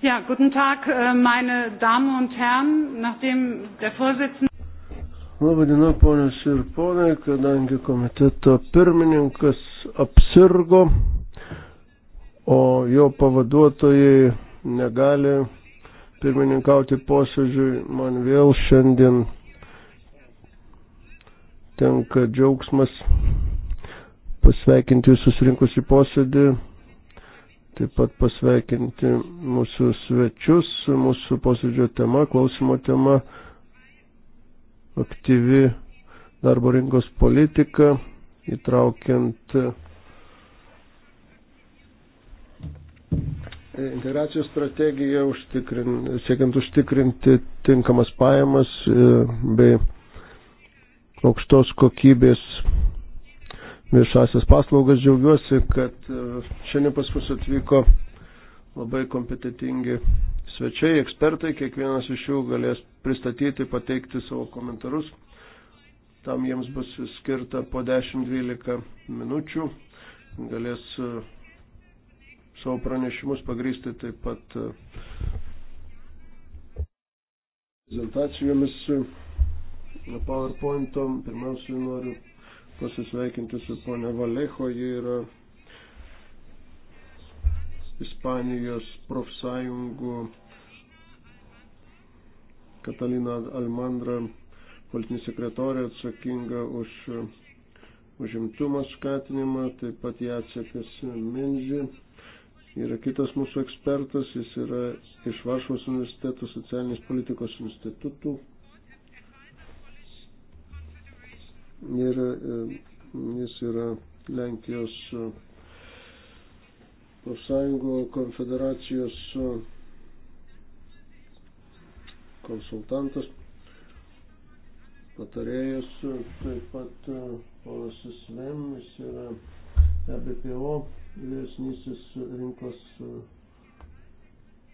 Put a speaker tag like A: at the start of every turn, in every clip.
A: Ja, guten Tag, äh, meine Damen und Herren. Nachdem der Vorsitzende.
B: Labadiena, ponios ir ponai, kadangi komiteto pirmininkas apsirgo, o jo pavaduotojai negali pirmininkauti posėdžiui, man vėl šiandien tenka džiaugsmas pasveikinti visus rinkus į posėdį taip pat pasveikinti mūsų svečius, mūsų posėdžio tema, klausimo tema, aktyvi darbo rinkos politika, įtraukiant e, integracijos strategiją, užtikrin, siekiant užtikrinti tinkamas pajamas e, bei aukštos kokybės viešasias paslaugas. Džiaugiuosi, kad e, šiandien pas mus atvyko labai kompetitingi svečiai, ekspertai, kiekvienas iš jų galės pristatyti, pateikti savo komentarus. Tam jiems bus skirta po 10-12 minučių. Galės e, savo pranešimus pagrysti taip pat e, prezentacijomis PowerPoint'om. Pirmiausia, noriu pasisveikinti su ponia Valejo, ji yra Ispanijos profsąjungų Katalina Almandra, politinė sekretorė atsakinga už užimtumo skatinimą, taip pat ją atsakas Minži. Yra kitas mūsų ekspertas, jis yra iš Varšuvos universiteto socialinės politikos institutų ir e, jis yra Lenkijos e, profsąjungų konfederacijos e, konsultantas, patarėjas, taip pat ponas Svem, jis yra EBPO vyresnysis rinkos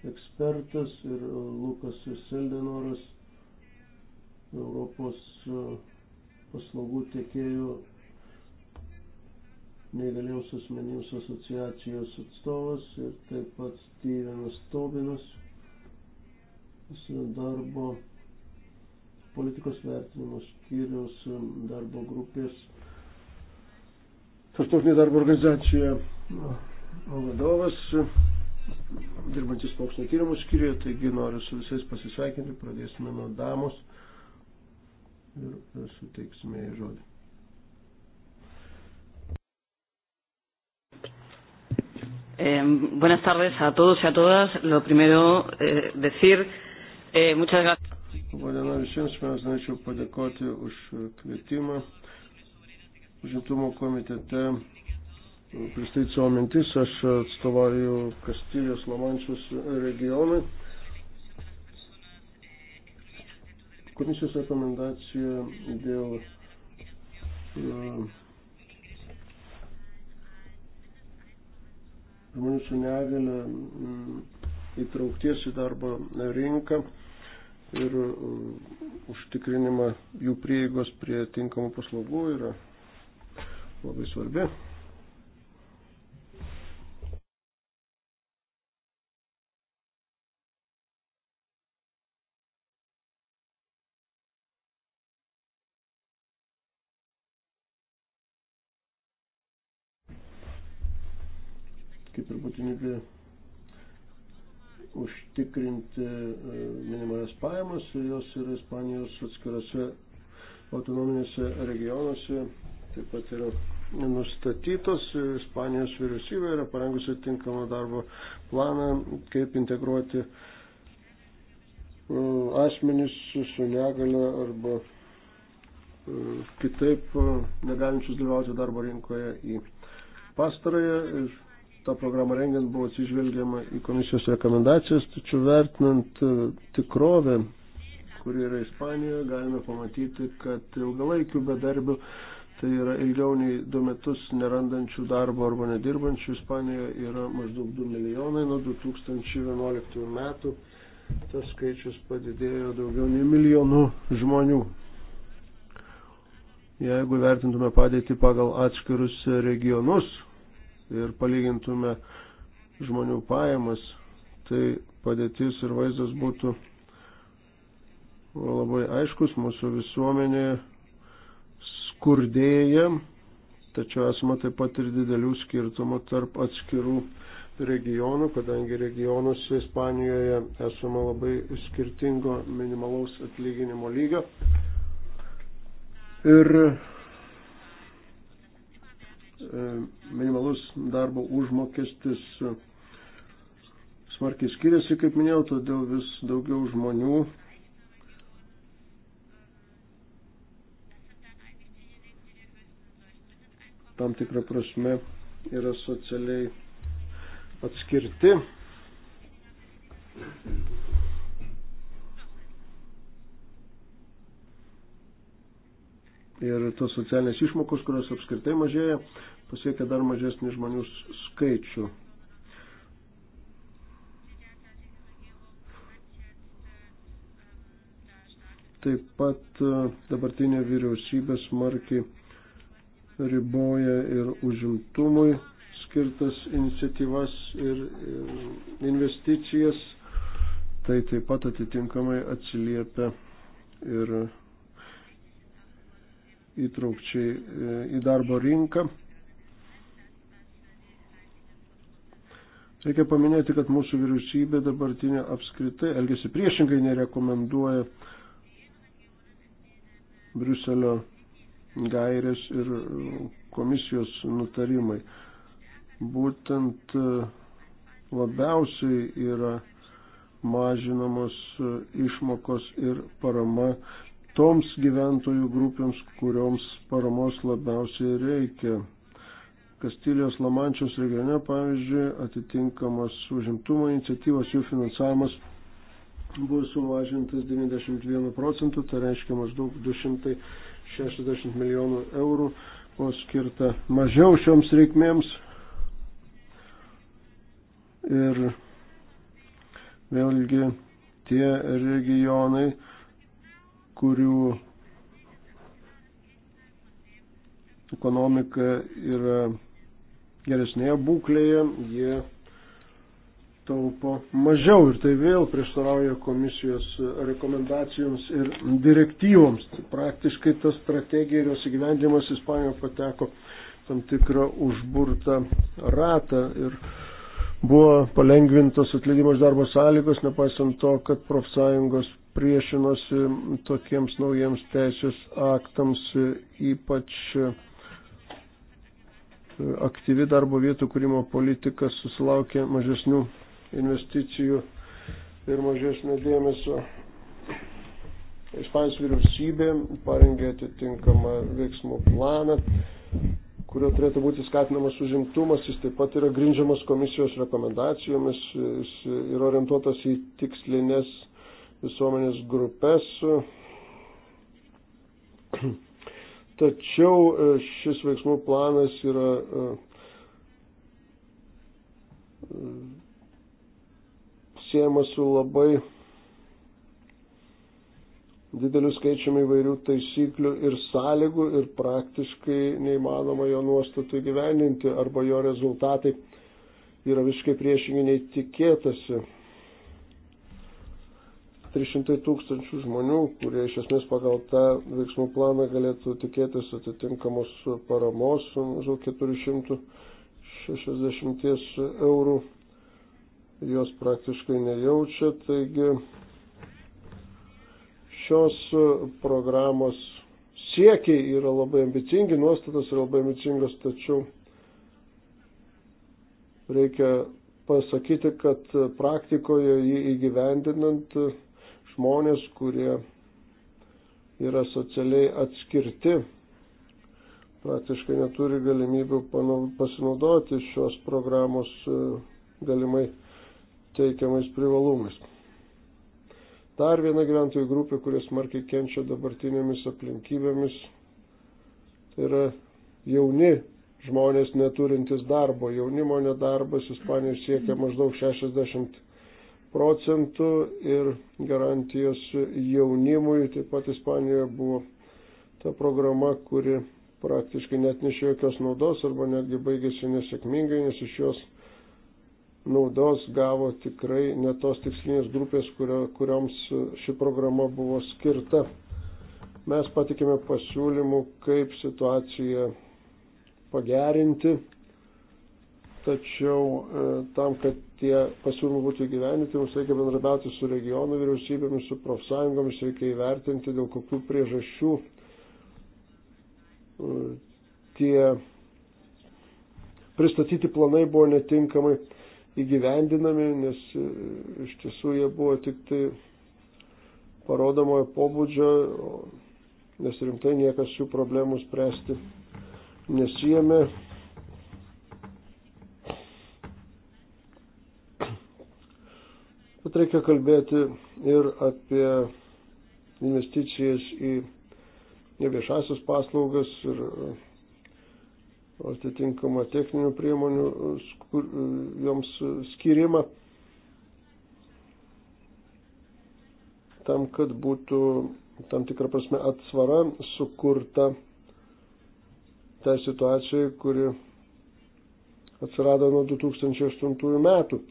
B: ekspertas ir Lukas Seldenoras, Europos paslaugų tiekėjų neįgaliems asmenims asociacijos atstovas ir taip pat Stevenas Tobinas. Jis yra darbo politikos vertinimo skyriaus darbo grupės tarptautinė darbo organizacija vadovas, dirbantis mokslo tyrimų skyriuje, taigi noriu su visais pasisveikinti, pradėsime nuo damos ir suteiksime į žodį.
A: Eh, buenas tardes a todos y a todas. Lo primero, eh, decir eh, muchas gracias.
B: Labadiena visiems, mes norėčiau padėkoti už kvietimą. Užimtumo komitete pristatyti savo mintis, aš atstovauju Kastilijos Lamančius regionui. Komisijos rekomendacija dėl žmonių su negale mm, įtraukties į darbo rinką ir mm, užtikrinimą jų prieigos prie tinkamų paslaugų yra labai svarbi. būtinybė užtikrinti e, minimalias pajamas ir jos yra Ispanijos atskirose autonominėse regionuose taip pat yra nustatytos. E, Ispanijos vyriausybė yra parengusi tinkamą darbo planą, kaip integruoti e, asmenys su negale arba kitaip negalinčius dalyvauti darbo rinkoje į pastarąją tą programą rengiant buvo atsižvelgiama į komisijos rekomendacijas, tačiau vertinant e, tikrovę, kuri yra Ispanijoje, galime pamatyti, kad ilgalaikių bedarbių, tai yra ilgiau nei du metus nerandančių darbo arba nedirbančių Ispanijoje yra maždaug 2 milijonai nuo 2011 metų. Tas skaičius padidėjo daugiau nei milijonų žmonių. Jeigu vertintume padėtį pagal atskirus regionus, ir palygintume žmonių pajamas, tai padėtis ir vaizdas būtų labai aiškus mūsų visuomenė skurdėja, tačiau esama taip pat ir didelių skirtumų tarp atskirų regionų, kadangi regionuose Ispanijoje esama labai skirtingo minimalaus atlyginimo lygio. Ir E, minimalus darbo užmokestis e, smarkiai skiriasi, kaip minėjau, todėl vis daugiau žmonių tam tikrą prasme yra socialiai atskirti ir tos socialinės išmokos, kurios apskritai mažėja, pasiekia dar mažesnį žmonių skaičių. Taip pat e, dabartinė vyriausybė smarkiai riboja ir užimtumui skirtas iniciatyvas ir investicijas, tai taip pat atitinkamai atsiliepia ir įtraukčiai e, į darbo rinką. Reikia paminėti, kad mūsų vyriausybė dabartinė apskritai elgesi priešingai nerekomenduoja Briuselio gairės ir komisijos nutarimai. Būtent e, labiausiai yra mažinamos e, išmokos ir parama toms gyventojų grupėms, kurioms paramos labiausiai reikia. Kastilijos Lamančios regione, pavyzdžiui, atitinkamas užimtumo iniciatyvos jų finansavimas buvo sumažintas 91 procentų, tai reiškia maždaug 260 milijonų eurų, o skirta mažiau šioms reikmėms. Ir vėlgi tie regionai, kurių ekonomika yra geresnėje būklėje, jie taupo mažiau ir tai vėl prieštarauja komisijos rekomendacijoms ir direktyvoms. Praktiškai ta strategija ir jos įgyvendimas Ispanijoje pateko tam tikrą užburtą ratą ir buvo palengvintos atlygimo iš darbo sąlygos, nepaisant to, kad profsąjungos priešinosi tokiems naujiems teisės aktams, ypač e, aktyvi darbo vietų kūrimo politika susilaukė mažesnių investicijų ir mažesnio dėmesio. Ispanijos vyriausybė parengė atitinkamą veiksmų planą, kurio turėtų būti skatinamas užimtumas, jis taip pat yra grindžiamas komisijos rekomendacijomis, jis yra orientuotas į tikslinės visuomenės grupės. Tačiau e, šis veiksmų planas yra e, siejamas su labai dideliu skaičiumi įvairių taisyklių ir sąlygų ir praktiškai neįmanoma jo nuostatų gyveninti arba jo rezultatai yra visiškai priešingi nei tikėtasi. 300 tūkstančių žmonių, kurie iš esmės pagal tą veiksmų planą galėtų tikėtis atitinkamos paramos, maždaug 460 eurų, jos praktiškai nejaučia, taigi šios programos siekiai yra labai ambicingi, nuostatas yra labai ambicingas, tačiau reikia pasakyti, kad praktikoje jį įgyvendinant žmonės, kurie yra socialiai atskirti, praktiškai neturi galimybių pasinaudoti šios programos e, galimai teikiamais privalumais. Dar viena gyventojų grupė, kurie smarkiai kenčia dabartinėmis aplinkybėmis, tai yra jauni žmonės neturintys darbo. Jaunimo nedarbas Ispanijoje siekia maždaug 60 procentų ir garantijos jaunimui. Taip pat Ispanijoje buvo ta programa, kuri praktiškai net nešė jokios naudos arba netgi baigėsi nesėkmingai, nes iš jos naudos gavo tikrai ne tos tikslinės grupės, kurio, kurioms ši programa buvo skirta. Mes patikime pasiūlymų, kaip situaciją pagerinti, tačiau e, tam, kad tie pasiūlymai būtų įgyveninti, mums reikia bendrabiauti su regionų vyriausybėmis, su profsąjungomis, reikia įvertinti, dėl kokių priežasčių e, tie pristatyti planai buvo netinkamai įgyvendinami, nes e, iš tiesų jie buvo tik tai parodomojo pobūdžio, nes rimtai niekas šių problemų spręsti nesijėmė. Bet reikia kalbėti ir apie investicijas į, į viešasias paslaugas ir e, atitinkamą techninių priemonių e, skur, e, joms skirimą tam, kad būtų tam tikrą prasme atsvara sukurta tai situacijai, kuri atsirado nuo 2008 metų.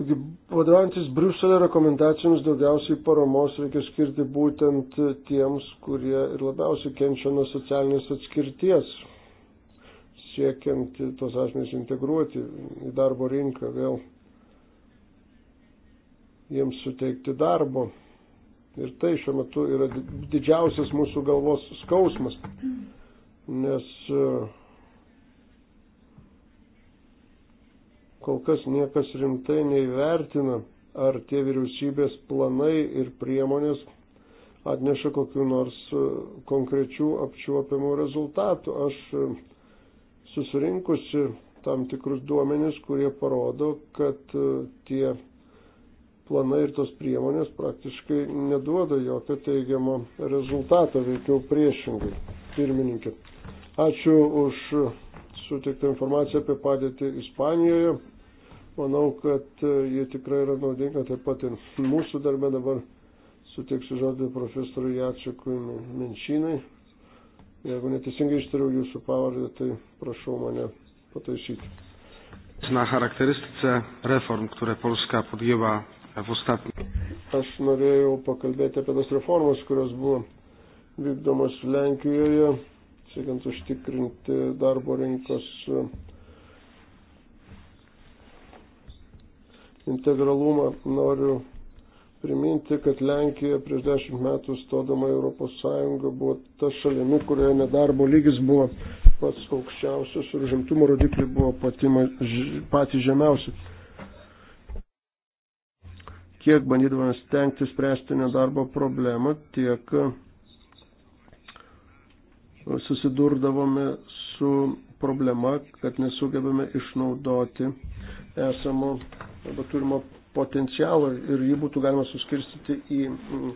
B: Taigi, vadovantis Briuselio rekomendacijoms, daugiausiai paramos reikia skirti būtent tiems, kurie ir labiausiai kenčia nuo socialinės atskirties, siekiant tos asmenys integruoti į darbo rinką, vėl jiems suteikti darbo. Ir tai šiuo metu yra didžiausias mūsų galvos skausmas, nes uh, kol kas niekas rimtai neįvertina, ar tie vyriausybės planai ir priemonės atneša kokiu nors e, konkrečių apčiuopiamų rezultatų. Aš e, susirinkusi tam tikrus duomenis, kurie parodo, kad e, tie planai ir tos priemonės praktiškai neduoda jokio teigiamo rezultato, veikiau priešingai. Pirmininkė. Ačiū už suteiktą informaciją apie padėtį Ispanijoje. Manau, kad e, ji tikrai yra naudinga taip pat ir mūsų darbė dabar suteiksiu žodį profesoriui Jačiukui Menšinai. Jeigu neteisingai ištariau jūsų pavardę, tai prašau mane pataisyti. Na charakteristice reform, które Polska podjęła w ostatnim. Aš norėjau pakalbėti apie tas reformas, kurios buvo vykdomas Lenkijoje siekiant užtikrinti darbo rinkos e, integralumą, noriu priminti, kad Lenkija prieš dešimt metų stodama Europos Sąjungą buvo ta šalimi, kurioje nedarbo lygis buvo pats aukščiausias ir žimtumo rodikliai buvo patys žemiausi. Kiek bandydavome stengti spręsti nedarbo problemą, tiek susidurdavome su problema, kad nesugebame išnaudoti esamo arba turimo potencialo ir jį būtų galima suskirstyti į mm,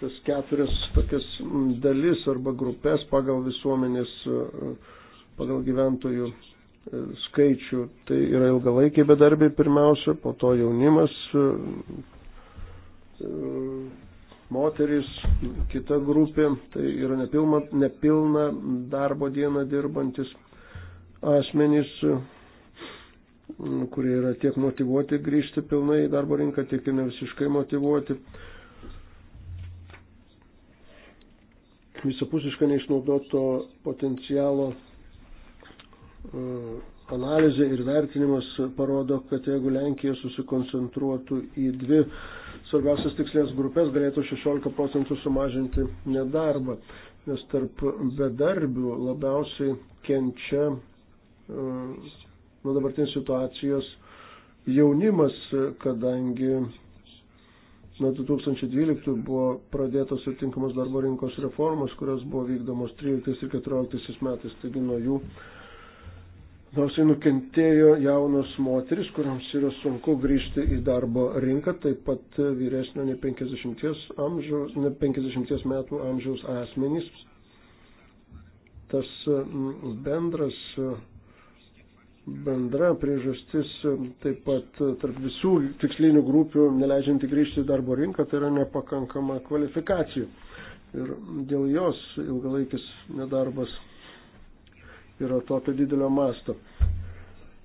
B: tas keturias tokias mm, dalis arba grupės pagal visuomenės, mm, pagal gyventojų skaičių. Tai yra ilgalaikiai bedarbiai pirmiausia, po to jaunimas moteris, kita grupė, tai yra nepilna, nepilna darbo diena dirbantis asmenys, mm, kurie yra tiek motivuoti grįžti pilnai į darbo rinką, tiek ir ne visiškai motivuoti. Visapusiškai neišnaudoto potencialo e, analizė ir vertinimas parodo, kad jeigu Lenkija susikoncentruotų į dvi svarbiausias tikslės grupės galėtų 16 procentų sumažinti nedarbą, nes tarp bedarbių labiausiai kenčia uh, nuo dabartinės situacijos jaunimas, kadangi nuo 2012 buvo pradėtos atitinkamos darbo rinkos reformos, kurios buvo vykdomos 13 ir 14 metais, taigi nuo jų uh, Labiausiai nukentėjo jaunos moteris, kuriams yra sunku grįžti į darbo rinką, taip pat vyresnio nei 50, amžiaus, ne 50 metų amžiaus asmenys. Tas mm, bendras, bendra priežastis taip pat tarp visų tikslinių grupių neleidžianti grįžti į darbo rinką, tai yra nepakankama kvalifikacija. Ir dėl jos ilgalaikis nedarbas yra tokio didelio masto.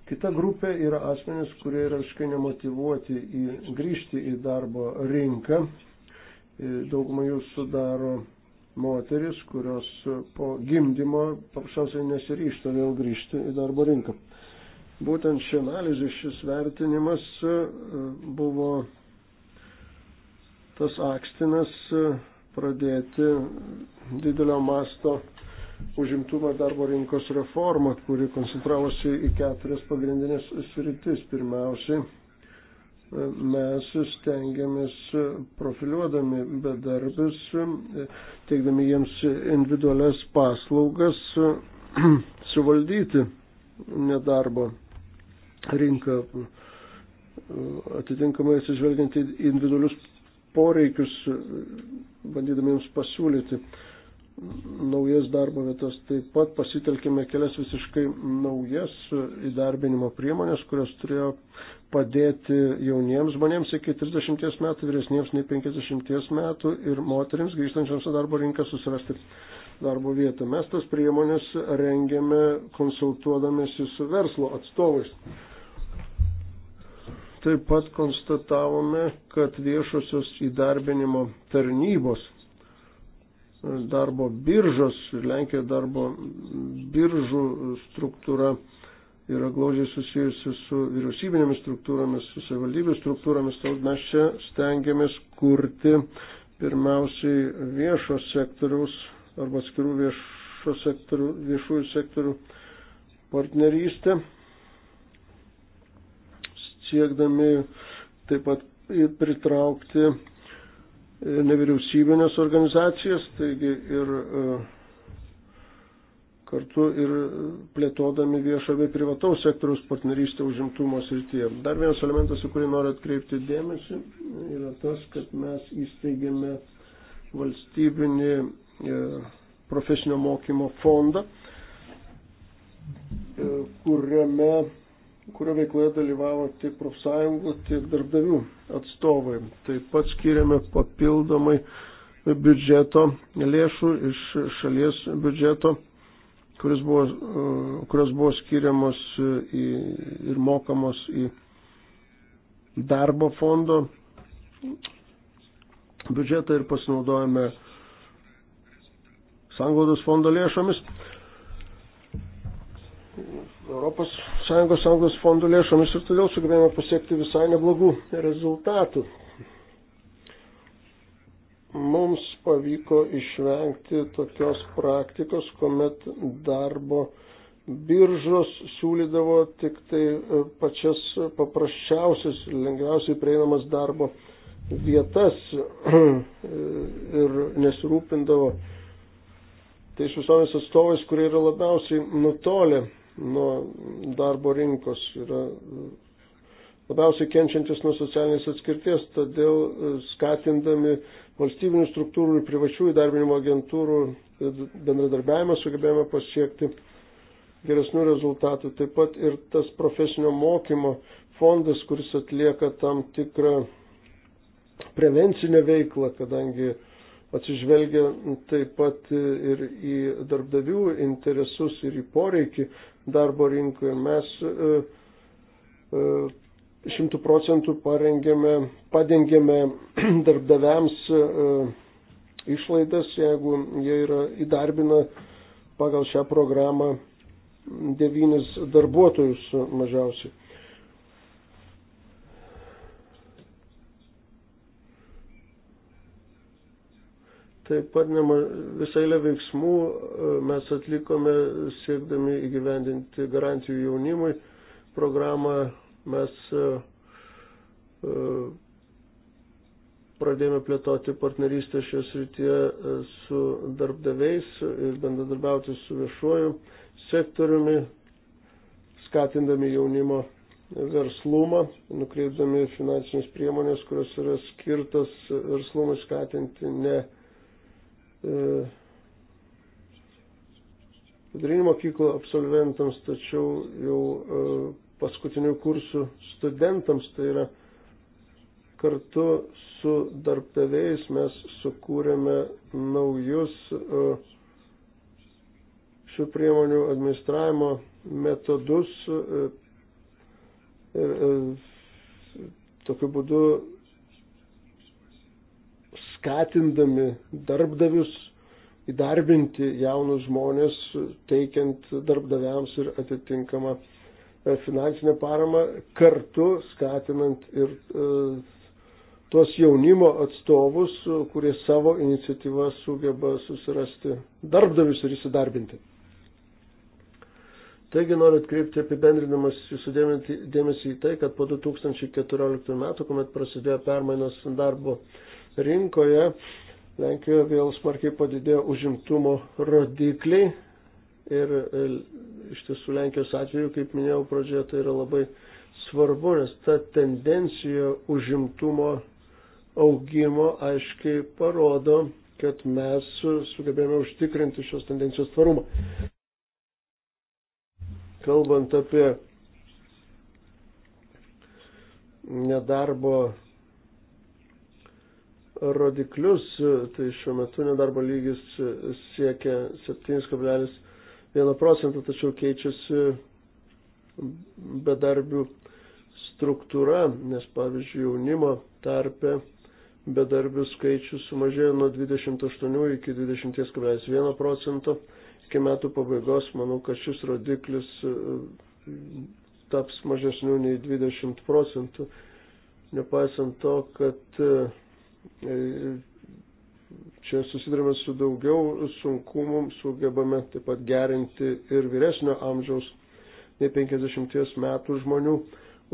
B: Kita grupė yra asmenys, kurie yra visiškai nemotivuoti į, grįžti į darbo rinką. E, Daugumą jų sudaro moteris, kurios po gimdymo paprasčiausiai nesiryšta vėl grįžti į darbo rinką. Būtent ši analizė, šis vertinimas e, buvo tas akstinas e, pradėti didelio masto užimtumo darbo rinkos reformą, kuri koncentravosi į keturias pagrindinės sritis. Pirmiausiai, mes stengiamės profiliuodami bedarbius, teikdami jiems individualias paslaugas, suvaldyti nedarbo rinką, atitinkamai atsižvelgiant į individualius poreikius, bandydami jums pasiūlyti uh, naujas darbo vietas. Taip pat pasitelkime kelias visiškai naujas įdarbinimo priemonės, kurios turėjo padėti jauniems žmonėms iki 30 metų, vyresniems nei 50 metų ir moteriams grįžtančiams į darbo rinką susirasti darbo vietą. Mes tas priemonės rengiame konsultuodamėsi su verslo atstovais. Taip pat konstatavome, kad viešosios įdarbinimo tarnybos darbo biržos ir Lenkijoje darbo biržų struktūra yra glaudžiai susijusi su vyriausybinėmis struktūromis, su savivaldybių struktūromis, tad mes čia stengiamės kurti pirmiausiai viešo sektoriaus arba atskirų viešo sektorių, viešųjų sektorių partnerystę, siekdami taip pat pritraukti E, nevyriausybinės organizacijas, taigi ir e, kartu ir plėtodami viešo bei privataus sektoriaus partnerystę užimtumo srityje. Dar vienas elementas, į kurį noriu atkreipti dėmesį, yra tas, kad mes įsteigėme valstybinį e, profesinio mokymo fondą, kuriame kurio veikloje dalyvavo tiek profsąjungų, tiek darbdavių atstovai. Taip pat skiriame papildomai biudžeto lėšų iš šalies biudžeto, kuris buvo, e, kurios buvo skiriamos e, į, ir mokamos į darbo fondo biudžetą ir pasinaudojame sanglaudos fondo lėšomis. Europos Sąjungos Sąjungos fondų lėšomis ir todėl sugebėjome pasiekti visai neblogų rezultatų. Mums pavyko išvengti tokios praktikos, kuomet darbo biržos siūlydavo tik tai e, pačias paprasčiausias, lengviausiai prieinamas darbo vietas e, ir nesirūpindavo tais visuomenės atstovais, kurie yra labiausiai nutolę nuo darbo rinkos, yra labiausiai kenčiantis nuo socialinės atskirties, todėl e, skatindami valstybinių struktūrų ir privačių įdarbinimo agentūrų bendradarbiavimą sugebėjome pasiekti geresnių rezultatų. Taip pat ir tas profesinio mokymo fondas, kuris atlieka tam tikrą prevencinę veiklą, kadangi atsižvelgia taip pat ir į darbdavių interesus ir į poreikį darbo rinkoje. Mes e, e, šimtų procentų padengiame darbdaviams e, išlaidas, jeigu jie yra įdarbina pagal šią programą devynis darbuotojus mažiausiai. Taip pat visai lė veiksmų e, mes atlikome siekdami įgyvendinti garantijų jaunimui programą. Mes e, e, pradėjome plėtoti partnerystę šioje srityje su darbdaviais ir bendradarbiauti su viešuoju sektoriumi, skatindami jaunimo verslumą, nukreipdami finansinės priemonės, kurios yra skirtas verslumui skatinti ne E, vidurinį mokyklą absolventams, tačiau jau e, paskutinių kursų studentams, tai yra kartu su darbdaviais mes sukūrėme naujus e, šių priemonių administravimo metodus ir tokiu būdu skatindami darbdavius įdarbinti jaunus žmonės, teikiant darbdaviams ir atitinkamą e, finansinę paramą, kartu skatinant ir e, tuos jaunimo atstovus, kurie savo iniciatyvą sugeba susirasti darbdavius ir įsidarbinti. Taigi noriu atkreipti apibendrinamas jūsų dėmesį į tai, kad po 2014 metų, kuomet prasidėjo permainos darbo rinkoje. Lenkijoje vėl smarkiai padidėjo užimtumo rodikliai ir e, iš tiesų Lenkijos atveju, kaip minėjau pradžioje, tai yra labai svarbu, nes ta tendencija užimtumo augimo aiškiai parodo, kad mes sugebėjome užtikrinti šios tendencijos tvarumą. Kalbant apie nedarbo rodiklius, tai šiuo metu nedarbo lygis siekia 7,1 procentą, tačiau keičiasi bedarbių struktūra, nes pavyzdžiui jaunimo tarpe bedarbių skaičius sumažėjo nuo 28 iki 20,1 procento. Iki metų pabaigos manau, kad šis rodiklis e, taps mažesniu nei 20 procentų. Nepaisant to, kad e, čia susidurime su daugiau sunkumų, sugebame taip pat gerinti ir vyresnio amžiaus, nei 50 metų žmonių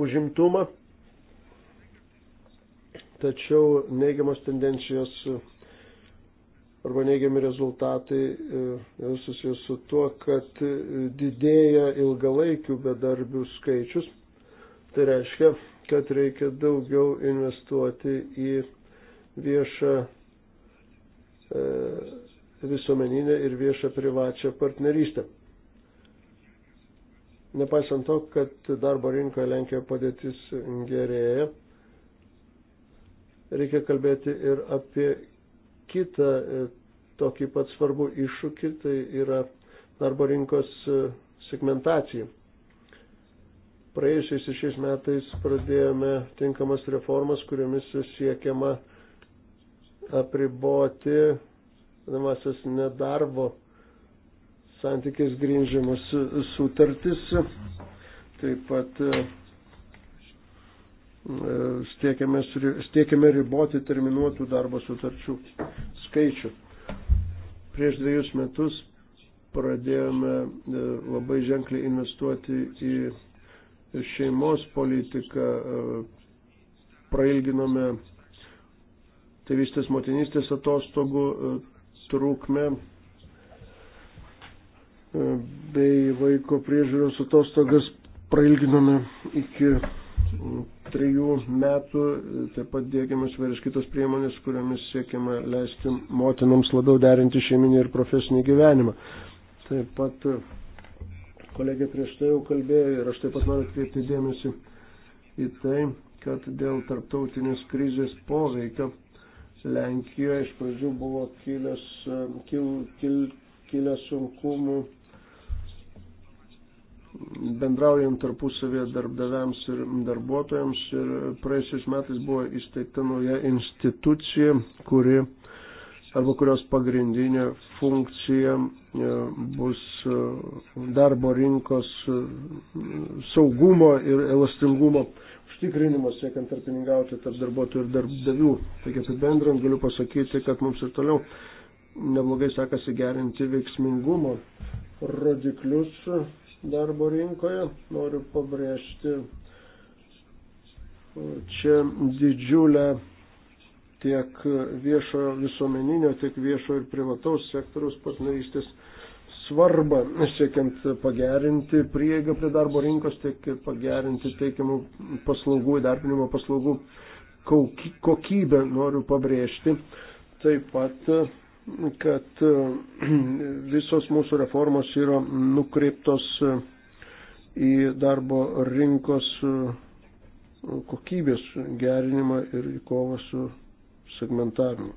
B: užimtumą. Tačiau neigiamos tendencijos arba neigiami rezultatai e, susijęs su tuo, kad didėja ilgalaikių bedarbių skaičius. Tai reiškia, kad reikia daugiau investuoti į viešą e, visuomeninę ir viešą privačią partnerystę. Nepaisant to, kad darbo rinkoje Lenkijoje padėtis gerėja, reikia kalbėti ir apie kitą e, tokį pat svarbų iššūkį, tai yra darbo rinkos e, segmentacija. Praėjusiais ir šiais metais pradėjome tinkamas reformas, kuriomis siekiama apriboti vadamasis nedarbo santykis grindžiamas sutartis. Taip pat e, e, stiekiame, stiekiame riboti terminuotų darbo sutarčių skaičių. Prieš dviejus metus pradėjome e, labai ženkliai investuoti į šeimos politiką, prailginome tėvystės motinystės atostogų e, trukmę e, bei vaiko priežiūros atostogas prailginome iki mm, trejų metų, e, taip pat dėgiamas vairias kitos priemonės, kuriomis siekiama leisti motinams labiau derinti šeiminį ir profesinį gyvenimą. Taip pat kolegė prieš tai jau kalbėjo ir aš taip pat noriu atkreipti dėmesį į tai, kad dėl tarptautinės krizės poveikio Lenkijoje iš pradžių buvo kilęs, e, kil, kil, kilęs sunkumų bendraujant tarpusavėje darbdaviams ir darbuotojams ir praėjusiais metais buvo įsteigta nauja institucija, kuri arba kurios pagrindinė funkcija e, bus e, darbo rinkos saugumo ir elastingumo užtikrinimas, siekiant tarpininkauti tarp darbuotojų ir darbdavių. Taigi apibendrant galiu pasakyti, kad mums ir toliau neblogai sekasi gerinti veiksmingumo rodiklius darbo rinkoje. Noriu pabrėžti čia didžiulę tiek viešo visuomeninio, tiek viešo ir privataus sektoriaus partnerystės svarbą, siekiant pagerinti prieigą prie darbo rinkos, tiek ir pagerinti teikiamų paslaugų, įdarbinimo paslaugų kokybę, noriu pabrėžti. Taip pat, kad visos mūsų reformos yra nukreiptos į darbo rinkos kokybės gerinimą ir į kovą su segmentavimu.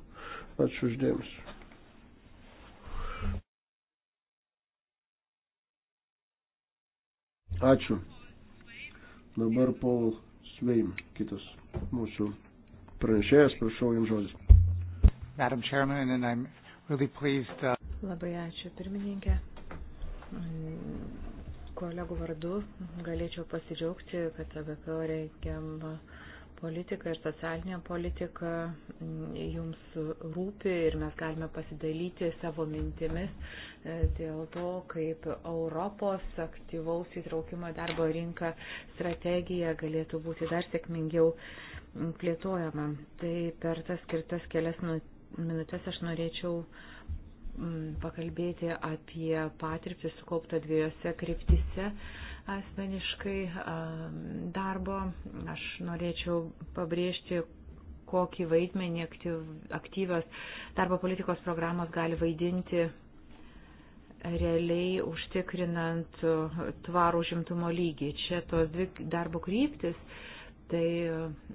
B: Ačiū uždėmesi. Ačiū. Dabar Paul Sveim, kitas mūsų pranešėjas, prašau jums žodis. Madam Chairman, and I'm really pleased.
C: Uh...
A: Labai ačiū, pirmininkė. Mm, kolegų vardu galėčiau pasidžiaugti, kad ABPO reikiam politika ir socialinė politika jums rūpi ir mes galime pasidalyti savo mintimis e, dėl to, kaip Europos aktyvaus įtraukimo darbo rinką strategija galėtų būti dar sėkmingiau plėtojama. Tai per tas skirtas kelias nu, minutės aš norėčiau mm, pakalbėti apie patirtį sukauptą dviejose kryptise asmeniškai darbo. Aš norėčiau pabrėžti, kokį vaidmenį aktyvios darbo politikos programos gali vaidinti realiai užtikrinant tvarų žimtumo lygį. Čia tos dvi darbo kryptis tai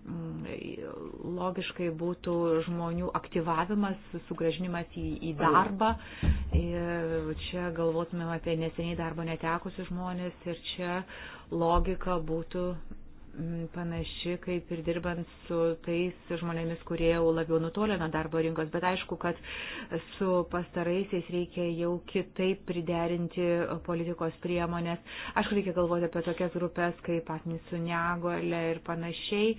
A: mm, logiškai būtų žmonių aktyvavimas, sugražinimas į, į darbą. Ir čia galvotumėm apie neseniai darbo netekusius žmonės ir čia logika būtų panaši kaip ir dirbant su tais žmonėmis, kurie jau labiau nutolė nuo darbo rinkos, bet aišku, kad su pastaraisiais reikia jau kitaip priderinti politikos priemonės. Aišku, reikia galvoti apie tokias grupės kaip asmenys su negole ir panašiai,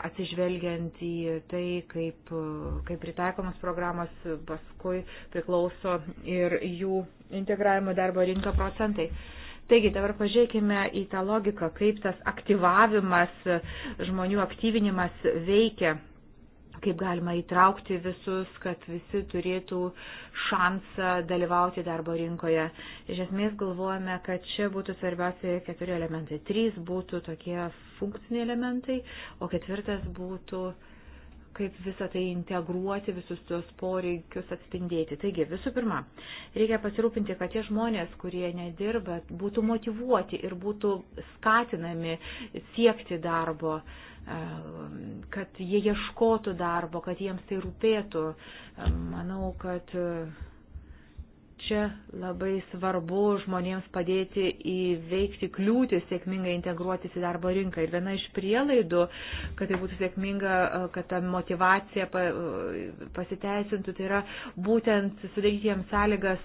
A: atsižvelgiant į tai, kaip, kaip pritaikomas programos paskui priklauso ir jų integravimo darbo rinką procentai. Taigi dabar pažiūrėkime į tą logiką, kaip tas aktyvavimas, žmonių aktyvinimas veikia kaip galima įtraukti visus, kad visi turėtų šansą dalyvauti darbo rinkoje. Iš esmės galvojame, kad čia būtų svarbiausia keturi elementai. Trys būtų tokie funkciniai elementai, o ketvirtas būtų uh, kaip visą tai integruoti, visus tuos poreikius atspindėti. Taigi, visų pirma, reikia pasirūpinti, kad tie žmonės, kurie nedirba, būtų motivuoti ir būtų skatinami siekti darbo kad jie ieškotų darbo, kad jiems tai rūpėtų. Manau, kad čia labai svarbu žmonėms padėti įveikti kliūtį sėkmingai integruotis į darbo rinką. Ir viena iš prielaidų, kad tai būtų sėkminga, kad ta motivacija pasiteisintų, tai yra būtent sudaryti jiems sąlygas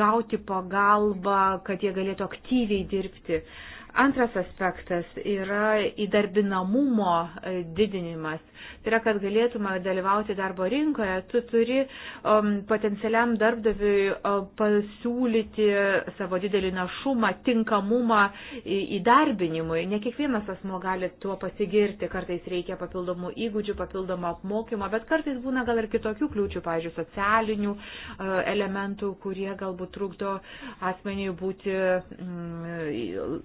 A: gauti pagalbą, kad jie galėtų aktyviai dirbti. Uh, Antras aspektas yra įdarbinamumo e, didinimas. Tai yra, kad galėtume dalyvauti darbo rinkoje, tu turi um, potencialiam darbdaviui um, pasiūlyti savo didelį našumą, tinkamumą įdarbinimui. Ne kiekvienas asmo gali tuo pasigirti, kartais reikia papildomų įgūdžių, papildomų apmokymo, bet kartais būna gal ir kitokių kliūčių, pavyzdžiui, socialinių uh, elementų, kurie galbūt trukdo asmeniui būti. Um,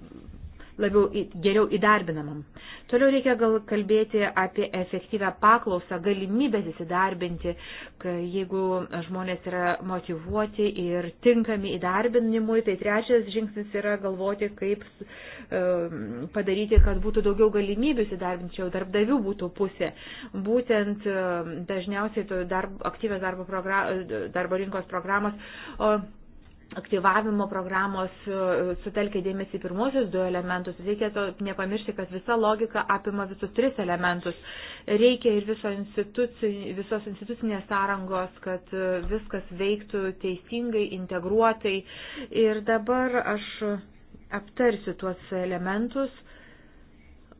A: labiau geriau įdarbinamam. Toliau reikia gal kalbėti apie efektyvę paklausą, galimybės įsidarbinti, jeigu žmonės yra motivuoti ir tinkami įdarbinimui. Tai trečias žingsnis yra galvoti, kaip e, padaryti, kad būtų daugiau galimybių įsidarbinti, jau darbdavių būtų pusė. Būtent e, dažniausiai darb, aktyvės darbo, program, darbo rinkos programos aktyvavimo programos e, sutelkia dėmesį pirmosius du elementus. Reikėtų nepamiršti, kad visa logika apima visus tris elementus. Reikia ir viso instituci, visos institucinės sąrangos, kad e, viskas veiktų teisingai, integruotai. Ir dabar aš aptarsiu tuos elementus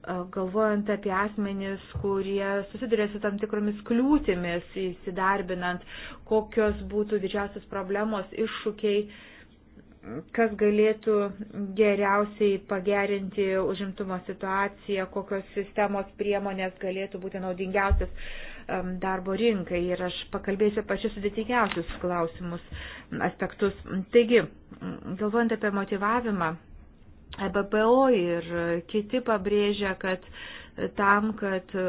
A: galvojant apie asmenis, kurie susiduria su tam tikromis kliūtimis įsidarbinant, kokios būtų didžiausios problemos, iššūkiai, kas galėtų geriausiai pagerinti užimtumo situaciją, kokios sistemos priemonės galėtų būti naudingiausias um, darbo rinkai. Ir aš pakalbėsiu pačius sudėtingiausius klausimus, aspektus. Taigi, galvojant apie motivavimą, EBPO ir kiti pabrėžia, kad tam, kad e,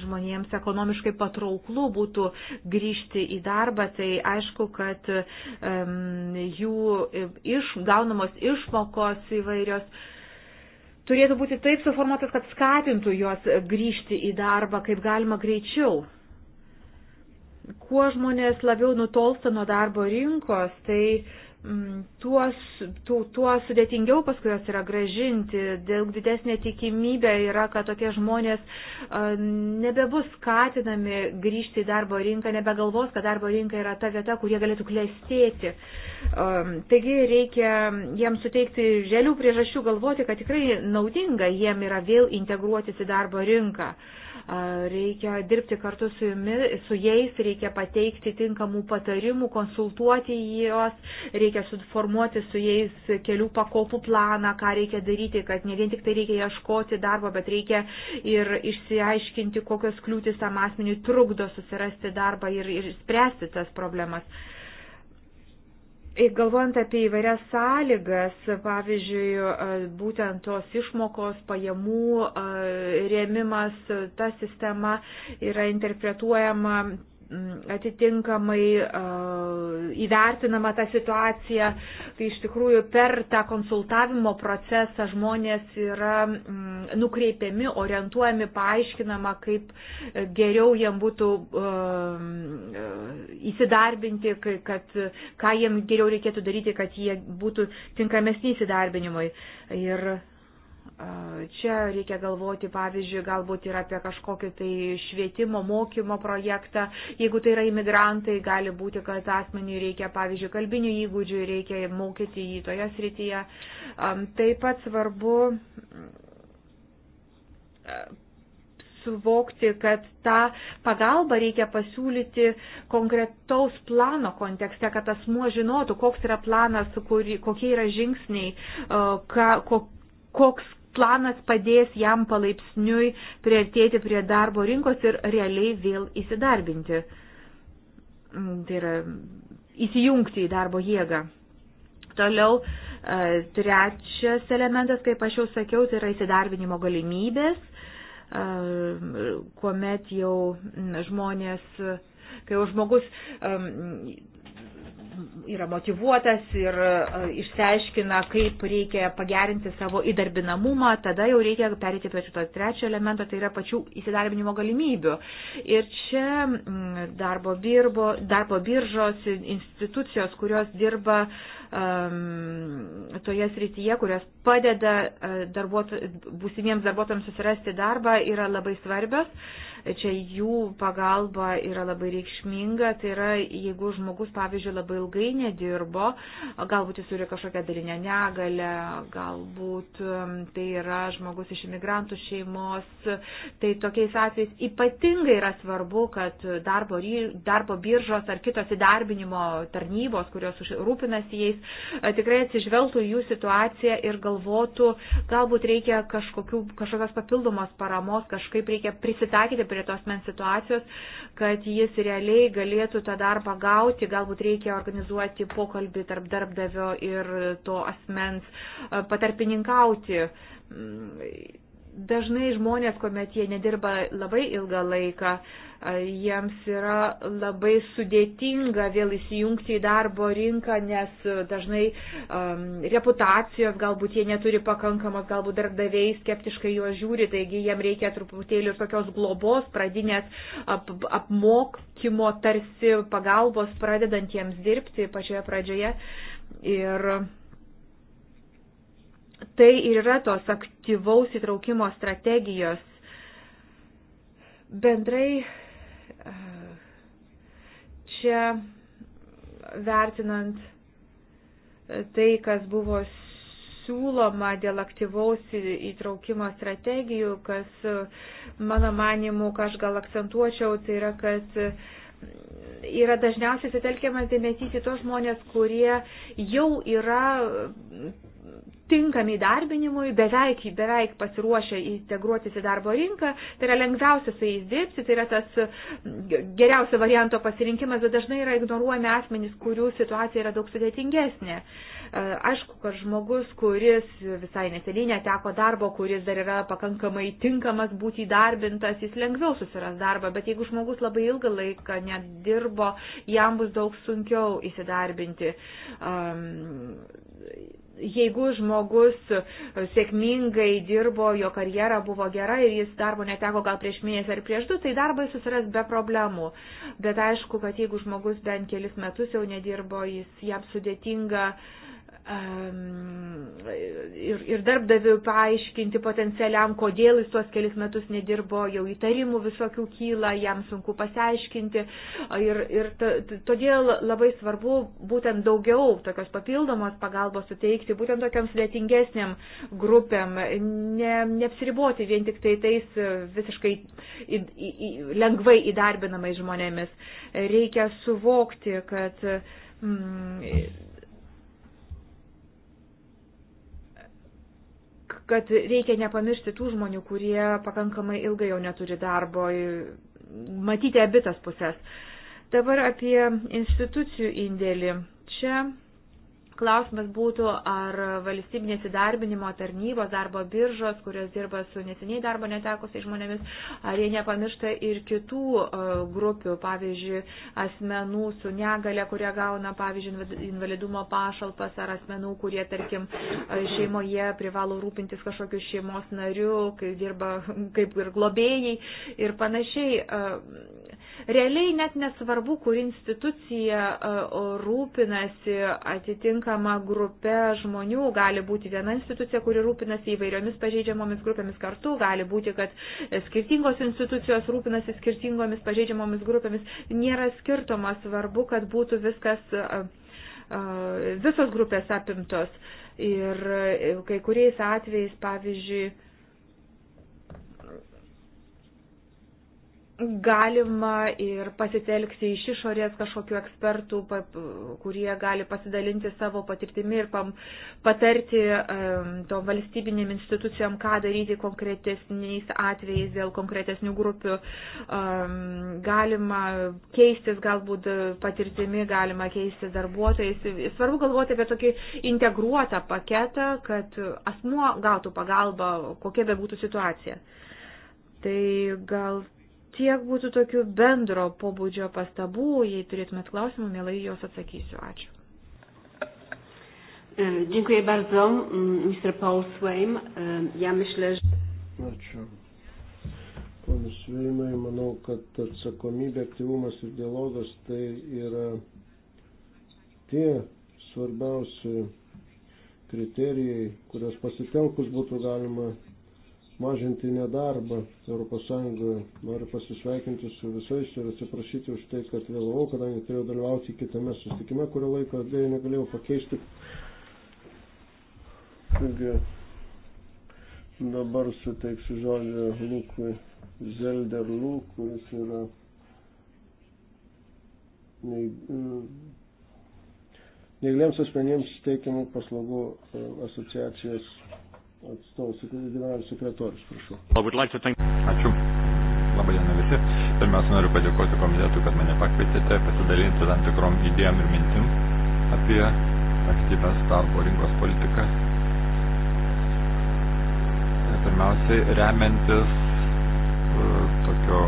A: žmonėms ekonomiškai patrauklų būtų grįžti į darbą, tai aišku, kad jų iš, gaunamos išmokos įvairios turėtų būti taip suformuotas, kad skatintų juos grįžti į darbą kaip galima greičiau. Kuo žmonės labiau nutolsta nuo darbo rinkos, tai uh, Mm, tuos, tu, tuo sudėtingiau paskui jas yra gražinti, daug didesnė tikimybė yra, kad tokie žmonės nebebus skatinami grįžti į darbo rinką, nebegalvos, kad darbo rinka yra ta vieta, kur jie galėtų klestėti. Taigi reikia jiems suteikti želių priežasčių galvoti, kad tikrai naudinga jiem yra vėl integruotis į darbo rinką. Reikia dirbti kartu su, jumis, su jais, reikia pateikti tinkamų patarimų, konsultuoti juos, reikia suformuoti su jais kelių pakopų planą, ką reikia daryti, kad ne vien tik tai reikia ieškoti darbo, bet reikia ir išsiaiškinti, kokios kliūtis tam asmeniui trukdo susirasti darbą ir, ir spręsti tas problemas galvojant apie įvairias sąlygas, pavyzdžiui, būtent tos išmokos, pajamų rėmimas, ta sistema yra interpretuojama Mm, atitinkamai įvertinama ta situacija, tai iš tikrųjų per tą konsultavimo procesą žmonės yra mm, nukreipiami, orientuojami, paaiškinama, kaip geriau jiem būtų įsidarbinti, kad ką jiem geriau reikėtų daryti, kad jie būtų tinkamesni įsidarbinimui. Ir Čia reikia galvoti, pavyzdžiui, galbūt ir apie kažkokį tai švietimo, mokymo projektą. Jeigu tai yra imigrantai, gali būti, kad asmeniui reikia, pavyzdžiui, kalbinių įgūdžių, reikia mokyti jį toje srityje. Taip pat svarbu suvokti, kad tą pagalbą reikia pasiūlyti konkretaus plano kontekste, kad asmuo žinotų, koks yra planas, kuri, kokie yra žingsniai, ka, ko, koks planas padės jam palaipsniui prieartėti prie darbo rinkos ir realiai vėl įsidarbinti. Mm, tai yra įsijungti į darbo jėgą. Toliau e, trečias elementas, kaip aš jau sakiau, tai yra įsidarbinimo galimybės, e, kuomet jau mm, žmonės, kai jau žmogus e, yra motivuotas ir e, išsiaiškina, kaip reikia pagerinti savo įdarbinamumą, tada jau reikia perėti prie šito trečio elemento, tai yra pačių įsidarbinimo galimybių. Ir čia mm, darbo, birbo, darbo biržos institucijos, kurios dirba um, toje srityje, kurios padeda e, darbuot, būsimiems darbuotojams susirasti darbą, yra labai svarbios. Uh, Čia jų pagalba yra labai reikšminga. Tai yra, jeigu žmogus, pavyzdžiui, labai ilgai nedirbo, galbūt jis turi kažkokią dalinę negalę, galbūt um, tai yra žmogus iš imigrantų šeimos. Tai tokiais atvejais ypatingai yra svarbu, kad darbo, darbo biržos ar kitos įdarbinimo tarnybos, kurios rūpinasi jais, e, tikrai atsižvelgtų jų situaciją ir galvotų, galbūt reikia kažkokios papildomos paramos, kažkaip reikia prisitaikyti prie tos men situacijos, kad jis realiai galėtų tą darbą gauti, galbūt reikia organizuoti pokalbį tarp darbdavio ir to asmens, e, patarpininkauti mm, dažnai žmonės, kuomet jie nedirba labai ilgą laiką, jiems yra labai sudėtinga vėl įsijungti į darbo rinką, nes dažnai um, reputacijos galbūt jie neturi pakankamos, galbūt darbdaviai skeptiškai juos žiūri, taigi jiem reikia truputėlį ir tokios globos, pradinės ap, apmokymo tarsi pagalbos pradedantiems dirbti pačioje pradžioje. Ir tai ir yra tos aktyvaus įtraukimo strategijos. Bendrai e, čia vertinant tai, kas buvo siūloma dėl aktyvaus įtraukimo strategijų, kas e, mano manimu, ką aš gal akcentuočiau, tai yra, kad e, yra dažniausiai sutelkiamas dėmesys į tos žmonės, kurie jau yra tinkami darbinimui, beveik, beveik pasiruošę integruotis į darbo rinką, tai yra lengviausia su jais dirbti, tai yra tas mm, geriausio varianto pasirinkimas, bet dažnai yra ignoruojami asmenys, kurių situacija yra daug sudėtingesnė. E, aišku, kad žmogus, kuris visai neseniai neteko darbo, kuris dar yra pakankamai tinkamas būti įdarbintas, jis lengviau susiras darbą, bet jeigu žmogus labai ilgą laiką nedirbo, jam bus daug sunkiau įsidarbinti. Um, jeigu žmogus sėkmingai dirbo, jo karjera buvo gera ir jis darbo neteko gal prieš mėnesį ar prieš du, tai darbą jis susiras be problemų. Bet aišku, kad jeigu žmogus bent kelis metus jau nedirbo, jis jam sudėtinga Ehm, ir, ir darbdaviu paaiškinti potencialiam, kodėl jis tuos kelis metus nedirbo, jau įtarimų visokių kyla, jam sunku pasiaiškinti. Ir, ir todėl labai svarbu būtent daugiau tokios papildomos pagalbos suteikti, būtent tokiam sudėtingesniam grupėm, ne, neapsiriboti vien tik tai tais visiškai į, į, į, lengvai įdarbinamais žmonėmis. Reikia suvokti, kad mm, kad reikia nepamiršti tų žmonių, kurie pakankamai ilgai jau neturi darbo, matyti abitas pusės. Dabar apie institucijų indėlį. Čia Klausimas būtų, ar valstybinės įdarbinimo tarnybos, darbo biržos, kurios dirba su neseniai darbo netekusiai žmonėmis, ar jie nepamiršta ir kitų e, grupių, pavyzdžiui, asmenų su negale, kurie gauna, pavyzdžiui, invalidumo pašalpas, ar asmenų, kurie, tarkim, e, šeimoje privalo rūpintis kažkokiu šeimos nariu, kai dirba kaip ir globėjai ir panašiai e, Realiai net nesvarbu, kur institucija e, rūpinasi atitinkama grupė žmonių, gali būti viena institucija, kuri rūpinasi įvairiomis pažeidžiamomis grupėmis kartu, gali būti, kad skirtingos institucijos rūpinasi skirtingomis pažeidžiamomis grupėmis, nėra skirtumo svarbu, kad būtų viskas, e, e, visos grupės apimtos ir kai kuriais atvejais, pavyzdžiui, galima ir pasitelkti iš išorės kažkokių ekspertų, kurie gali pasidalinti savo patirtimi ir patarti to valstybinėm institucijom, ką daryti konkretesniais atvejais dėl konkretesnių grupių. Galima keistis galbūt patirtimi, galima keistis darbuotojais. Svarbu galvoti apie tokį integruotą paketą, kad asmuo gautų pagalbą, kokia be būtų situacija. Tai gal Tiek būtų tokių bendro pobūdžio pastabų, jei turėtumėt klausimų, mielai jos atsakysiu. Ačiū. E, dziękuję bardzo, Mr. Paul Swaim. E, ja myślę, że...
B: Ačiū. Ponas Sveimai, manau, kad atsakomybė, aktyvumas ir dialogas tai yra tie svarbiausi kriterijai, kurios pasitelkus būtų galima mažinti nedarbą ES. Noriu pasisveikinti su visais ir atsiprašyti už tai, kad vėlavau, kadangi turėjau dalyvauti kitame susitikime, kurio laiko dėja negalėjau pakeisti. Taigi dabar suteiksiu žodį Lukui Zelderlu, kuris yra e, neįgaliems asmenėms teikiamų paslaugų e, asociacijos atstovas, generalinis sekretorius, prašau.
C: Like thank... Ačiū. Labai diena visi. Pirmiausia, noriu padėkoti komitetui, kad mane pakvietėte pasidalinti tam tikrom idėjom ir mintim apie aktyves darbo rinkos politiką. Tai pirmiausiai, remiantis uh, tokio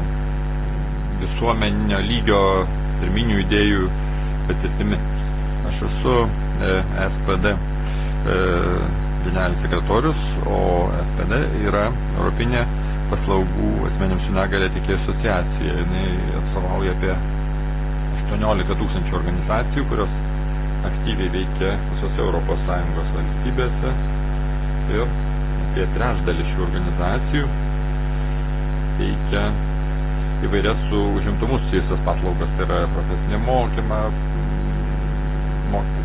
C: visuomeninio lygio pirminių idėjų patirtimi. Aš esu uh, e, SPD E, generalinis sekretorius, o SPD yra Europinė paslaugų asmenims su negalė teikėjų asociacija. Jis atstovauja apie 18 tūkstančių organizacijų, kurios aktyviai veikia visose ES valstybėse ir apie trešdalį šių organizacijų teikia įvairias su užimtumus susijusias paslaugas, tai yra profesinė mokyma, mokymas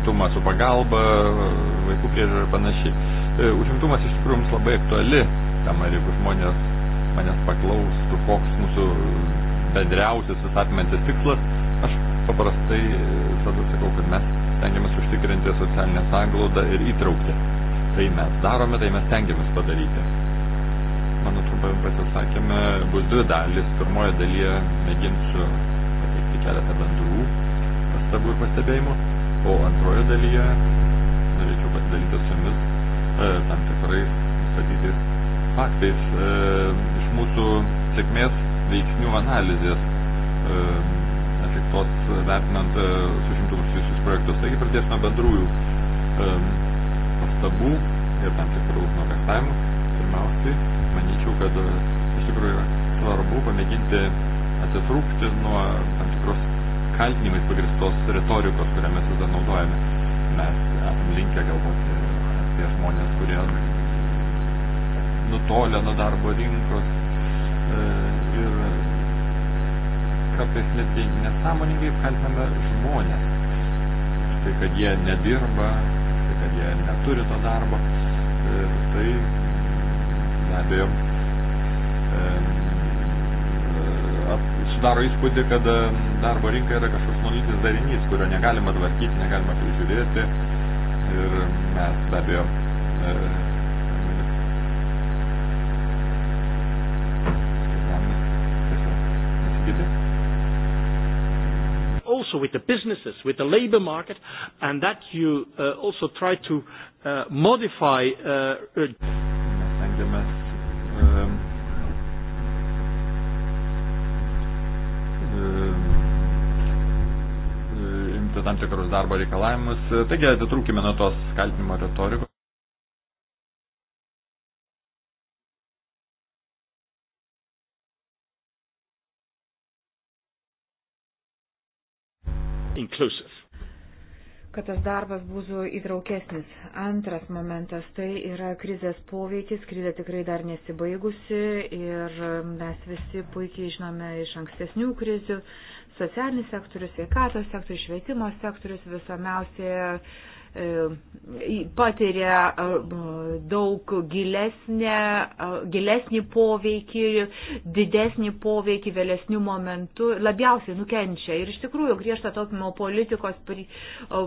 C: užimtumą su pagalba, vaikų priežiūra ir panašiai. Tai užimtumas iš tikrųjų mums labai aktuali tema ir jeigu žmonės manęs paklaustų, koks mūsų bendriausias visatmentis tikslas, aš paprastai visada sakau, kad mes tengiamės užtikrinti socialinę sąglaudą ir įtraukti. Tai mes darome, tai mes tengiamės padaryti. Mano trumpam pasisakėme, bus dvi dalis. Pirmoje dalyje mėginsiu pateikti keletą bendrų pastabų ir pastebėjimų. O antroje dalyje norėčiau pasidalyti su jumis e, tam tikrais nustatytais faktais e, iš mūsų sėkmės veiksnių analizės e, atliktos vertinant e, su šimtų susijusius projektus. Taigi pradėsime bendrųjų e, pastabų ir tam tikrų nuogastavimų. Pirmiausiai, manyčiau, kad e, iš tikrųjų yra svarbu pamėginti atsitrūkti nuo tam tikros kaltinimais pagristos retorikos, kurią mes vis dar naudojame. Mes esame linkę galvoti apie žmonės, kurie nutolę nuo darbo rinkos e, ir kartais netgi nesąmoningai kaltiname žmonės. Tai, kad jie nedirba, tai, kad jie neturi to darbo, e, tai be abejo e, susidaro įspūdį, kad e, darbo rinka yra kažkoks nulitis darinys, kurio negalima tvarkyti, negalima prižiūrėti. Ir mes be abejo. E, also with the businesses, with the labor market, and that you uh, also try to uh, modify. Uh, atitikti tam tikrus darbo reikalavimus. Taigi atitrūkime nuo tos kaltinimo retorikos.
B: Inclusive
A: kad tas darbas būtų įtraukesnis. Antras momentas tai yra krizės poveikis, krizė tikrai dar nesibaigusi ir mes visi puikiai žinome iš ankstesnių krizių, socialinis sektorius, sveikatos sektorius, švietimo sektorius, visuomiausiai E, patiria e, daug gilesnę, e, gilesnį poveikį, didesnį poveikį vėlesnių momentų, labiausiai nukenčia. Ir iš tikrųjų griežta taupimo politikos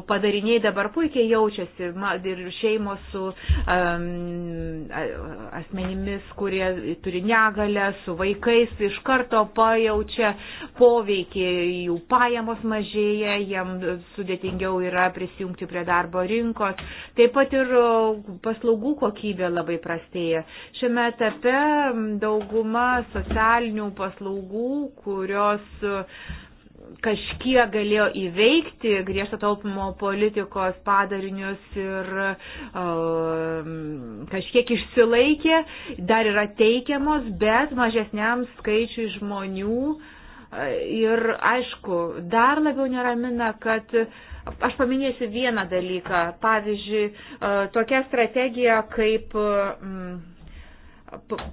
A: padariniai dabar puikiai jaučiasi ir šeimos su um, asmenimis, kurie turi negalę, su vaikais iš karto pajaučia poveikį, jų pajamos mažėja, jiems sudėtingiau yra prisijungti prie darbo darbo rinkos, taip pat ir paslaugų kokybė labai prastėja. Šiame etape dauguma socialinių paslaugų, kurios kažkiek galėjo įveikti griežto taupimo politikos padarinius ir uh, kažkiek išsilaikė, dar yra teikiamos, bet mažesniam skaičiui žmonių uh, Ir aišku, dar labiau neramina, kad aš paminėsiu vieną dalyką. Pavyzdžiui, e, tokia strategija kaip mm,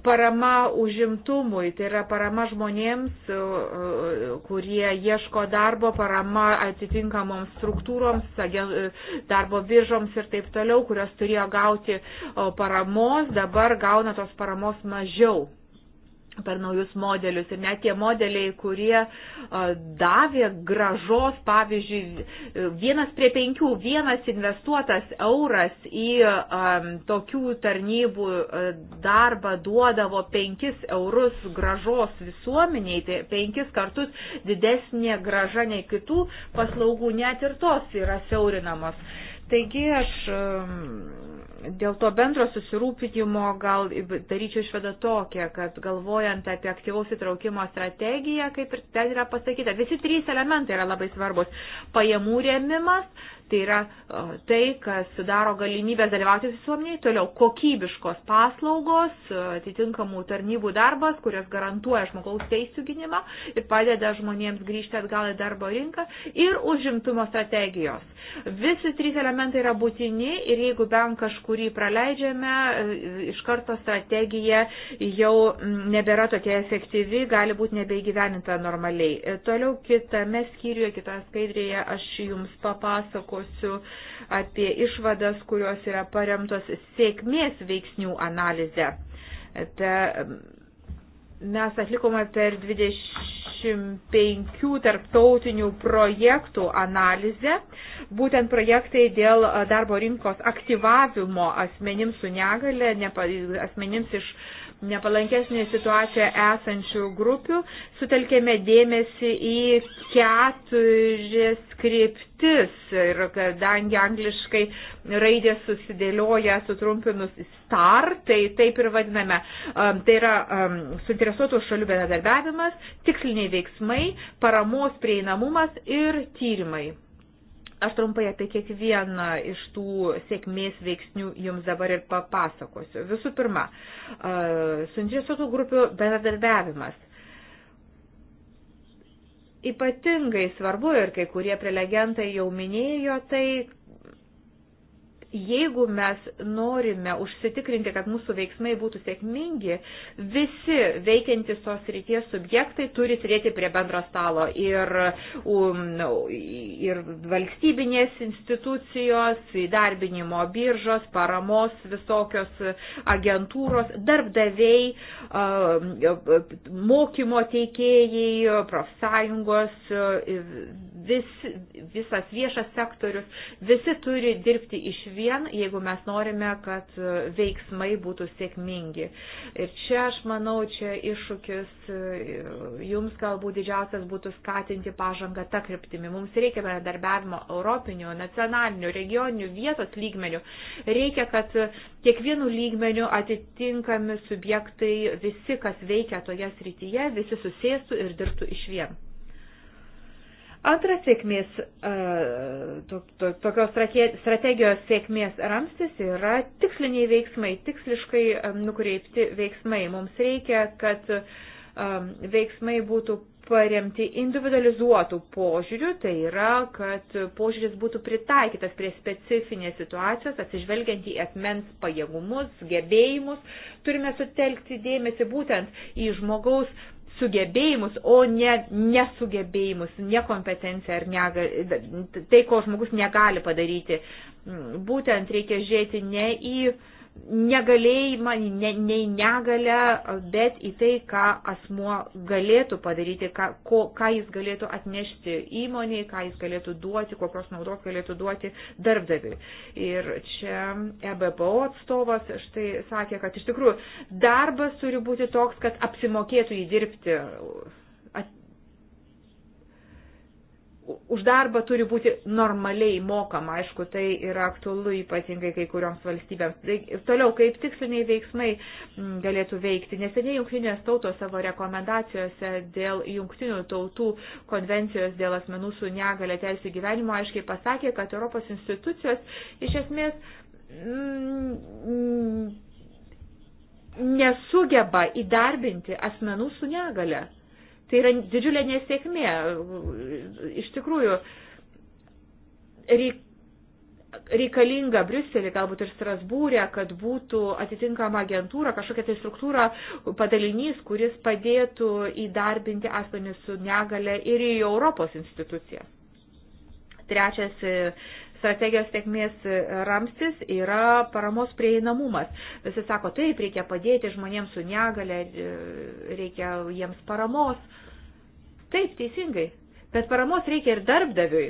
A: parama užimtumui, tai yra parama žmonėms, e, kurie ieško darbo, parama atitinkamoms struktūroms, darbo biržoms ir taip toliau, kurios turėjo gauti paramos, dabar gauna tos paramos mažiau per naujus modelius ir net tie modeliai, kurie davė gražos, pavyzdžiui, vienas prie penkių, vienas investuotas euras į um, tokių tarnybų darbą duodavo penkis eurus gražos visuomeniai, tai penkis kartus didesnė graža nei kitų paslaugų, net ir tos yra siaurinamos. Taigi aš um, dėl to bendro susirūpinimo gal daryčiau išvadą tokią, kad galvojant apie aktyvaus įtraukimo strategiją, kaip ir ten yra pasakyta, visi trys elementai yra labai svarbus. Pajamų rėmimas, Tai yra e, tai, kas sudaro galimybę dalyvauti visuomeniai, toliau kokybiškos paslaugos, e, atitinkamų tarnybų darbas, kurios garantuoja žmogaus teisų gynimą ir padeda žmonėms grįžti atgal į darbo rinką ir užimtumo strategijos. Visi trys elementai yra būtini ir jeigu bent kažkurį praleidžiame, e, iš karto strategija jau nebėra tokia efektyvi, gali būti nebeįgyveninta normaliai. Toliau kitame skyriuje, kitoje skaidrėje aš jums papasakosiu klausiu apie išvadas, kurios yra paremtos sėkmės veiksnių analizė. Ta, mes atlikome per 25 tarptautinių projektų analizę, būtent projektai dėl darbo rinkos aktyvavimo asmenims su negale, asmenims iš uh, nepalankesnė situacija esančių grupių, sutelkėme dėmesį į keturias kryptis ir kadangi angliškai raidės susidėlioja sutrumpinus STAR, tai taip ir vadiname, um, tai yra um, suinteresuotų šalių bendradarbiavimas, tiksliniai veiksmai, paramos prieinamumas ir tyrimai. Aš trumpai apie kiekvieną iš tų sėkmės veiksnių jums dabar ir papasakosiu. Visų pirma, suinteresuotų grupių bendradarbiavimas. Ypatingai svarbu ir kai kurie prelegentai jau minėjo tai, jeigu mes norime užsitikrinti, kad mūsų veiksmai būtų sėkmingi, visi veikiantys tos ryties subjektai turi sėdėti prie bendro stalo ir, um, ir valstybinės institucijos, įdarbinimo biržos, paramos visokios agentūros, darbdaviai, um, mokymo teikėjai, profsąjungos, vis, visas viešas sektorius, visi turi dirbti iš vien vien, jeigu mes norime, kad e, veiksmai būtų sėkmingi. Ir čia, aš manau, čia iššūkis e, jums galbūt didžiausias būtų skatinti pažangą tą kryptimį. Mums reikia bendradarbiavimo europinių, nacionalinių, regioninių, vietos lygmenių. Reikia, kad kiekvienų lygmenių atitinkami subjektai, visi, kas veikia toje srityje, visi susėstų ir dirbtų iš vien. Antras sėkmės, e, to, to, tokios strategijos sėkmės ramstis yra tiksliniai veiksmai, tiksliškai e, nukreipti veiksmai. Mums reikia, kad e, veiksmai būtų paremti individualizuotų požiūrių, tai yra, kad požiūris būtų pritaikytas prie specifinės situacijos, atsižvelgiant į asmens pajėgumus, gebėjimus. Turime sutelkti dėmesį būtent į žmogaus sugebėjimus, o ne nesugebėjimus, nekompetenciją ar negali, tai, ko žmogus negali padaryti. Mm, būtent reikia žiūrėti ne į uh, negalėjimą, ne, ne į negalę, bet į tai, ką asmuo galėtų padaryti, ką, ko, ką jis galėtų atnešti įmoniai, ką jis galėtų duoti, kokios naudos galėtų duoti darbdaviui. Ir čia EBPO atstovas štai sakė, kad iš tikrųjų darbas turi būti toks, kad apsimokėtų įdirbti už darbą turi būti normaliai mokama, aišku, tai yra aktualu ypatingai kai kurioms valstybėms. Tai toliau, kaip tiksliniai veiksmai mm, galėtų veikti. Neseniai jungtinės tautos savo rekomendacijose dėl jungtinių tautų konvencijos dėl asmenų su negale teisų gyvenimo aiškiai pasakė, kad Europos institucijos iš esmės. Mm, nesugeba įdarbinti asmenų su negale. Tai yra didžiulė nesėkmė. Iš tikrųjų, reikalinga Briuselį, galbūt ir Strasbūrė, kad būtų atitinkama agentūra, kažkokia tai struktūra, padalinys, kuris padėtų įdarbinti asmenį su negale ir į Europos instituciją. Trečias strategijos sėkmės e, ramstis yra paramos prieinamumas. Visi sako, taip, reikia padėti žmonėms su negale, e, reikia jiems paramos. Taip, teisingai. Bet paramos reikia ir darbdaviui.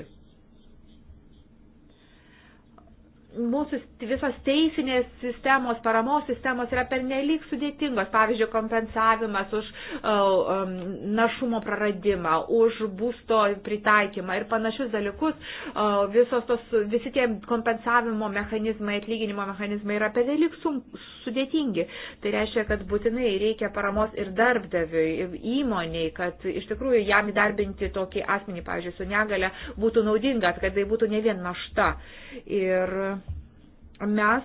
A: mūsų visos teisinės sistemos, paramos sistemos yra pernelyg sudėtingos. Pavyzdžiui, kompensavimas už um, našumo praradimą, už būsto pritaikymą ir panašius dalykus. Uh, visos tos, visi tie kompensavimo mechanizmai, atlyginimo mechanizmai yra pernelyg sudėtingi. Tai reiškia, kad būtinai reikia paramos ir darbdaviui, ir įmoniai, kad iš tikrųjų jam įdarbinti tokį asmenį, pavyzdžiui, su negale būtų naudinga, kad tai būtų ne vien našta. Ir Mes,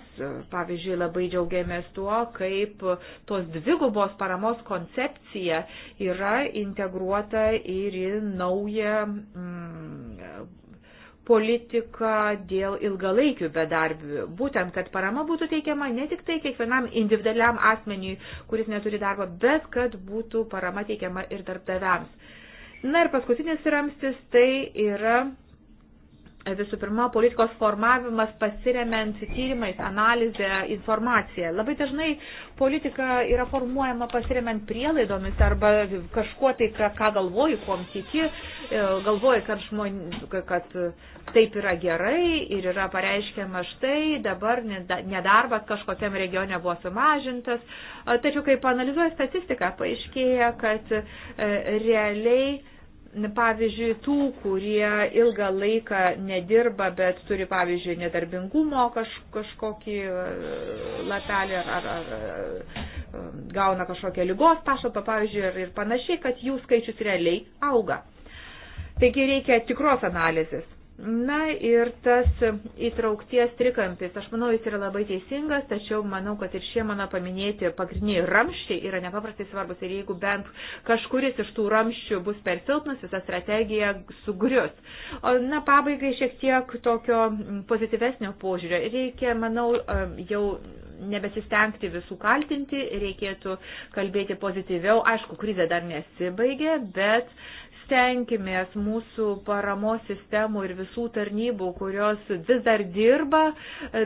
A: pavyzdžiui, labai džiaugiamės tuo, kaip tos dvigubos paramos koncepcija yra integruota ir į naują mm, politiką dėl ilgalaikių bedarbių. Būtent, kad parama būtų teikiama ne tik tai kiekvienam individualiam asmeniui, kuris neturi darbo, bet kad būtų parama teikiama ir darbdaviams. Na ir paskutinis ramstis tai yra Visų pirma, politikos formavimas pasiremiant tyrimais, analizę, informaciją. Labai dažnai politika yra formuojama pasiremiant prielaidomis arba kažkuo tai, ką galvoju, kuom tiki, e, galvoju, kad, žmon, kad taip yra gerai ir yra pareiškiama štai, dabar nedarbas kažkokiam regione buvo sumažintas. E, tačiau, kai panalizuoju statistiką, paaiškėja, kad e, realiai pavyzdžiui, tų, kurie ilgą laiką nedirba, bet turi, pavyzdžiui, nedarbingumo kaž, kažkokį e, lapelį ar, ar, ar e, gauna kažkokią lygos pašalpą, pavyzdžiui, ir, ir panašiai, kad jų skaičius realiai auga. Taigi reikia tikros analizės. Na ir tas įtraukties trikampis, aš manau, jis yra labai teisingas, tačiau manau, kad ir šie mano paminėti pagrindiniai ramščiai yra nepaprastai svarbus ir jeigu bent kažkuris iš tų ramščių bus per silpnas, visa strategija sugrius. O, na, pabaigai šiek tiek tokio pozityvesnio požiūrio. Reikia, manau, jau nebesistengti visų kaltinti, reikėtų kalbėti pozityviau. Aišku, krizė dar nesibaigė, bet stenkimės mūsų paramos sistemų ir visų tarnybų, kurios vis dar dirba, e,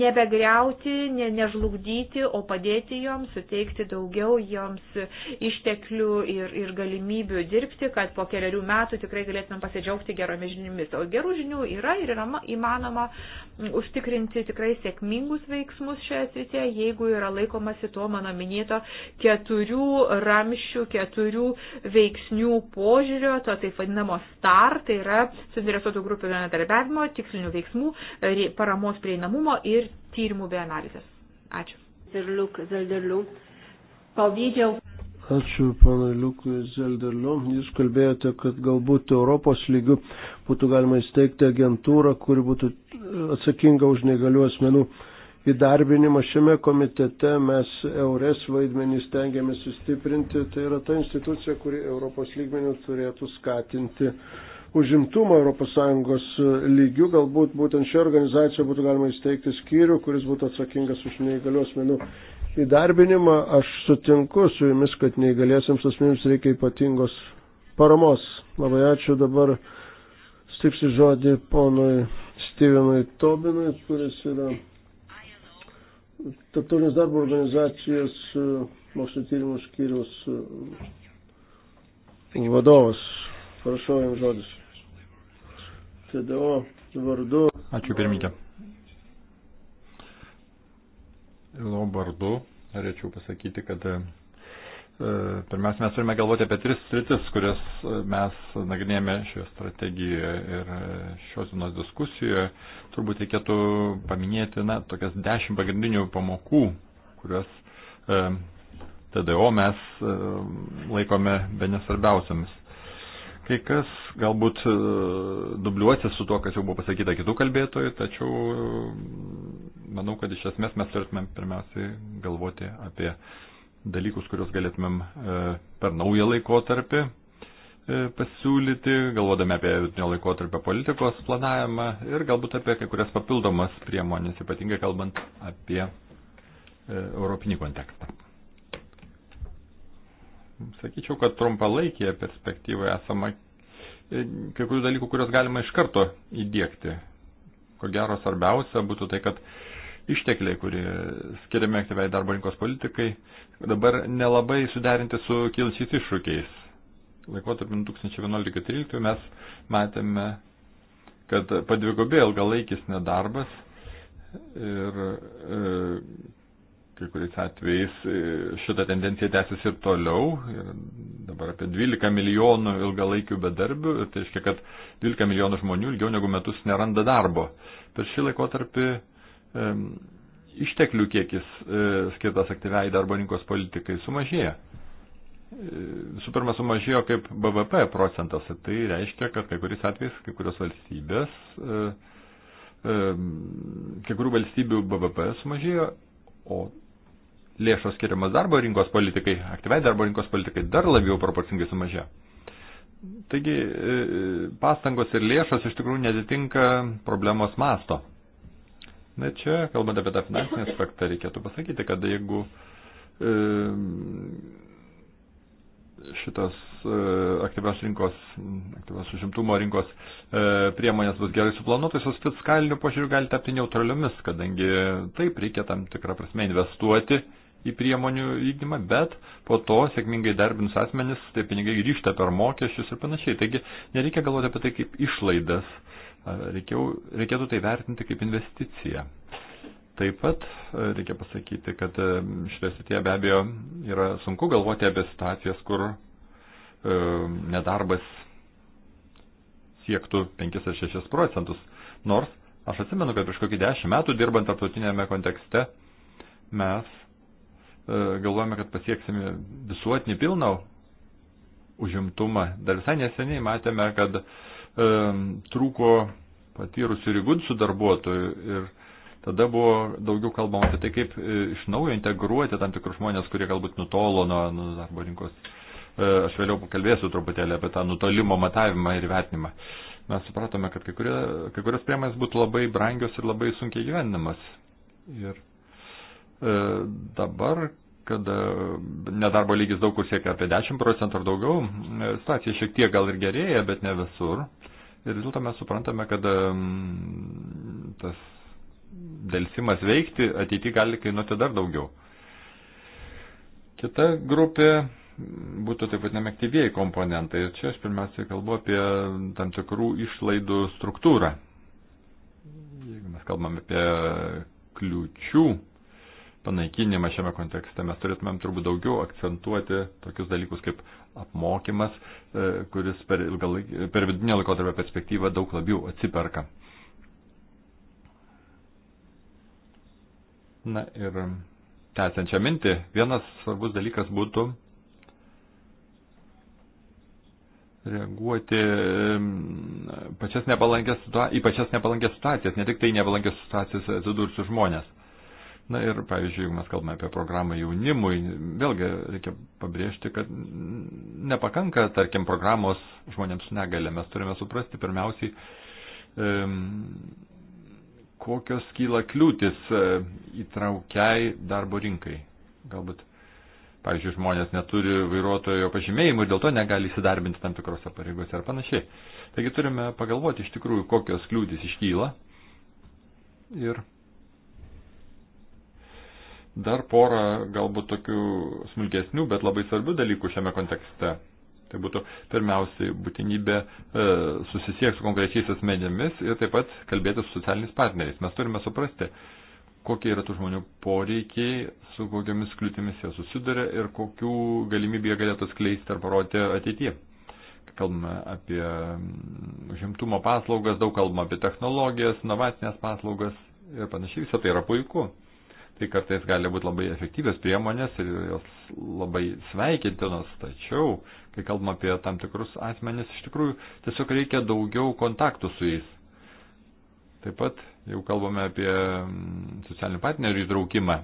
A: nebegriauti, ne, nežlugdyti, o padėti joms, suteikti daugiau joms išteklių ir, ir galimybių dirbti, kad po keliarių metų tikrai galėtumėm pasidžiaugti geromis žiniomis. O gerų žinių yra ir yra įmanoma užtikrinti tikrai sėkmingus veiksmus šioje srityje, jeigu yra laikomasi to mano minėto keturių ramščių, keturių veiksnių požiūrio, to taip vadinamo STAR, tai yra suinteresuotų grupių bendradarbiavimo, tikslinių veiksmų, paramos prieinamumo ir tyrimų bei analizės. Ačiū. Zelderliuk, Zelderliuk. Pavydžiau.
B: Ačiū, panai Liukui Zelderliu. Jūs kalbėjote, kad galbūt Europos lygių būtų galima įsteigti agentūrą, kuri būtų e, atsakinga už negalių asmenų įdarbinimą šiame komitete mes EURES vaidmenį stengiamės sustiprinti. Tai yra ta institucija, kuri Europos lygmenių turėtų skatinti užimtumą ES lygių. Galbūt būtent šią organizaciją būtų galima įsteigti skyrių, kuris būtų atsakingas už neįgalios menų įdarbinimą. Aš sutinku su jumis, kad neįgaliesiams asmenims reikia ypatingos paramos. Labai ačiū dabar. Stipsi žodį ponui Stevenui Tobinui, kuris yra Tarptautinės darbo organizacijos e, mokslo tyrimų skyriaus e, vadovas. Prašau jums žodis. TDO vardu.
C: Ačiū pirmininkė. Ilo vardu norėčiau pasakyti, kad E, pirmiausia, mes turime galvoti apie tris sritis, kurias e, mes nagrinėjame šioje strategijoje ir e, šios dienos diskusijoje. Turbūt reikėtų paminėti, na, tokias dešimt pagrindinių pamokų, kurias e, TDO mes e, laikome be nesvarbiausiamis. Kai kas galbūt e, dubliuosi su tuo, kas jau buvo pasakyta kitų kalbėtojų, tačiau manau, kad iš esmės mes turėtume pirmiausiai galvoti apie dalykus, kuriuos galėtumėm e, per naują laikotarpį e, pasiūlyti, galvodami apie vidutinio laikotarpio politikos planavimą ir galbūt apie kai kurias papildomas priemonės, ypatingai kalbant apie e, europinį kontekstą. Sakyčiau, kad trumpalaikėje perspektyvoje esama kai kurių dalykų, kuriuos galima iš karto įdėkti. Ko gero svarbiausia būtų tai, kad ištekliai, kurie skiriami aktyviai darbo rinkos politikai, dabar nelabai suderinti su kilčiais iššūkiais. Laikotarpį 2011-2013 mes matėme, kad padvigubėjo ilgalaikis nedarbas ir e, kai kuriais atvejais e, šita tendencija tęsis ir toliau. Ir dabar apie 12 milijonų ilgalaikių bedarbių, tai reiškia, kad 12 milijonų žmonių ilgiau negu metus neranda darbo. Per šį laikotarpį išteklių kiekis e, skirtas aktyviai darbo rinkos politikai sumažėja. E, visų pirma, sumažėjo kaip BVP procentas, tai reiškia, kad kai kuris atvejs, kai kurios valstybės, e, kai kurių valstybių BVP sumažėjo, o lėšos skiriamas darbo rinkos politikai, aktyviai darbo rinkos politikai dar labiau proporcingai sumažėjo. Taigi pastangos ir lėšos iš tikrųjų netitinka problemos masto. Na čia, kalbant apie tą finansinį aspektą, reikėtų pasakyti, kad jeigu e, šitas e, aktyvios rinkos, aktyvios užimtumo rinkos e, priemonės bus gerai suplanuotos, jos fiskaliniu požiūriu gali tapti neutraliomis, kadangi taip reikia tam tikrą prasme investuoti į priemonių vykdymą, bet po to sėkmingai darbinus asmenis, tie pinigai grįžta per mokesčius ir panašiai. Taigi nereikia galvoti apie tai kaip išlaidas Reikėjau, reikėtų tai vertinti kaip investiciją. Taip pat e, reikia pasakyti, kad e, šitoje srityje be abejo yra sunku galvoti apie situacijas, kur e, nedarbas siektų 5 ar 6 procentus. Nors aš atsimenu, kad prieš kokį 10 metų dirbant tarptautinėme kontekste mes e, galvojame, kad pasieksime visuotinį pilną užimtumą. Dar visai neseniai matėme, kad e, E, trūko patyrusių ir įgūdžių darbuotojų ir tada buvo daugiau kalbama apie tai, kaip e, iš naujo integruoti tam tikrus žmonės, kurie galbūt nutolo nuo, nuo darbo rinkos. E, aš vėliau pakalbėsiu truputėlį apie tą nutolimo matavimą ir vertinimą. Mes supratome, kad kai, kurie, kai kurios priemonės būtų labai brangios ir labai sunkiai gyvenimas. Ir e, dabar, kad nedarbo lygis daug kur siekia apie 10 procentų ar daugiau, situacija šiek tiek gal ir gerėja, bet ne visur. Ir vis dėlto mes suprantame, kad tas dėlsimas veikti ateityje gali kainuoti dar daugiau. Kita grupė būtų taip pat nemektyvieji komponentai. Ir čia aš pirmiausiai kalbu apie tam tikrų išlaidų struktūrą. Jeigu mes kalbam apie kliučių panaikinimą šiame kontekste. Mes turėtumėm turbūt daugiau akcentuoti tokius dalykus kaip apmokymas, e, kuris per, ilgalaik, per vidinę laikotarpio perspektyvą daug labiau atsiperka. Na ir tęsiančią mintį, vienas svarbus dalykas būtų reaguoti pačias nepalankės, į pačias nepalankės situacijas, ne tik tai nepalankės situacijas atsidursių žmonės. Na ir, pavyzdžiui, jeigu mes kalbame apie programą jaunimui, vėlgi reikia pabrėžti, kad nepakanka, tarkim, programos žmonėms negalė. Mes turime suprasti pirmiausiai, kokios kyla kliūtis e, įtraukiai darbo rinkai. Galbūt, pavyzdžiui, žmonės neturi vairuotojo pažymėjimų ir dėl to negali įsidarbinti tam tikrose pareigose ar panašiai. Taigi turime pagalvoti iš tikrųjų, kokios kliūtis iškyla. Ir dar porą galbūt tokių smulkesnių, bet labai svarbių dalykų šiame kontekste. Tai būtų pirmiausiai būtinybė e, susisiekti su konkrečiais asmenėmis ir taip pat kalbėti su socialiniais partneriais. Mes turime suprasti, kokie yra tų žmonių poreikiai, su kokiamis kliūtimis jie susiduria ir kokių galimybių jie galėtų skleisti ar parodyti ateityje. Kalbame apie mm, žimtumo paslaugas, daug kalbame apie technologijas, inovacinės paslaugas ir panašiai. Visą tai yra puiku. Tai kartais gali būti labai efektyvios priemonės ir jos labai sveikintinos, tačiau, kai kalbam apie tam tikrus asmenis, iš tikrųjų tiesiog reikia daugiau kontaktų su jais. Taip pat, jau kalbame apie mm, socialinių partnerių įtraukimą,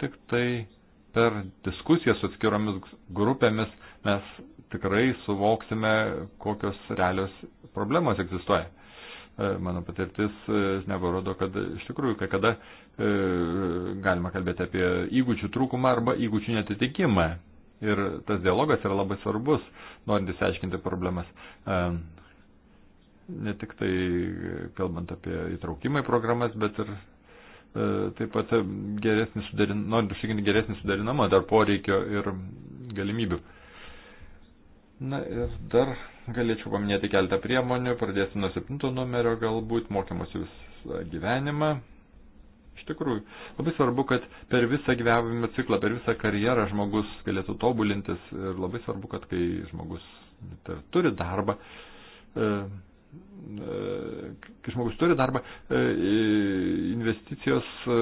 C: tik tai per diskusiją su atskiromis grupėmis mes tikrai suvoksime, kokios realios problemos egzistuoja. E, mano patirtis e, neparodo, kad iš tikrųjų, kai kada e, galima kalbėti apie įgūdžių trūkumą arba įgūdžių netitikimą. Ir tas dialogas yra labai svarbus, norint įsiaiškinti problemas. Ne tik tai kalbant apie įtraukimą į programas, bet ir taip pat geresnį sudarin, norint užsikinti geresnį sudarinamą dar poreikio ir galimybių. Na ir dar galėčiau paminėti keletą priemonių. Pradėsiu nuo septinto numerio galbūt, mokymosi visą gyvenimą. Iš tikrųjų, labai svarbu, kad per visą gyvenimo ciklą, per visą karjerą žmogus galėtų tobulintis ir labai svarbu, kad kai žmogus tai, turi darbą, e, e, kai žmogus turi darbą, e, investicijos e,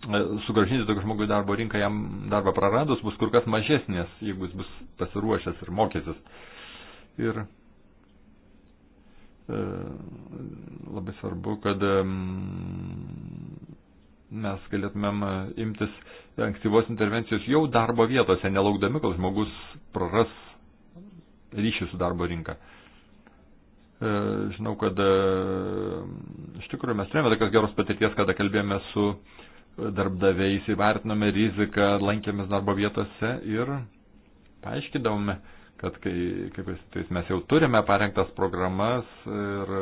C: E, sugražinti tokį žmogų į darbo rinką jam darbą praradus bus kur kas mažesnės, jeigu jis bus pasiruošęs ir mokysis. Ir e, labai svarbu, kad mes galėtumėm e, imtis ankstyvos intervencijos jau darbo vietose, nelaukdami, kol žmogus praras ryšį su darbo rinka. Žinau, kad iš tikrųjų mes turėjome tokios geros patirties, kada kalbėjome su uh, darbdaviai, įsivertinome riziką, lankėmės darbo vietose ir paaiškidavome, kad kai, kaip tais mes jau turime parengtas programas ir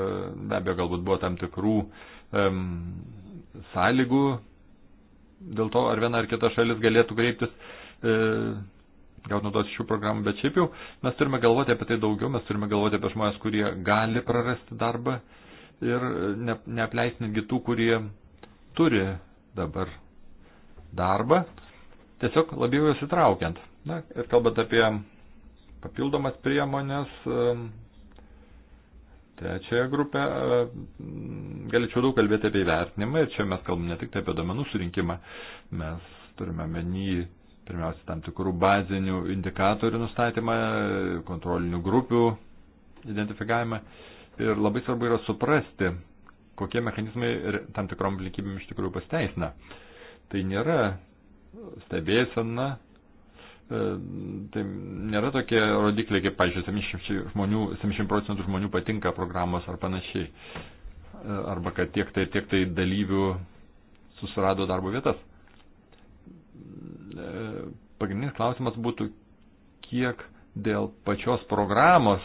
C: be abejo galbūt buvo tam tikrų um, sąlygų dėl to, ar viena ar kita šalis galėtų kreiptis. E, gauti naudos šių programų, bet šiaip jau mes turime galvoti apie tai daugiau, mes turime galvoti apie žmonės, kurie gali prarasti darbą ir ne, neapleisti netgi tų, kurie turi dabar darbą, tiesiog labiau juos įtraukiant. Na, ir kalbant apie papildomas priemonės, trečiąją grupę, galėčiau daug kalbėti apie įvertinimą ir čia mes kalbame ne tik tai apie domenų surinkimą, mes turime menį pirmiausia tam tikrų bazinių indikatorių nustatymą, kontrolinių grupių identifikavimą ir labai svarbu yra suprasti, kokie mechanizmai ir tam tikrom aplinkybėm iš tikrųjų pasteisina. Tai nėra stebėsena, e, tai nėra tokie rodikliai, kaip, pažiūrėjau, 70, žmonių, 70 procentų žmonių patinka programos ar panašiai. E, arba kad tiek tai, tiek tai dalyvių susirado darbo vietas. E, pagrindinis klausimas būtų, kiek dėl pačios programos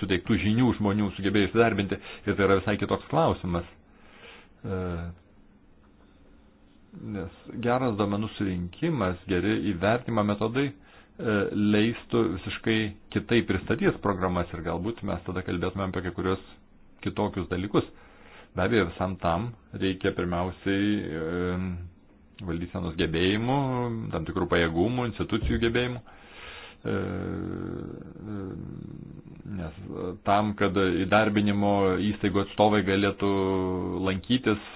C: suteiktų žinių žmonių sugebėjo įsidarbinti ir tai yra visai kitoks klausimas. E, nes geras domenų surinkimas, geri įvertimo metodai e, leistų visiškai kitaip pristatys programas ir galbūt mes tada kalbėtumėm apie kai kurios kitokius dalykus. Be abejo, visam tam reikia pirmiausiai valdysenos gebėjimų, tam tikrų pajėgumų, institucijų gebėjimų. E, e, nes tam, kad įdarbinimo įstaigų atstovai galėtų lankytis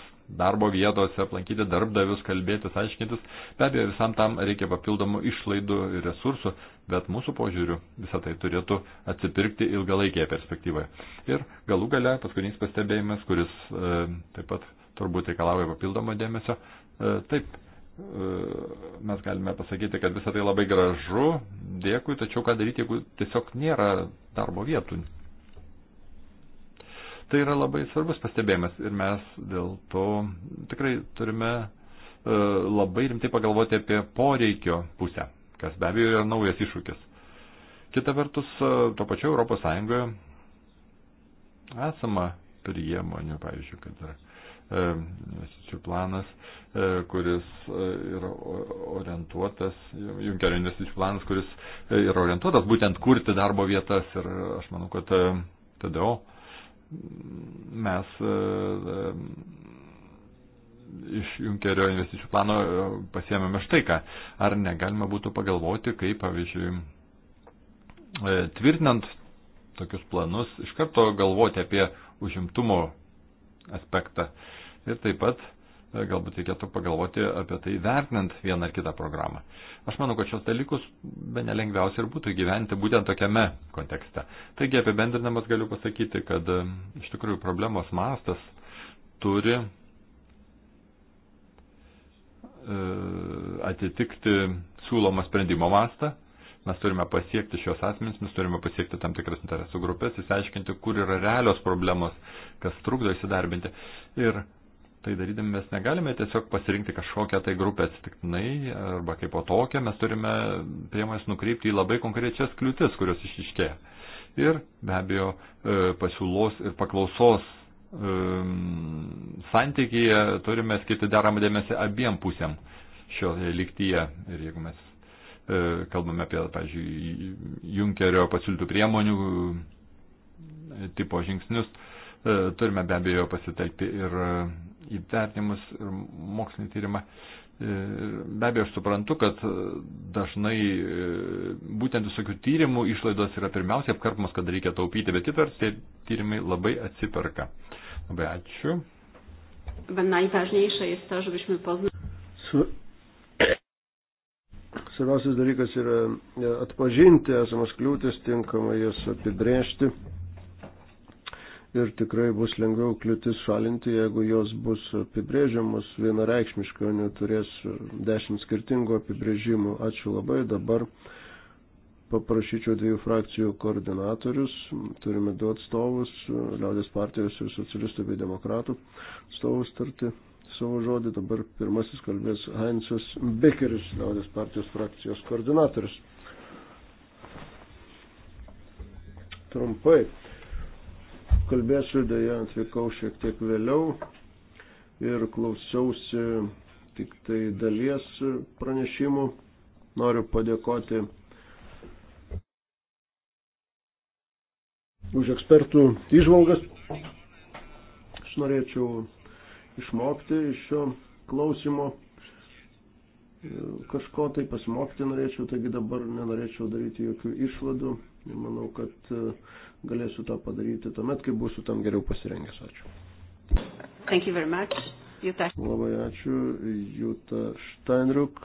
C: darbo vietose, aplankyti darbdavius, kalbėtis, aiškintis, be abejo, visam tam reikia papildomų išlaidų ir resursų, bet mūsų požiūriu visą tai turėtų atsipirkti ilgalaikėje perspektyvoje. Ir galų gale paskutinis pastebėjimas, kuris e, taip pat turbūt reikalauja papildomo dėmesio, e, taip, E, mes galime pasakyti, kad visą tai labai gražu, dėkui, tačiau ką daryti, jeigu tiesiog nėra darbo vietų. Tai yra labai svarbus pastebėjimas ir mes dėl to tikrai turime e, labai rimtai pagalvoti apie poreikio pusę, kas be abejo yra naujas iššūkis. Kita vertus, e, to pačiu Europos Sąjungoje esama priemonių, pavyzdžiui, kad yra E, investicijų planas, e, kuris e, yra orientuotas, Junkerio investicijų planas, kuris yra orientuotas būtent kurti darbo vietas ir aš manau, kad tada mes iš Junkerio investicijų plano pasiemėme štai ką. Ar negalima būtų pagalvoti, kaip, pavyzdžiui, tvirtinant tokius planus, iš karto galvoti apie užimtumo aspektą ir taip pat e, galbūt reikėtų pagalvoti apie tai vertinant vieną ar kitą programą. Aš manau, kad šios dalykus be nelengviausia ir būtų gyventi būtent tokiame kontekste. Taigi apibendrinamas galiu pasakyti, kad e, iš tikrųjų problemos mastas turi e, atitikti siūlomą sprendimo mastą. Mes turime pasiekti šios asmenys, mes turime pasiekti tam tikras interesų grupės, įsiaiškinti, kur yra realios problemos, kas trukdo įsidarbinti. Ir tai darydami mes negalime tiesiog pasirinkti kažkokią tai grupę atsitiktinai arba kaip po tokią, mes turime priemonės nukreipti į labai konkrečias kliūtis, kurios išiškėja. Ir be abejo e, pasiūlos ir paklausos e, santykyje turime skirti deramą dėmesį abiem pusėm šioje lygtyje. Ir jeigu mes e, kalbame apie, pavyzdžiui, Junkerio pasiūlytų priemonių tipo žingsnius, turime be abejo pasitelkti ir įvertinimus ir mokslinį tyrimą. E, be abejo, aš suprantu, kad dažnai e, būtent visokių tyrimų išlaidos yra pirmiausiai apkarpamos, kad reikia taupyti, bet kitvers tie tyrimai labai atsiperka. Labai ačiū. Svarbiausias dalykas
B: yra atpažinti esamas kliūtis, tinkamai jas apibrėžti ir tikrai bus lengviau kliūtis šalinti, jeigu jos bus apibrėžiamos vienareikšmiškai, o neturės dešimt skirtingų apibrėžimų. Ačiū labai. Dabar paprašyčiau dviejų frakcijų koordinatorius, turime du atstovus, Liaudės partijos ir socialistų bei demokratų atstovus tarti savo žodį. Dabar pirmasis kalbės Heinzas Bekeris, Liaudės partijos frakcijos koordinatorius. Trumpai kalbėsiu, dėja atvykau šiek tiek vėliau ir klausiausi tik tai dalies pranešimų. Noriu padėkoti už ekspertų išvalgas. Aš norėčiau išmokti iš šio klausimo kažko tai pasimokti norėčiau, taigi dabar nenorėčiau daryti jokių išvadų. Manau, kad galėsiu tą padaryti tuomet, kai būsiu tam geriau pasirengęs. Ačiū.
A: Thank you very much. Juta.
B: Labai ačiū, Juta Steinruk.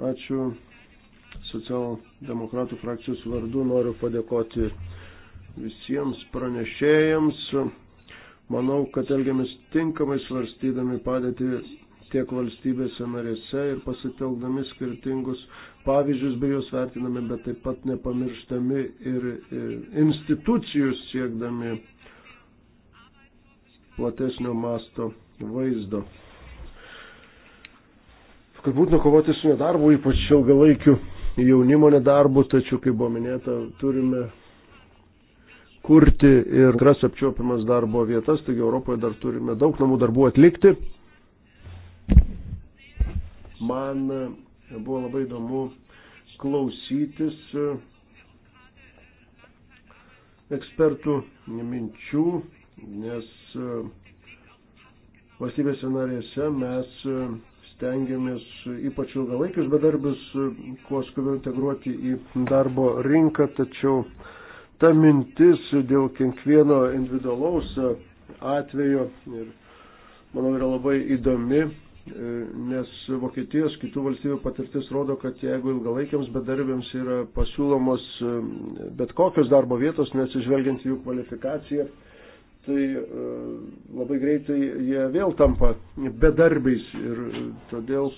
B: Ačiū socialdemokratų frakcijos vardu. Noriu padėkoti visiems pranešėjams. Manau, kad elgiamės tinkamai svarstydami padėti tiek valstybėse narėse ir pasitelkdami skirtingus pavyzdžius bei juos vertiname, bet taip pat nepamirštami ir institucijų siekdami platesnio masto vaizdo. Kad būtina kovoti su nedarbu, ypač ilgalaikiu jaunimo nedarbu, tačiau, kaip buvo minėta, turime kurti ir gras apčiopiamas darbo vietas, taigi Europoje dar turime daug namų darbų atlikti. Man Buvo labai įdomu klausytis e, ekspertų minčių, nes e, valstybėse narėse mes e, stengiamės ypač ilgalaikius bedarbius kuo skubiau integruoti į darbo rinką, tačiau ta mintis dėl kiekvieno individualaus atvejo ir, manau, yra labai įdomi E, nes Vokietijos kitų valstybių patirtis rodo, kad jeigu ilgalaikiams bedarbiams yra pasiūlomos e, bet kokios darbo vietos, nesižvelgiant jų kvalifikaciją, tai e, labai greitai jie vėl tampa bedarbiais ir todėl,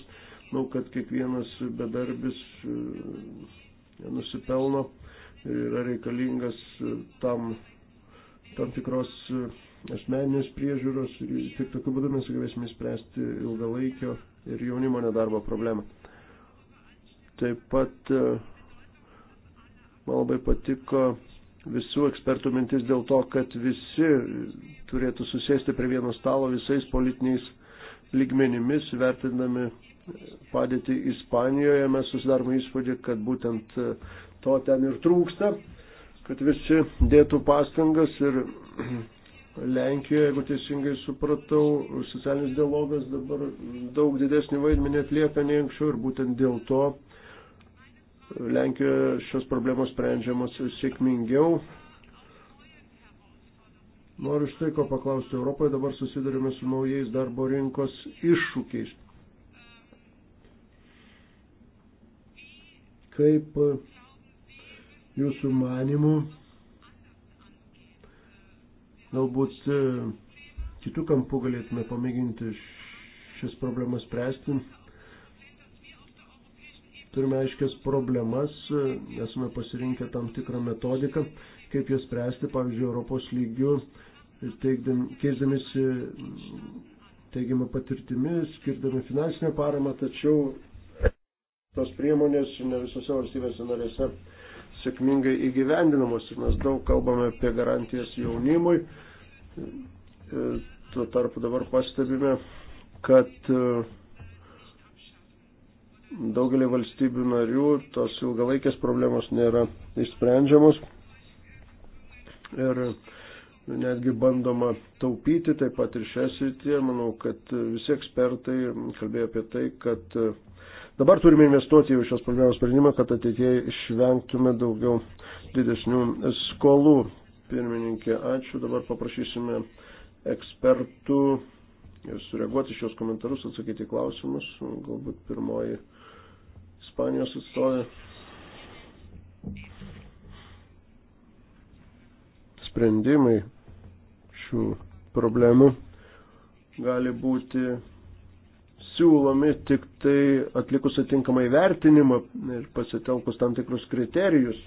B: manau, kad kiekvienas bedarbis nusipelno ir yra reikalingas tam, tam tikros asmeninės priežiūros ir tik tokiu būdu mes sugebėsime spręsti ilgalaikio ir jaunimo nedarbo problemą. Taip pat e, man labai patiko visų ekspertų mintis dėl to, kad visi turėtų susėsti prie vieno stalo visais politiniais lygmenimis, vertindami padėtį Ispanijoje, mes susidarome įspūdį, kad būtent e, to ten ir trūksta, kad visi dėtų pastangas ir Lenkijoje, jeigu teisingai supratau, socialinis dialogas dabar daug didesnį vaidmenį atlieka nei anksčiau ir būtent dėl to Lenkijoje šios problemos sprendžiamos sėkmingiau. Noriu štai ko paklausti. Europoje dabar susidurime su naujais darbo rinkos iššūkiais. Kaip jūsų manimų Galbūt e, kitų kampų galėtume pamėginti šias problemas spręsti. Turime aiškias problemas, e, esame pasirinkę tam tikrą metodiką, kaip jas spręsti, pavyzdžiui, Europos lygių, keisdamėsi teigiamą patirtimį, skirdami finansinę paramą, tačiau tos priemonės ne visose valstybėse narėse sėkmingai įgyvendinamos. Mes daug kalbame apie garantijas jaunimui. E, tuo tarpu dabar pastebime, kad e, daugelį valstybių narių tos ilgalaikės problemos nėra išsprendžiamos ir e, netgi bandoma taupyti taip pat ir šią sritį. Manau, kad visi ekspertai kalbėjo apie tai, kad Dabar turime investuoti į šios problemos sprendimą, kad ateitie išvengtume daugiau didesnių skolų. Pirmininkė, ačiū. Dabar paprašysime ekspertų sureaguoti šios komentarus, atsakyti klausimus. Galbūt pirmoji Ispanijos atstovė. Sprendimai šių problemų gali būti siūlomi tik tai atlikus atinkamą įvertinimą ir pasitelkus tam tikrus kriterijus,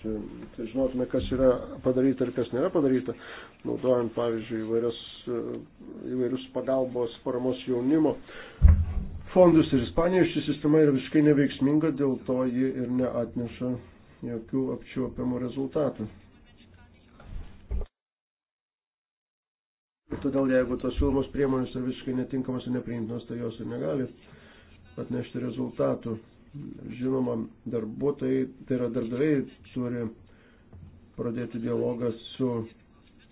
B: tai žinotume, kas yra padaryta ir kas nėra padaryta, naudojant, pavyzdžiui, įvairios, įvairius pagalbos paramos jaunimo fondus ir Ispanijoje ši sistema yra visiškai neveiksminga, dėl to ji ir neatneša jokių apčiuopiamų rezultatų. Todėl jeigu tos siūlomos priemonės yra visiškai netinkamos ir nepriimtinos, tai jos ir negali atnešti rezultatų. Žinoma, darbuotojai, tai yra darbdaviai, turi pradėti dialogą su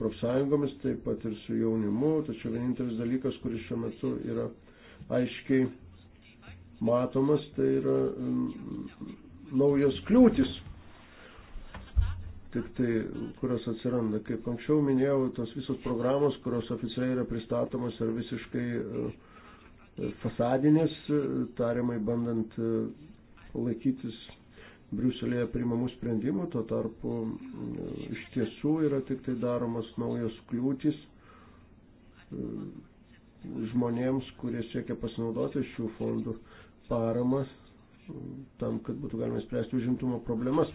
B: profsąjungomis, taip pat ir su jaunimu, tačiau vienintelis dalykas, kuris šiuo metu yra aiškiai matomas, tai yra mm, naujos kliūtis tik tai, kurios atsiranda. Kaip anksčiau minėjau, tos visos programos, kurios oficialiai yra pristatomos, yra visiškai e, fasadinės, tariamai bandant e, laikytis Briuselėje primamų sprendimų, tuo tarpu e, iš tiesų yra tik tai daromas naujos kliūtis žmonėms, kurie siekia pasinaudoti šių fondų paramas tam, kad būtų galima spręsti užimtumo problemas.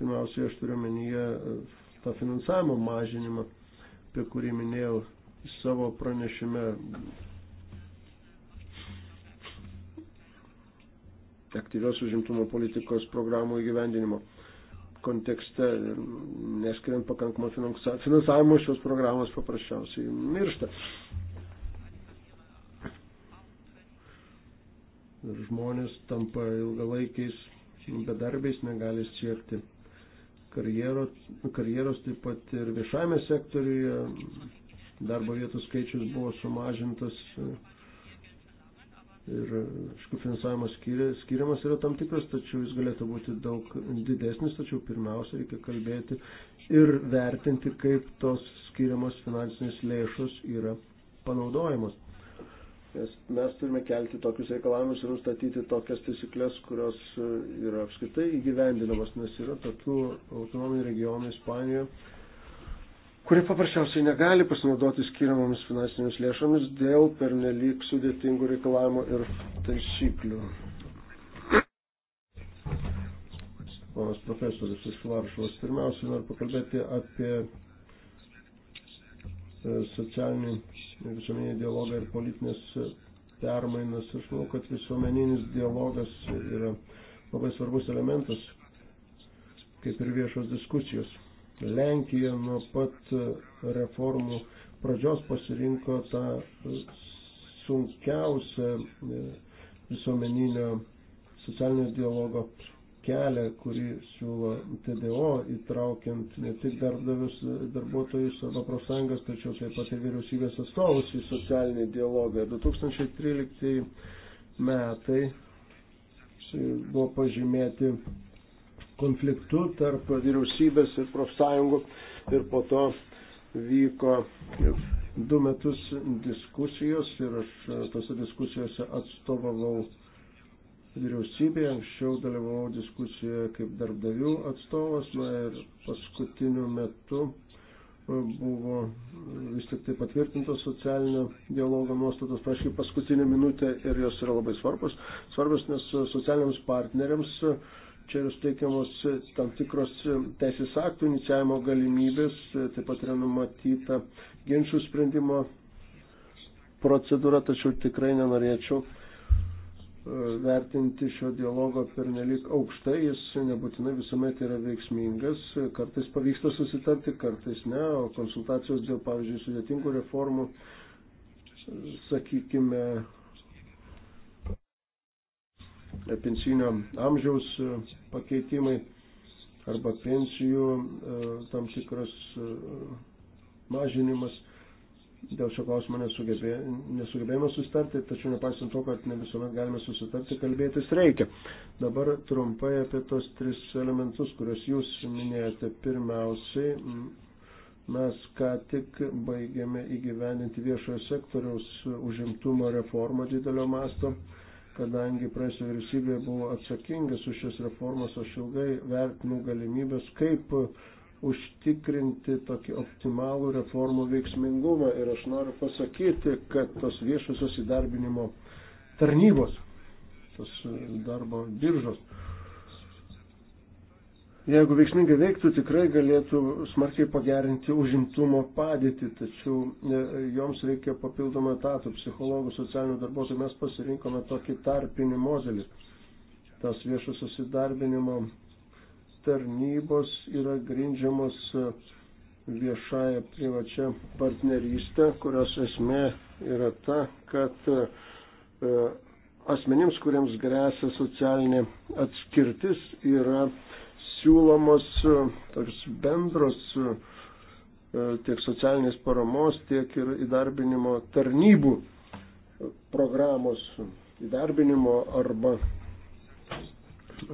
B: Pirmiausiai aš turiu menyje e, tą finansavimo mažinimą, apie kurį minėjau savo pranešime. aktyvios užimtumo politikos programų įgyvendinimo kontekste, neskiriant pakankamo finansavimo šios programos paprasčiausiai miršta. Ir žmonės tampa ilgalaikiais bedarbiais, negali siekti karjero, karjeros, taip pat ir viešame sektoriuje darbo vietų skaičius buvo sumažintas e, ir, aišku, finansavimas skiriamas yra tam tikras, tačiau jis galėtų būti daug didesnis, tačiau pirmiausia reikia kalbėti ir vertinti, kaip tos skiriamos finansinės lėšos yra panaudojamos. Nes mes turime kelti tokius reikalavimus ir nustatyti tokias taisyklės, kurios e, yra apskritai įgyvendinamas, nes yra tokių autonominių regionų Ispanijoje, kurie paprasčiausiai negali pasinaudoti skiriamomis finansinėmis lėšomis dėl pernelyg sudėtingų reikalavimų ir taisyklių. Ponas profesorius iš Varšuvos, pirmiausia, noriu pakalbėti apie E, socialinį visuomeninį dialogą ir politinės e, permainas. Aš manau, kad visuomeninis dialogas yra labai svarbus elementas, kaip ir viešos diskusijos. Lenkija nuo pat e, reformų pradžios pasirinko tą sunkiausią visuomeninio socialinio dialogo kelią, kurį siūlo TDO, įtraukiant ne tik darbdavius, darbuotojus arba profsąjungas, tačiau taip pat ir vyriausybės atstovus į socialinį dialogą. 2013 metai buvo pažymėti konfliktu tarp vyriausybės ir profsąjungų ir po to vyko du metus diskusijos ir aš tose diskusijose atstovavau vyriausybėje, anksčiau dalyvavau diskusijoje kaip darbdavių atstovas na, ir paskutiniu metu e, buvo vis tik tai patvirtintos socialinio dialogo nuostatos, aiškiai paskutinė minutė ir jos yra labai svarbus, svarbus nes socialiniams partneriams e, čia yra suteikiamos tam tikros e, teisės aktų inicijavimo galimybės, taip pat yra numatyta ginčių sprendimo procedūra, tačiau tikrai nenorėčiau vertinti šio dialogo pernelik aukštai, jis nebūtinai visuomet yra veiksmingas, kartais pavyksta susitarti, kartais ne, o konsultacijos dėl, pavyzdžiui, sudėtingų reformų, sakykime, pensinio amžiaus pakeitimai arba pensijų e, tam tikras e, mažinimas dėl šio klausimo nesugebė, nesugebėjome susitarti, tačiau nepaisant to, kad ne visuomet galime susitarti, kalbėtis reikia. Dabar trumpai apie tos tris elementus, kuriuos jūs minėjote. Pirmiausiai, mes ką tik baigėme įgyveninti viešojo sektoriaus užimtumo reformą didelio masto. Kadangi praėjusią vyriausybė buvo atsakingas už šias reformas, aš ilgai vertinu galimybės, kaip uh, užtikrinti tokį optimalų reformų veiksmingumą. Ir aš noriu pasakyti, kad tos viešosios įdarbinimo tarnybos, tos e, darbo biržos, jeigu veiksmingai veiktų, tikrai galėtų smarkiai pagerinti užimtumo padėtį, tačiau e, joms reikia papildomą etatų, psichologų, socialinių darbuotojų, mes pasirinkome tokį tarpinį modelį. Tas viešosios įdarbinimo tarnybos yra grindžiamos viešąją privačią partnerystę, kurios esmė yra ta, kad e, asmenims, kuriems grėsia socialinė atskirtis, yra siūlomos e, toks bendros e, tiek socialinės paramos, tiek ir įdarbinimo tarnybų programos įdarbinimo arba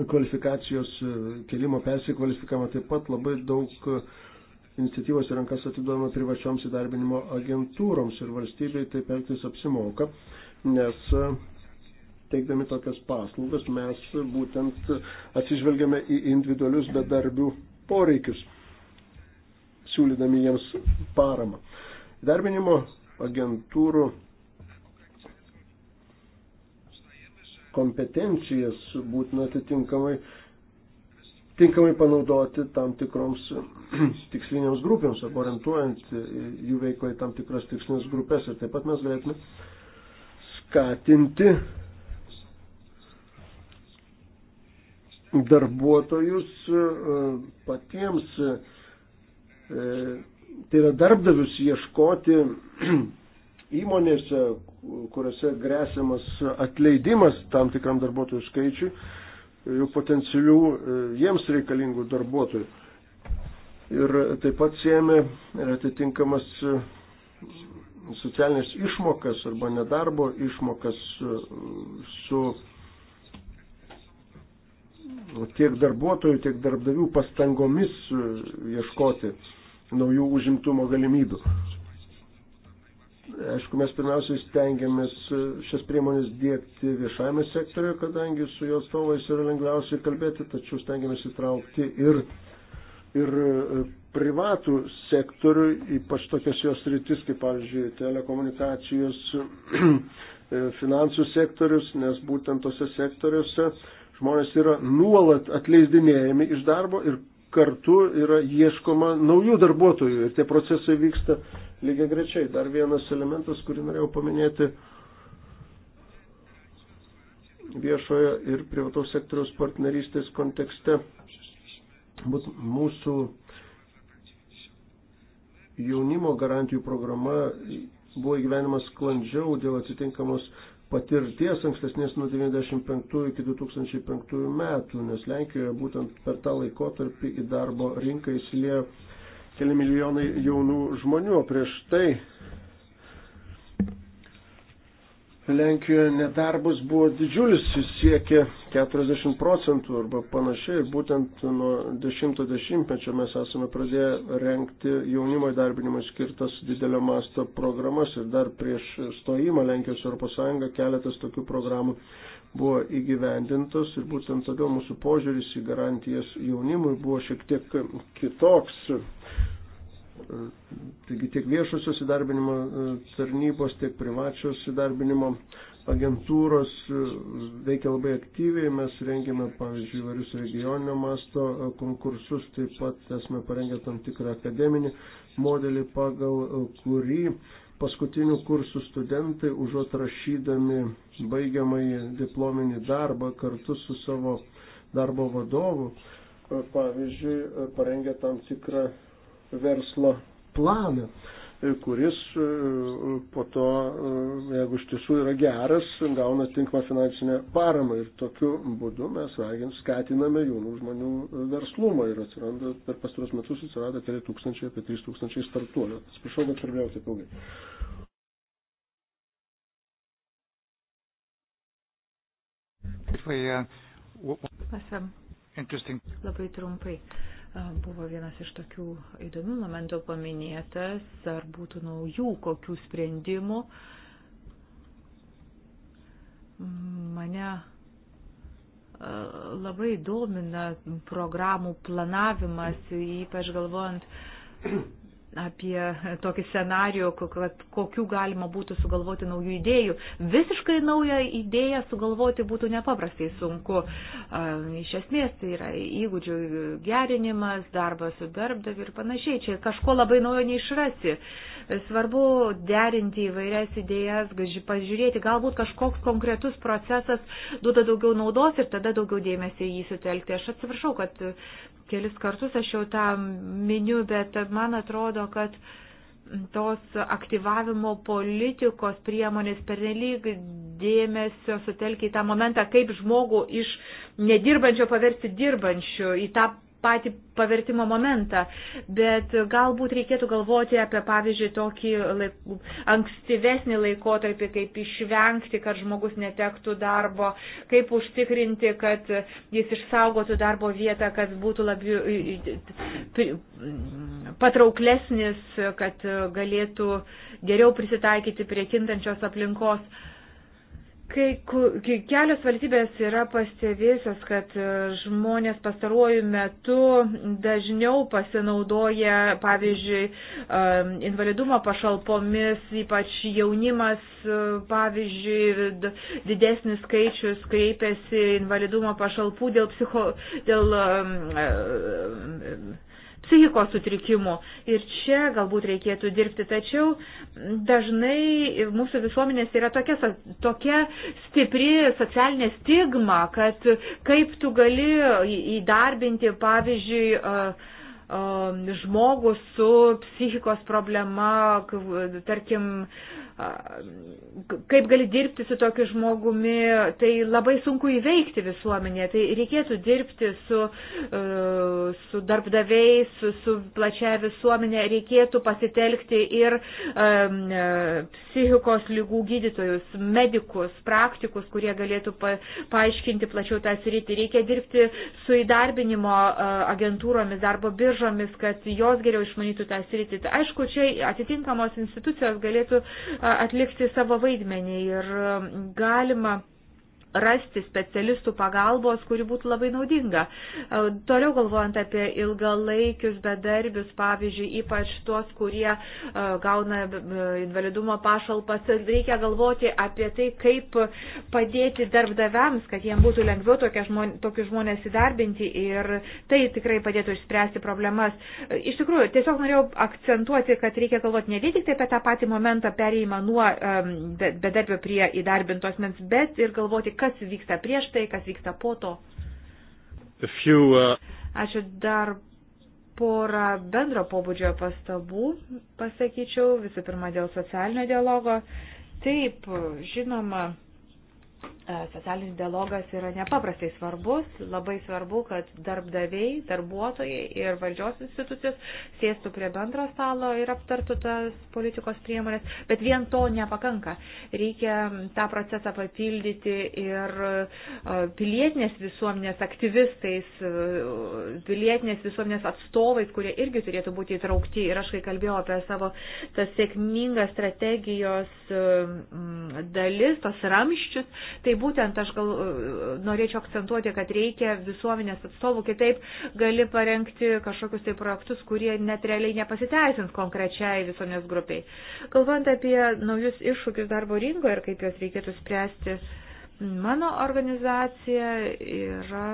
B: kvalifikacijos e, kelimo persikvalifikavimą taip pat labai daug e, iniciatyvos į rankas atiduodama privačioms įdarbinimo agentūroms ir valstybei taip elgtis apsimoka, nes e, teikdami tokias paslaugas mes būtent atsižvelgiame į individualius bedarbių poreikius, siūlydami jiems paramą. Įdarbinimo agentūrų kompetencijas būtina atitinkamai tinkamai panaudoti tam tikroms tikslinėms grupėms, orientuojant jų veiklą į tam tikras tikslinės grupės. Ir taip pat mes galėtume skatinti darbuotojus e, patiems, e, tai yra darbdavius ieškoti įmonėse, kuriuose grėsiamas atleidimas tam tikram darbuotojų skaičiui, jų potencialių e, jiems reikalingų darbuotojų. Ir taip pat siejame atitinkamas e, socialinės išmokas arba nedarbo išmokas e, su tiek darbuotojų, tiek darbdavių pastangomis ieškoti naujų užimtumo galimybių. Aišku, mes pirmiausiai stengiamės e, šias priemonės dėkti viešajame sektoriuje, kadangi su jo atstovais yra lengviausiai kalbėti, tačiau stengiamės įtraukti ir, ir e, privatų sektorių, ypač tokias jos rytis, kaip pavyzdžiui, telekomunikacijos, e, finansų sektorius, nes būtent tose sektoriuose žmonės yra nuolat atleisdinėjami iš darbo ir kartu yra ieškoma naujų darbuotojų ir tie procesai vyksta lygiai grečiai. Dar vienas elementas, kurį norėjau paminėti viešojo ir privataus sektoriaus partnerystės kontekste. Būt mūsų jaunimo garantijų programa buvo įgyvenimas sklandžiau dėl atitinkamos patirties ankstesnės nuo 95 iki 2005 metų, nes Lenkijoje būtent per tą laikotarpį į darbo rinką įsilėjo keli milijonai jaunų žmonių, o prieš tai Lenkijoje nedarbas buvo didžiulis, jis siekė 40 procentų arba panašiai. Būtent nuo 10-mečio mes esame pradėję renkti jaunimo įdarbinimą skirtas didelio masto programas ir dar prieš stojimą Lenkijos Europos Sąjungą keletas tokių programų buvo įgyvendintos ir būtent todėl mūsų požiūris į garantijas jaunimui buvo šiek tiek kitoks. Taigi tiek viešosios įdarbinimo e, tarnybos, tiek privačios įdarbinimo agentūros e, veikia labai aktyviai. Mes rengiame, pavyzdžiui, įvairius regioninio masto e, konkursus, taip pat esame parengę tam tikrą akademinį modelį, pagal kurį paskutinių kursų studentai, užuot rašydami baigiamąjį diplominį darbą kartu su savo darbo vadovu, pavyzdžiui, parengė tam tikrą verslo planą, e, kuris e, po to, e, jeigu iš tiesų yra geras, gauna tinkamą finansinę paramą ir tokiu būdu mes ragint skatiname jaunų žmonių verslumą ir atsiranda, per pastarus metus atsirado keli tūkstančiai, apie 3 tūkstančiai startuolių. Atsiprašau, kad kalbėjau taip ilgai.
A: Uh, Labai trumpai buvo vienas iš tokių įdomių momentų paminėtas, ar būtų naujų kokių sprendimų. Mane labai domina programų planavimas, ypač galvojant apie tokį scenarijų, kad kokių galima būtų sugalvoti naujų idėjų. Visiškai naują idėją sugalvoti būtų nepaprastai sunku. Iš esmės tai yra įgūdžių gerinimas, darbas su darbdaviu ir panašiai. Čia kažko labai naujo neišrasi. Svarbu derinti įvairias idėjas, pažiūrėti, galbūt kažkoks konkretus procesas duoda daugiau naudos ir tada daugiau dėmesio į jį sutelkti. Aš atsiprašau, kad kelis kartus aš jau tą miniu, bet man atrodo, kad tos aktyvavimo politikos priemonės pernelyg dėmesio sutelkia į tą momentą, kaip žmogų iš nedirbančio paversti dirbančiu, į tą patį pavertimo momentą, bet galbūt reikėtų galvoti apie, pavyzdžiui, tokį laik, ankstyvesnį laikotarpį, kaip išvengti, kad žmogus netektų darbo, kaip užtikrinti, kad jis išsaugotų darbo vietą, kad būtų labiau patrauklesnis, kad galėtų geriau prisitaikyti prie kintančios aplinkos. Kai kelios valstybės yra pastebėjusios, kad e, žmonės pastaruoju metu dažniau pasinaudoja, pavyzdžiui, e, invalidumo pašalpomis, ypač jaunimas, e, pavyzdžiui, didesnis skaičius kreipiasi invalidumo pašalpų dėl, psicho, dėl psichikos sutrikimų. Ir čia galbūt reikėtų dirbti, tačiau dažnai mūsų visuomenės yra tokia, tokia stipri socialinė stigma, kad kaip tu gali įdarbinti, pavyzdžiui, žmogų su psichikos problema, tarkim, kaip gali dirbti su tokiu žmogumi, tai labai sunku įveikti visuomenėje, tai reikėtų dirbti su, e, su darbdaviais, su, su plačia visuomenė, reikėtų pasitelkti ir um, psichikos lygų gydytojus, medikus, praktikus, kurie galėtų pa, paaiškinti plačiau tą sritį, reikia dirbti su įdarbinimo agentūromis, darbo biržomis, kad jos geriau išmanytų tą sritį. Tai, aišku, čia atitinkamos institucijos galėtų uh, atlikti savo vaidmenį ir um, galima rasti specialistų pagalbos, kuri būtų labai naudinga. E, toliau galvojant apie ilgalaikius bedarbius, pavyzdžiui, ypač tuos, kurie e, gauna e, invalidumo pašalpas, reikia galvoti apie tai, kaip padėti darbdaviams, kad jiems būtų lengviau žmonės, tokius žmonės įdarbinti ir tai tikrai padėtų išspręsti problemas. Iš tikrųjų, tiesiog norėjau akcentuoti, kad reikia galvoti ne vien tik apie tą patį momentą perėjimą nuo bedarbio prie įdarbintos mens, bet ir galvoti, kad kas vyksta prieš tai, kas vyksta po to. Few, uh... Ačiū dar porą bendro pobūdžio pastabų, pasakyčiau, visų pirma dėl socialinio dialogo. Taip, žinoma, socialinis dialogas yra nepaprastai svarbus. Labai svarbu, kad darbdaviai, darbuotojai ir valdžios institucijos sėstų prie bendro stalo ir aptartų tas politikos priemonės. Bet vien to nepakanka. Reikia tą procesą papildyti ir pilietinės visuomenės aktyvistais, pilietinės visuomenės atstovais, kurie irgi turėtų būti įtraukti. Ir aš kai kalbėjau apie savo tas sėkmingas strategijos dalis, tos ramščius, tai būtent aš gal e, norėčiau akcentuoti, kad reikia visuomenės atstovų, kitaip gali parengti kažkokius tai projektus, kurie net realiai nepasiteisins konkrečiai visuomenės grupiai. Kalbant apie naujus iššūkius darbo rinkoje ir kaip juos reikėtų spręsti, mano organizacija yra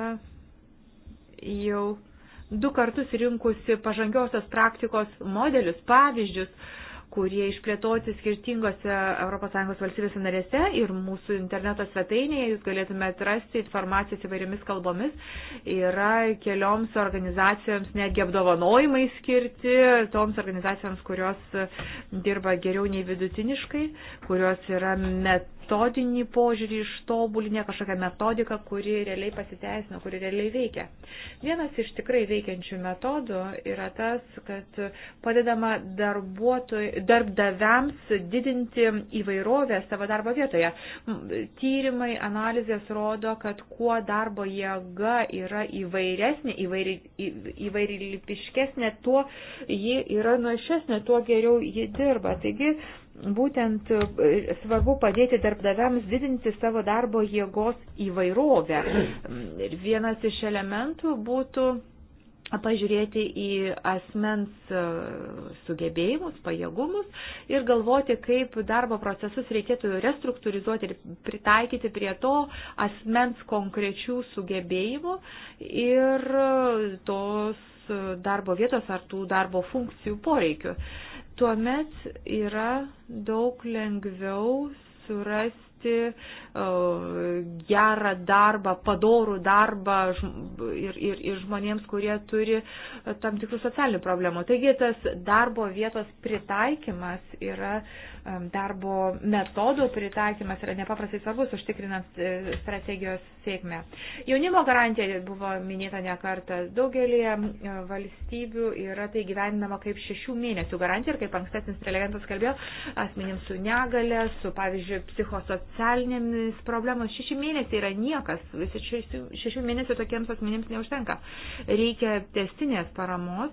A: jau du kartus rinkusi pažangiosios praktikos modelius, pavyzdžius, kurie išplėtoti skirtingose ES valstybėse narėse ir mūsų interneto svetainėje jūs galėtumėte rasti informacijos įvairiomis kalbomis. Yra kelioms organizacijoms netgi apdovanojimai skirti, toms organizacijoms, kurios dirba geriau nei vidutiniškai, kurios yra met metodinį požiūrį ištobulinę, kažkokią metodiką, kuri realiai pasiteisino, kuri realiai veikia. Vienas iš tikrai veikiančių metodų yra tas, kad padedama darbdaviams didinti įvairovę savo darbo vietoje. Tyrimai, analizės rodo, kad kuo darbo jėga yra įvairesnė, įvairi, įvairilipiškesnė, tuo ji yra našesnė, tuo geriau ji dirba. Taigi, būtent e, svarbu padėti darbdaviams didinti savo darbo jėgos įvairovę. Mm, ir vienas iš elementų būtų pažiūrėti į asmens e, sugebėjimus, pajėgumus ir galvoti, kaip darbo procesus reikėtų restruktūrizuoti ir pritaikyti prie to asmens konkrečių sugebėjimų ir e, tos darbo vietos ar tų darbo funkcijų poreikių. Uh, tuomet yra daug lengviau surasti gerą darbą, padorų darbą ir, ir, ir žmonėms, kurie turi e, tam tikrų socialinių problemų. Taigi tas darbo vietos pritaikymas yra darbo metodų pritaikymas yra nepaprastai svarbus užtikrinant e, strategijos sėkmę. Jaunimo garantija buvo minėta ne kartą. Daugelį valstybių yra tai gyveninama kaip šešių mėnesių garantija ir kaip ankstesnis prelegentas kalbėjo, asmenims su negale, su, pavyzdžiui, psichosocialinėmis problemos. Šeši mėnesiai yra niekas, visi šešių mėnesių tokiems asmenims neužtenka. Reikia testinės paramos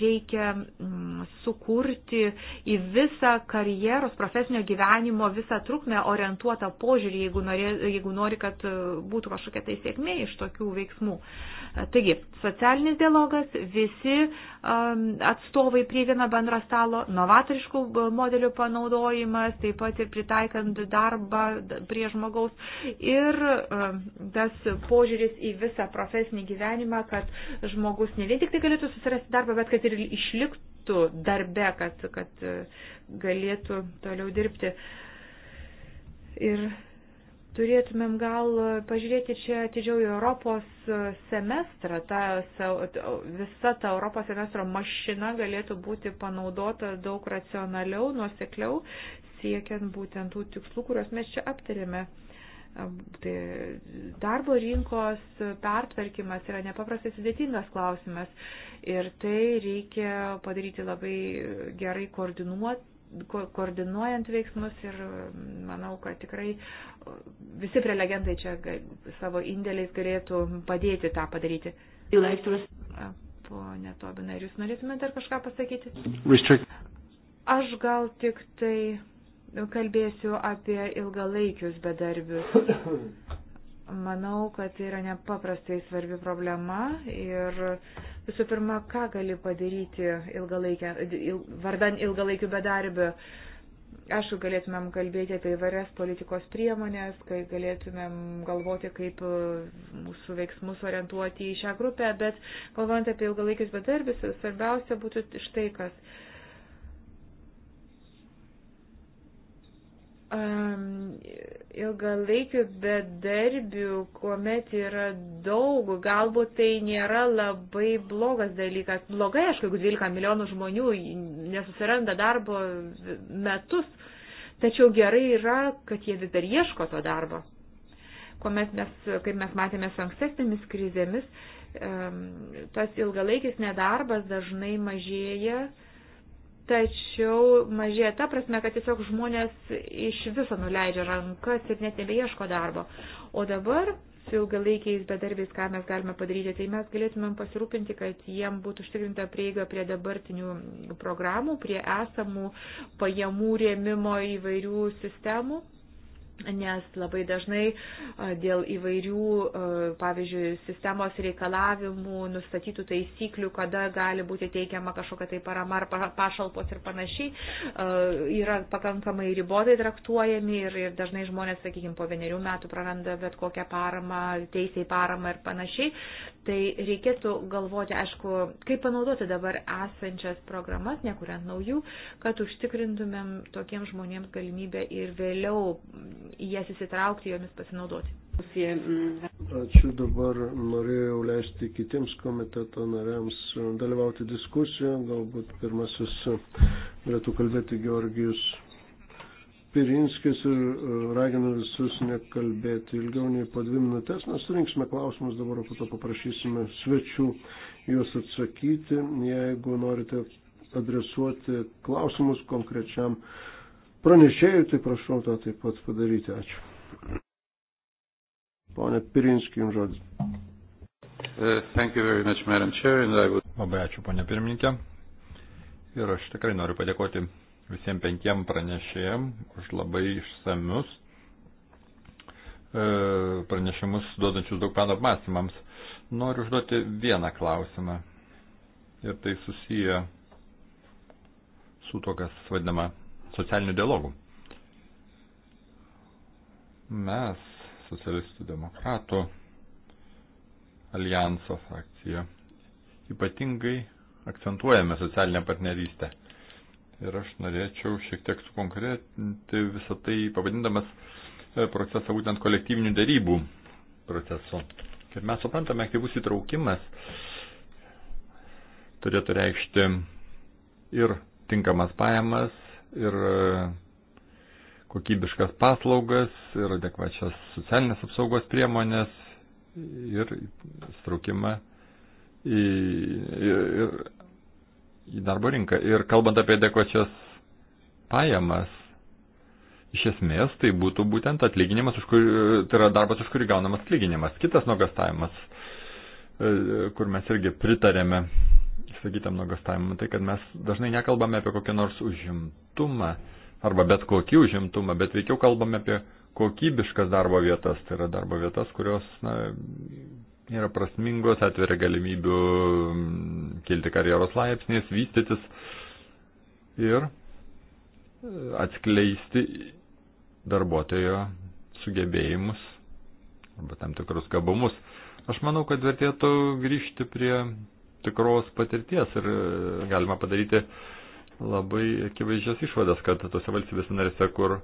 A: reikia mm, sukurti į visą karjeros, profesinio gyvenimo, visą trukmę orientuotą požiūrį, jeigu nori, jeigu nori kad e, būtų kažkokia tai sėkmė iš tokių veiksmų. Taigi, socialinis dialogas, visi um, atstovai prie vieno bendro stalo, novatoriškų uh, modelių panaudojimas, taip pat ir pritaikant darbą prie žmogaus ir um, tas požiūris į visą profesinį gyvenimą, kad žmogus ne vien tik tai galėtų susirasti darbą, bet kad ir išliktų darbe, kad, kad uh, galėtų toliau dirbti. Ir turėtumėm gal pažiūrėti čia atidžiau į Europos semestrą. Ta, visa ta Europos semestro mašina galėtų būti panaudota daug racionaliau, nuosekliau, siekiant būtent tų tikslų, kuriuos mes čia aptarėme. Tai darbo rinkos pertvarkymas yra nepaprastai sudėtingas klausimas ir tai reikia padaryti labai gerai koordinuotai koordinuojant veiksmus ir manau, kad tikrai visi prelegentai čia savo indėliais galėtų padėti tą padaryti. Pone Tobina, ar jūs norėtumėte dar kažką pasakyti? Restrict. Aš gal tik tai kalbėsiu apie ilgalaikius bedarbius. Manau, kad tai yra nepaprastai svarbi problema ir Visų pirma, ką gali padaryti ilgalaikę, il, vardan ilgalaikių bedarbių? Aišku, galėtumėm kalbėti apie įvairias politikos priemonės, kai galėtumėm galvoti, kaip e, mūsų veiksmus orientuoti į šią grupę, bet galvojant apie ilgalaikius bedarbius, svarbiausia būtų štai kas. Um, ilgalaikių bedarbių, kuomet yra daug, galbūt tai nėra labai blogas dalykas. Blogai, aišku, jeigu 12 milijonų žmonių nesusiranda darbo metus, tačiau gerai yra, kad jie vis dar ieško to darbo. Kuomet mes, kaip mes matėme su ankstesnėmis krizėmis, tas ilgalaikis nedarbas dažnai mažėja tačiau mažėja ta prasme, kad tiesiog žmonės iš viso nuleidžia rankas ir net nebeieško darbo. O dabar su ilgalaikiais bedarbiais, ką mes galime padaryti, tai mes galėtumėm pasirūpinti, kad jiem būtų užtikrinta prieiga prie dabartinių programų, prie esamų pajamų rėmimo įvairių sistemų nes labai dažnai dėl įvairių, pavyzdžiui, sistemos reikalavimų, nustatytų taisyklių, kada gali būti teikiama kažkokia tai parama ar pašalpos ir panašiai, yra pakankamai ribotai traktuojami ir, ir dažnai žmonės, sakykime, po vienerių metų praranda bet kokią paramą, teisiai paramą ir panašiai. Tai reikėtų galvoti, aišku, kaip panaudoti dabar esančias programas, nekuriant naujų, kad užtikrintumėm tokiems žmonėms galimybę ir vėliau jas įsitraukti, jomis pasinaudoti.
B: Ačiū dabar norėjau leisti kitiems komiteto nariams dalyvauti diskusijoje, galbūt pirmasis galėtų kalbėti Georgijus Pirinskis ir e, raginu visus nekalbėti ilgiau nei po dvi minutės. Mes surinksime klausimus dabar, o po to paprašysime svečių juos atsakyti. Jeigu norite adresuoti klausimus konkrečiam pranešėjui, tai prašau tą taip pat padaryti. Ačiū. Pone Pirinskis, jums žodis.
C: Uh, much, Chair, would... Labai ačiū, ponė pirmininkė. Ir aš tikrai noriu padėkoti visiems penkiem pranešėjim už labai išsamius e, pranešimus, duodančius daug peno apmąstymams. Noriu užduoti vieną klausimą. Ir tai susiję su to, kas vadinama socialiniu dialogu. Mes, socialistų demokratų alijanso frakcija, ypatingai akcentuojame socialinę partnerystę. Ir aš norėčiau šiek tiek sukonkretinti visą tai, pavadindamas e, procesą būtent kolektyvinių darybų procesu. Kaip mes suprantame, aktyvus įtraukimas turėtų reikšti ir tinkamas pajamas, ir e, kokybiškas paslaugas, ir adekvačias socialinės apsaugos priemonės, ir įtraukimą į, ir, ir į darbo rinką. Ir kalbant apie adekvačias pajamas, iš esmės tai būtų būtent atlyginimas, už kur, tai yra darbas, už kurį gaunamas atlyginimas. Kitas nuogastavimas, e, kur mes irgi pritarėme, sakytam nuogastavimui, tai kad mes dažnai nekalbame apie kokią nors užimtumą arba bet kokį užimtumą, bet veikiau kalbame apie kokybiškas darbo vietas, tai yra darbo vietas, kurios na, yra prasmingos, atveria galimybių mm, kilti karjeros laipsnės, vystytis ir e, atskleisti darbuotojo sugebėjimus arba tam tikrus gabumus. Aš manau, kad vertėtų grįžti prie tikros patirties ir e, galima padaryti labai akivaizdžias išvadas, kad tose valstybės narėse, kur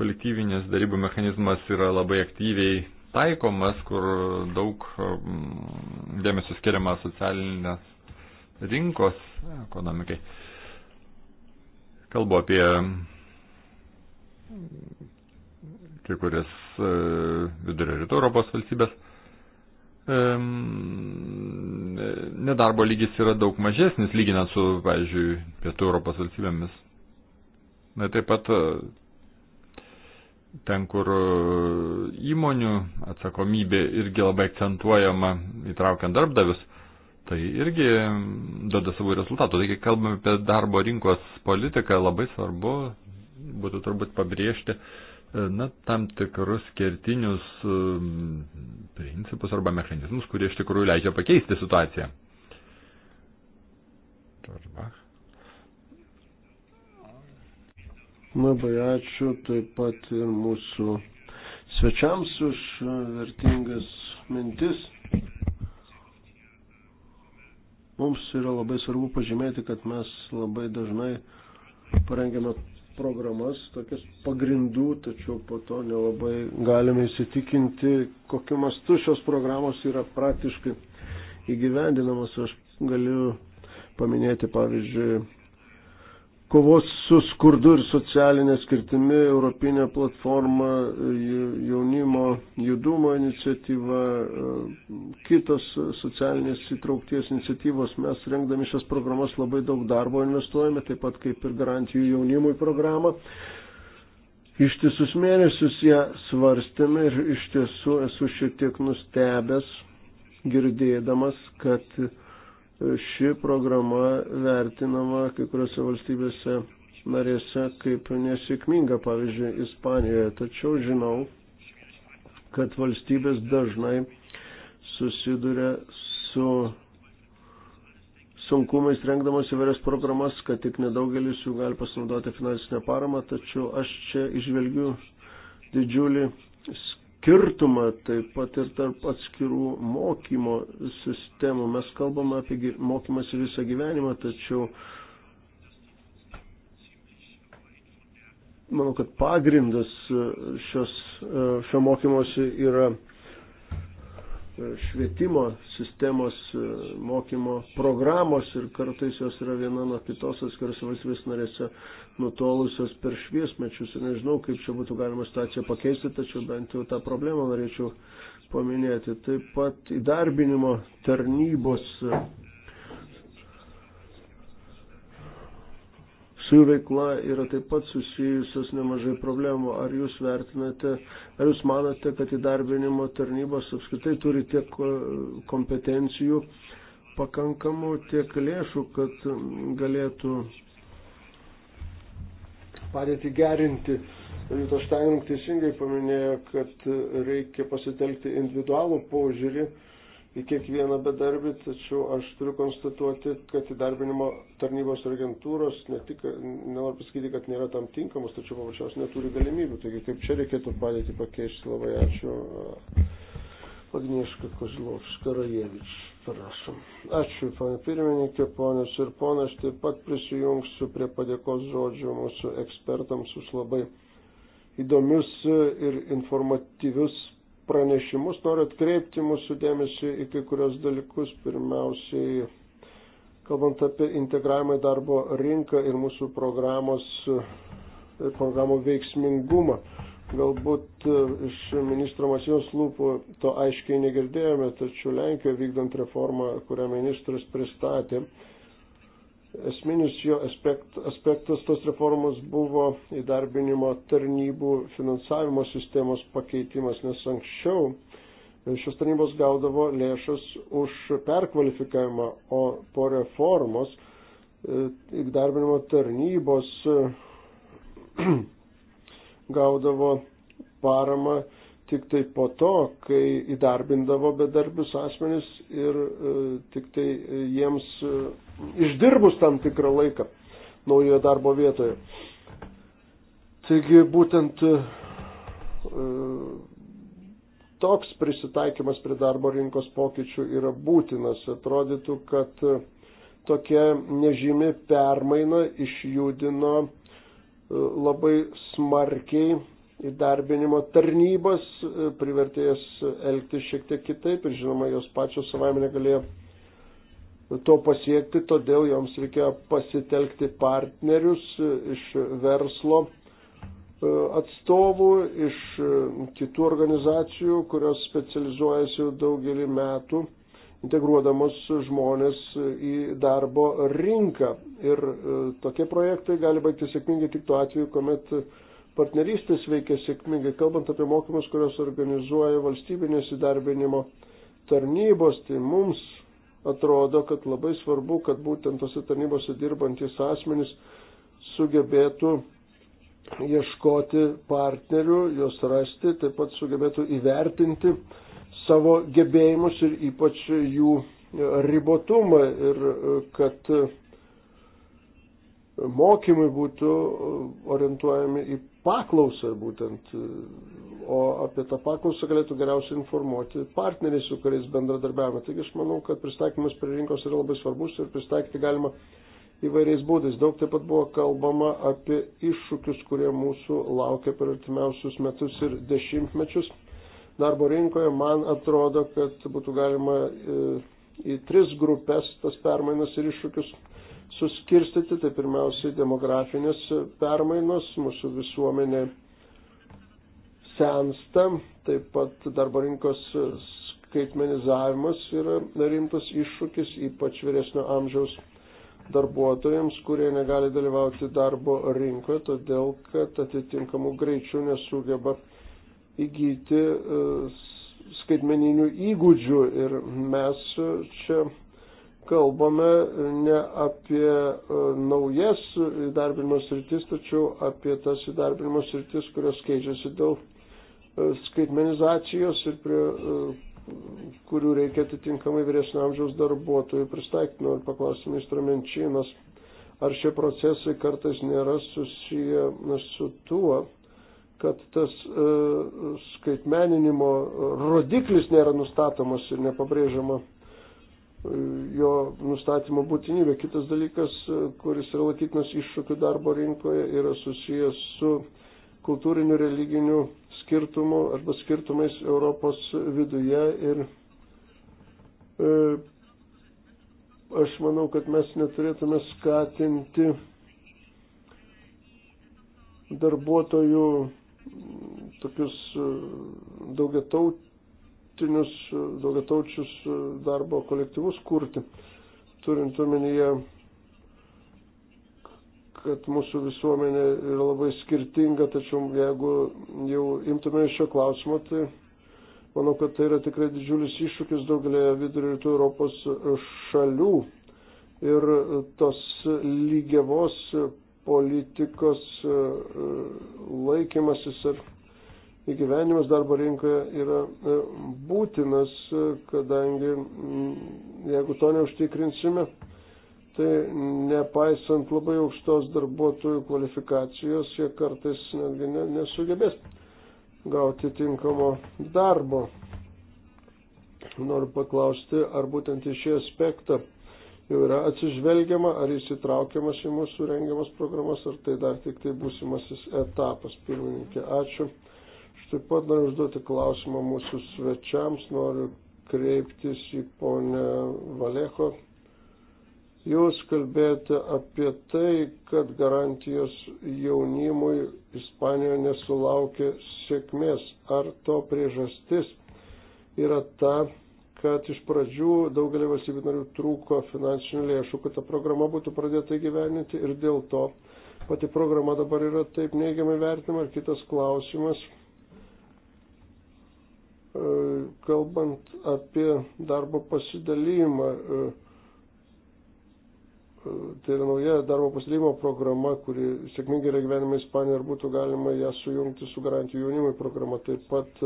C: kolektyvinis darybų mechanizmas yra labai aktyviai taikomas, kur daug mm, dėmesio skiriama socialinės rinkos ekonomikai. Kalbu apie kai kurias e, vidurio rytų Europos valstybės. E, mm, nedarbo lygis yra daug mažesnis, lyginant su, pavyzdžiui, pietų Europos valstybėmis. Na taip pat ten, kur e, įmonių atsakomybė irgi labai akcentuojama įtraukiant darbdavius, tai irgi duoda savo rezultatų. Taigi, kalbame apie darbo rinkos politiką, labai svarbu būtų turbūt pabrėžti e, na, tam tikrus kertinius e, principus arba mechanizmus, kurie iš tikrųjų leidžia pakeisti situaciją. Darbach.
B: Labai ačiū taip pat ir mūsų svečiams už vertingas mintis. Mums yra labai svarbu pažymėti, kad mes labai dažnai parengiame programas, tokias pagrindų, tačiau po to nelabai galime įsitikinti, kokiu mastu šios programos yra praktiškai įgyvendinamos. Aš galiu paminėti, pavyzdžiui, kovos su skurdu ir socialinė skirtimi Europinė platforma, jaunimo judumo iniciatyva, e, kitos socialinės įtraukties iniciatyvos. Mes rengdami šias programas labai daug darbo investuojame, taip pat kaip ir garantijų jaunimui programą. Ištisus mėnesius ją svarstėme ir iš tiesų esu šiek tiek nustebęs, girdėdamas, kad ši programa vertinama kai kuriuose valstybėse narėse kaip nesėkminga, pavyzdžiui, Ispanijoje. Tačiau žinau, kad valstybės dažnai susiduria su sunkumais rengdamos įvairias programas, kad tik nedaugelis jų gali pasinaudoti finansinę paramą, tačiau aš čia išvelgiu didžiulį skirtumą taip pat ir tarp atskirų mokymo sistemų. Mes kalbame apie mokymąsi visą gyvenimą, tačiau manau, kad pagrindas e, šios, e, šio mokymosi yra e, švietimo sistemos mokymo programos ir kartais jos yra viena nuo kitos atskirose valstybės narėse nutolusios per šviesmečius ir nežinau, kaip čia būtų galima situaciją pakeisti, tačiau bent jau tą problemą norėčiau paminėti. Taip pat įdarbinimo tarnybos su jų veikla yra taip pat susijusios nemažai problemų. Ar jūs vertinate, ar jūs manote, kad įdarbinimo tarnybos apskritai turi tiek e, kompetencijų pakankamų, tiek lėšų, kad galėtų padėtį gerinti. Jutta Steinung teisingai paminėjo, kad reikia pasitelkti individualų požiūrį į kiekvieną bedarbį, tačiau aš turiu konstatuoti, kad įdarbinimo tarnybos agentūros ne tik, nenoriu pasakyti, kad nėra tam tinkamos, tačiau paprasčiausiai neturi galimybių. Taigi kaip čia reikėtų padėti pakeisti, labai ačiū. Agnieška Kozlovska Rajevič. Prašom. Ačiū, ponė pirmininkė, ponės ir ponas. Taip pat prisijungsiu prie padėkos žodžių mūsų ekspertams už labai įdomius ir informatyvius pranešimus. Noriu atkreipti mūsų dėmesį į kai kurios dalykus. Pirmiausiai, kalbant apie integravimą į darbo rinką ir mūsų programos, programų veiksmingumą. Galbūt e, iš ministro Masijos lūpų to aiškiai negirdėjome, tačiau Lenkijoje vykdant reformą, kurią ministras pristatė, esminis jo aspekt, aspektas tos reformos buvo įdarbinimo tarnybų finansavimo sistemos pakeitimas, nes anksčiau e, šios tarnybos gaudavo lėšas už perkvalifikavimą, o po reformos e, įdarbinimo tarnybos gaudavo paramą tik tai po to, kai įdarbindavo bedarbius asmenis ir e, tik tai e, jiems e, išdirbus tam tikrą laiką naujoje darbo vietoje. Taigi būtent e, toks prisitaikymas prie darbo rinkos pokyčių yra būtinas. Atrodytų, kad tokia nežymi permaina išjudino E, labai smarkiai įdarbinimo tarnybas, e, privertė jas elgtis šiek tiek kitaip ir žinoma, jos pačios savaime negalėjo to pasiekti, todėl joms reikėjo pasitelkti partnerius iš verslo e, atstovų, iš kitų organizacijų, kurios specializuojasi jau daugelį metų integruodamos žmonės į darbo rinką. Ir e, tokie projektai gali baigti sėkmingai tik tuo atveju, kuomet partnerystės veikia sėkmingai. Kalbant apie mokymus, kurios organizuoja valstybinės įdarbinimo tarnybos, tai mums atrodo, kad labai svarbu, kad būtent tose tarnybose dirbantis asmenys sugebėtų ieškoti partnerių, juos rasti, taip pat sugebėtų įvertinti savo gebėjimus ir ypač jų ribotumą ir e, kad mokymai būtų orientuojami į paklausą būtent, e, o apie tą paklausą galėtų geriausiai informuoti partneriai, su kuriais bendradarbiavame. Taigi aš manau, kad pristaikymas prie rinkos yra labai svarbus ir pristaikyti galima įvairiais būdais. Daug taip pat buvo kalbama apie iššūkius, kurie mūsų laukia per artimiausius metus ir dešimtmečius darbo rinkoje, man atrodo, kad būtų galima e, į tris grupės tas permainas ir iššūkius suskirstyti. Tai pirmiausiai demografinės permainos, mūsų visuomenė sensta, taip pat darbo rinkos skaitmenizavimas yra rimtas iššūkis, ypač vyresnio amžiaus darbuotojams, kurie negali dalyvauti darbo rinkoje, todėl kad atitinkamų greičių nesugeba įgyti e, skaitmeninių įgūdžių ir mes e, čia kalbame ne apie e, naujas įdarbinimo sritis, tačiau apie tas įdarbinimo sritis, kurios keičiasi dėl skaitmenizacijos ir prie kurių reikia atitinkamai vyresnio amžiaus darbuotojų pristaikyti. Noriu paklausti ministro Menčinas, ar šie procesai kartais nėra susiję su tuo, kad tas e, skaitmeninimo rodiklis nėra nustatomas ir nepabrėžiama e, jo nustatymo būtinybė. Kitas dalykas, e, kuris yra laikytinas iššūkių darbo rinkoje, yra susijęs su kultūriniu religiniu skirtumu arba skirtumais Europos viduje ir e, aš manau, kad mes neturėtume skatinti darbuotojų tokius e, daugiatautinius, e, daugiataučius e, darbo kolektyvus kurti, turint omenyje, kad mūsų visuomenė yra labai skirtinga, tačiau jeigu jau imtume iš šio klausimo, tai manau, kad tai yra tikrai didžiulis iššūkis daugelėje vidurio rytų Europos šalių. Ir tos lygiavos politikos e, e, laikymasis ir įgyvenimas darbo rinkoje yra e, būtinas, kadangi jeigu to neužtikrinsime, tai nepaisant labai aukštos darbuotojų kvalifikacijos, jie kartais netgi nesugebės gauti tinkamo darbo. Noriu paklausti, ar būtent į šį aspektą jau yra atsižvelgiama, ar jis įtraukiamas į mūsų rengiamas programas, ar tai dar tik tai būsimasis etapas. Pirmininkė, ačiū. Štai pat noriu užduoti klausimą mūsų svečiams, noriu kreiptis į ponę Valecho. Jūs kalbėjote apie tai, kad garantijos jaunimui Ispanijoje nesulaukė sėkmės. Ar to priežastis yra ta, kad iš pradžių daugelį valstybių narių trūko finansinių lėšų, kad ta programa būtų pradėta įgyveninti ir dėl to pati programa dabar yra taip neigiamai vertinama. Ir kitas klausimas, e, kalbant apie darbo pasidalymą, e, e, tai yra nauja darbo pasidalymo programa, kuri sėkmingai yra gyvenime Ispanijoje ir būtų galima ją sujungti su garantijų jaunimui programa. Taip pat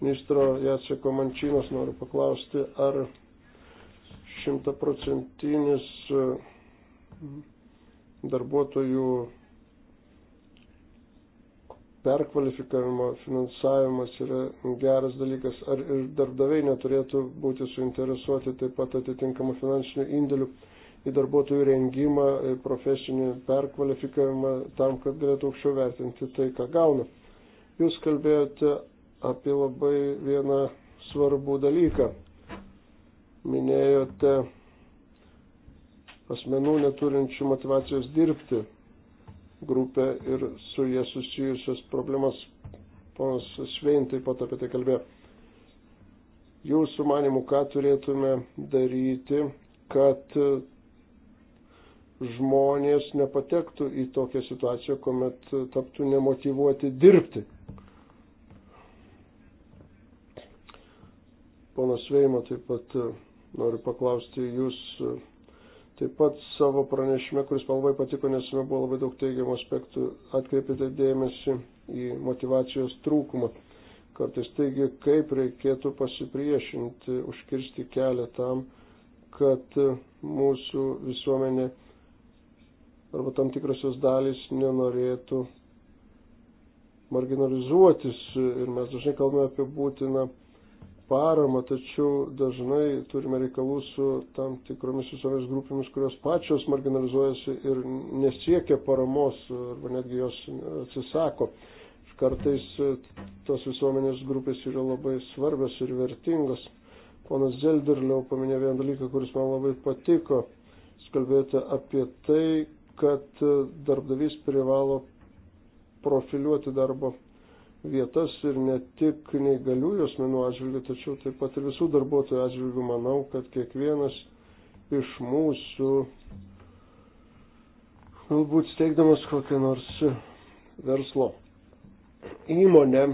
B: ministro Jaceko Mančinos noriu paklausti, ar šimtaprocentinis e, darbuotojų perkvalifikavimo finansavimas yra geras dalykas, ar ir darbdaviai neturėtų būti suinteresuoti taip pat atitinkamų finansinių indėlių į darbuotojų rengimą, profesinį perkvalifikavimą tam, kad galėtų aukščiau vertinti tai, ką gauna. Jūs kalbėjote apie labai vieną svarbų dalyką. Minėjote asmenų neturinčių motivacijos dirbti grupę ir su jie susijusios problemas. Ponas Svein taip pat apie tai kalbėjo. Jūsų manimų, ką turėtume daryti, kad žmonės nepatektų į tokią situaciją, kuomet taptų nemotivuoti dirbti. Ponas Veimo taip pat e, noriu paklausti, jūs e, taip pat savo pranešime, kuris man labai patiko, nes jame buvo labai daug teigiamų aspektų, atkreipėte dėmesį į motivacijos trūkumą. Kartais taigi, kaip reikėtų pasipriešinti, užkirsti kelią tam, kad e, mūsų visuomenė arba tam tikrosios dalys nenorėtų marginalizuotis ir mes dažnai kalbame apie būtiną paramą, tačiau dažnai turime reikalų su tam tikromis visuomenės grupėmis, kurios pačios marginalizuojasi ir nesiekia paramos arba netgi jos atsisako. Kartais tos visuomenės grupės yra labai svarbios ir vertingos. Ponas Zelderliau paminėjo vieną dalyką, kuris man labai patiko. Skalbėjote apie tai, kad darbdavys privalo profiliuoti darbo vietas ir ne tik neįgaliųjų asmenų atžvilgių, tačiau taip pat ir visų darbuotojų atžvilgių manau, kad kiekvienas iš mūsų, galbūt steigdamas kokią nors verslo įmonę,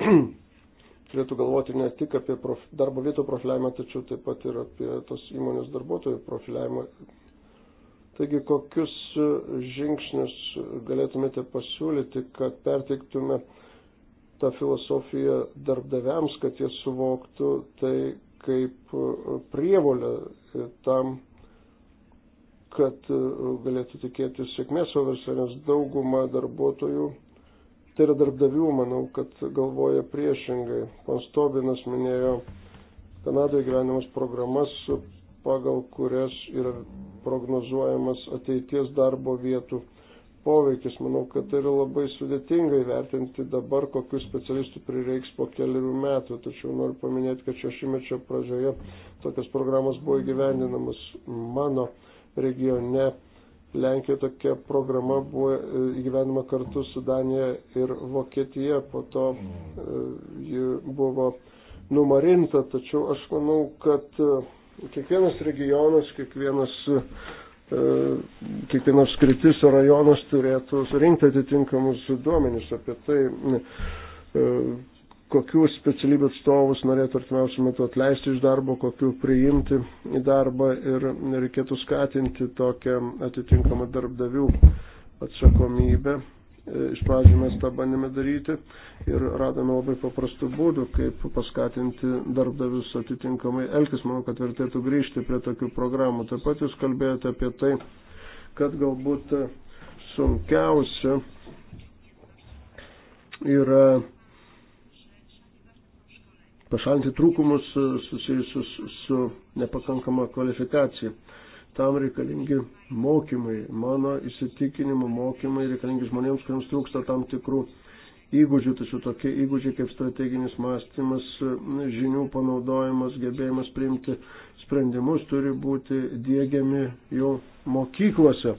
B: turėtų galvoti ne tik apie prof, darbo vietų profiliavimą, tačiau taip pat ir apie tos įmonės darbuotojų profiliavimą. Taigi, kokius žingsnius galėtumėte pasiūlyti, kad perteiktume tą filosofiją darbdaviams, kad jie suvoktų tai kaip e, prievolę e, tam, kad e, galėtų tikėtis sėkmės savo verslą, nes dauguma darbuotojų, tai yra darbdavių, manau, kad galvoja priešingai. Konstobinas minėjo Kanadoje gyvenimas programas, pagal kurias yra prognozuojamas ateities darbo vietų poveikis. Manau, kad tai yra labai sudėtinga įvertinti dabar, kokius specialistų prireiks po keliarių metų. Tačiau noriu paminėti, kad šešimečio pradžioje tokios programos buvo įgyvendinamas mano regione. Lenkija tokia programa buvo e, įgyvenima kartu su Danija ir Vokietija, po to e, ji buvo numarinta, tačiau aš manau, kad e, kiekvienas regionas, kiekvienas uh, E, kiekvienas skritis ar rajonas turėtų surinkti atitinkamus duomenis apie tai, e, kokių specialybių atstovus norėtų artimiausiu metu atleisti iš darbo, kokių priimti į darbą ir reikėtų skatinti tokią atitinkamą darbdavių atsakomybę E, iš pradžių mes tą bandėme daryti ir radome labai paprastų būdų, kaip paskatinti darbdavius atitinkamai elgtis. Manau, kad vertėtų grįžti prie tokių programų. Taip pat jūs kalbėjote apie tai, kad galbūt sunkiausia yra pašalinti trūkumus susijusius su nepakankama kvalifikacija tam reikalingi mokymai. Mano įsitikinimu mokymai reikalingi žmonėms, kuriems trūksta tam tikrų įgūdžių, tačiau tokie įgūdžiai kaip strateginis mąstymas, žinių panaudojimas, gebėjimas priimti sprendimus turi būti dėgiami jau mokyklose.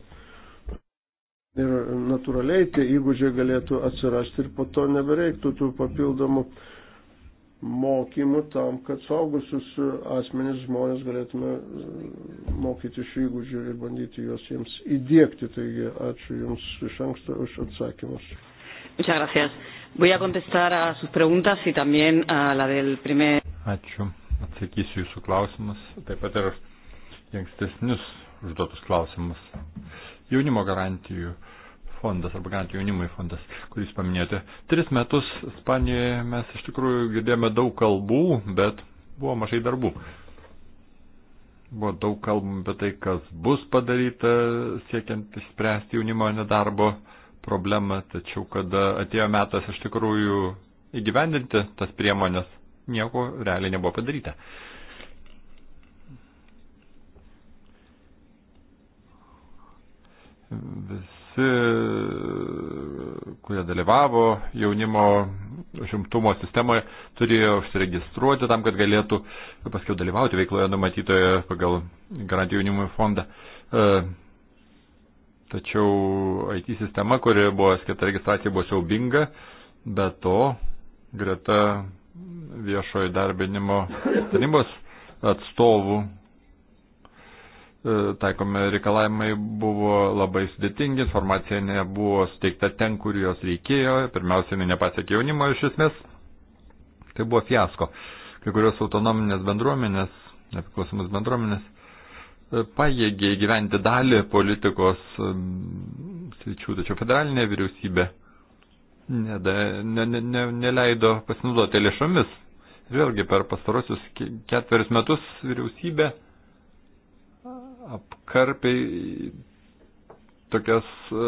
B: Ir natūraliai tie įgūdžiai galėtų atsirasti ir po to nebereiktų tų papildomų mokymų tam, kad saugusius asmenis žmonės galėtume e, mokyti šių įgūdžių ir bandyti juos jiems įdėkti. Taigi ačiū Jums iš anksto už atsakymus.
A: Muchas gracias. Voy a contestar a sus preguntas y también a la del primer.
C: Ačiū. Atsakysiu Jūsų klausimus, taip pat ir ankstesnius užduotus klausimus. Jaunimo garantijų uh, fondas arba garantijų jaunimui fondas, kurį jūs paminėjote. Tris metus Ispanijoje mes iš tikrųjų girdėjome daug kalbų, bet buvo mažai darbų. Buvo daug kalbų apie tai, kas bus padaryta siekiant išspręsti jaunimo nedarbo problemą, tačiau kada atėjo metas iš tikrųjų įgyvendinti tas priemonės, nieko realiai nebuvo padaryta. vis visi, kurie dalyvavo jaunimo užimtumo sistemoje, turėjo užsiregistruoti tam, kad galėtų paskiau dalyvauti veikloje numatytoje pagal garantijų jaunimui fondą. E, tačiau IT sistema, kuri buvo skirta registracija, buvo siaubinga, bet to greta viešojo darbinimo tarnybos atstovų E, taikomi reikalavimai buvo labai sudėtingi, informacija nebuvo suteikta ten, kur jos reikėjo, pirmiausia, jinai nepasiekė jaunimo iš esmės. Tai buvo fiasko. Kai kurios autonominės bendruomenės, nepriklausomas bendruomenės, e, pajėgė gyventi dalį politikos e, sričių, tačiau federalinė vyriausybė neda, ne, ne, ne, neleido pasinaudoti lėšomis. Vėlgi per pastarosius ketverius metus vyriausybė apkarpiai tokias e,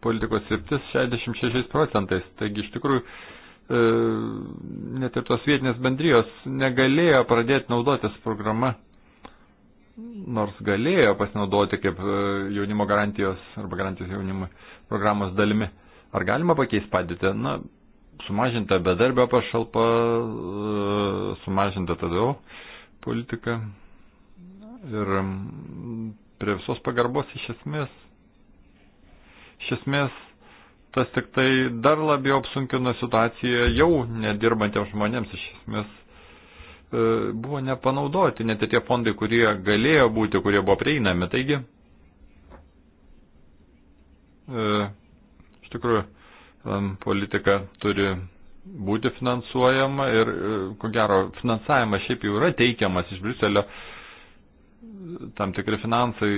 C: politikos sritis 66 procentais. Taigi iš tikrųjų e, net ir tos vietinės bendrijos negalėjo pradėti naudotis programa, nors galėjo pasinaudoti kaip e, jaunimo garantijos arba garantijos jaunimo programos dalimi. Ar galima pakeisti padėtį? Na, sumažinta bedarbio pašalpa, e, sumažinta tada politika. Ir mm, prie visos pagarbos iš esmės, iš esmės tas tik tai dar labiau apsunkino situaciją jau nedirbantiems žmonėms. Iš esmės e, buvo nepanaudoti net tie fondai, kurie galėjo būti, kurie buvo prieinami. Taigi, e, iš tikrųjų, politika turi būti finansuojama ir, e, ko gero, finansavimas šiaip jau yra teikiamas iš Briuselio tam tikri finansai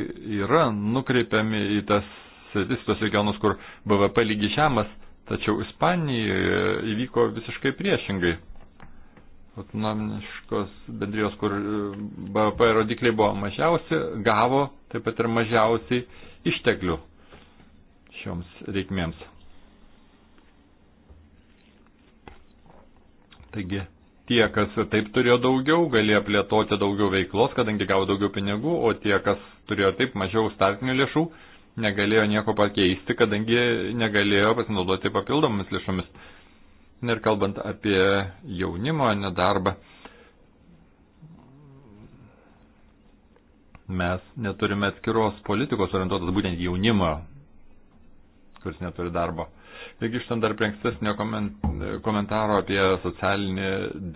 C: yra nukreipiami į tas sritis, tos regionus, kur BVP lygi žemas, tačiau Ispanijoje įvyko visiškai priešingai. Autonomiškos bendrijos, kur e, BVP rodikliai buvo mažiausi, gavo taip pat ir mažiausiai išteklių šioms reikmėms. Taigi, tie, kas taip turėjo daugiau, galėjo plėtoti daugiau veiklos, kadangi gavo daugiau pinigų, o tie, kas turėjo taip mažiau startinių lėšų, negalėjo nieko pakeisti, kadangi negalėjo pasinaudoti papildomomis lėšomis. Ir kalbant apie jaunimo nedarbą, mes neturime atskiros politikos orientuotas būtent jaunimo, kuris neturi darbo. Taigi ištant dar prie ankstesnio komentaro apie socialinį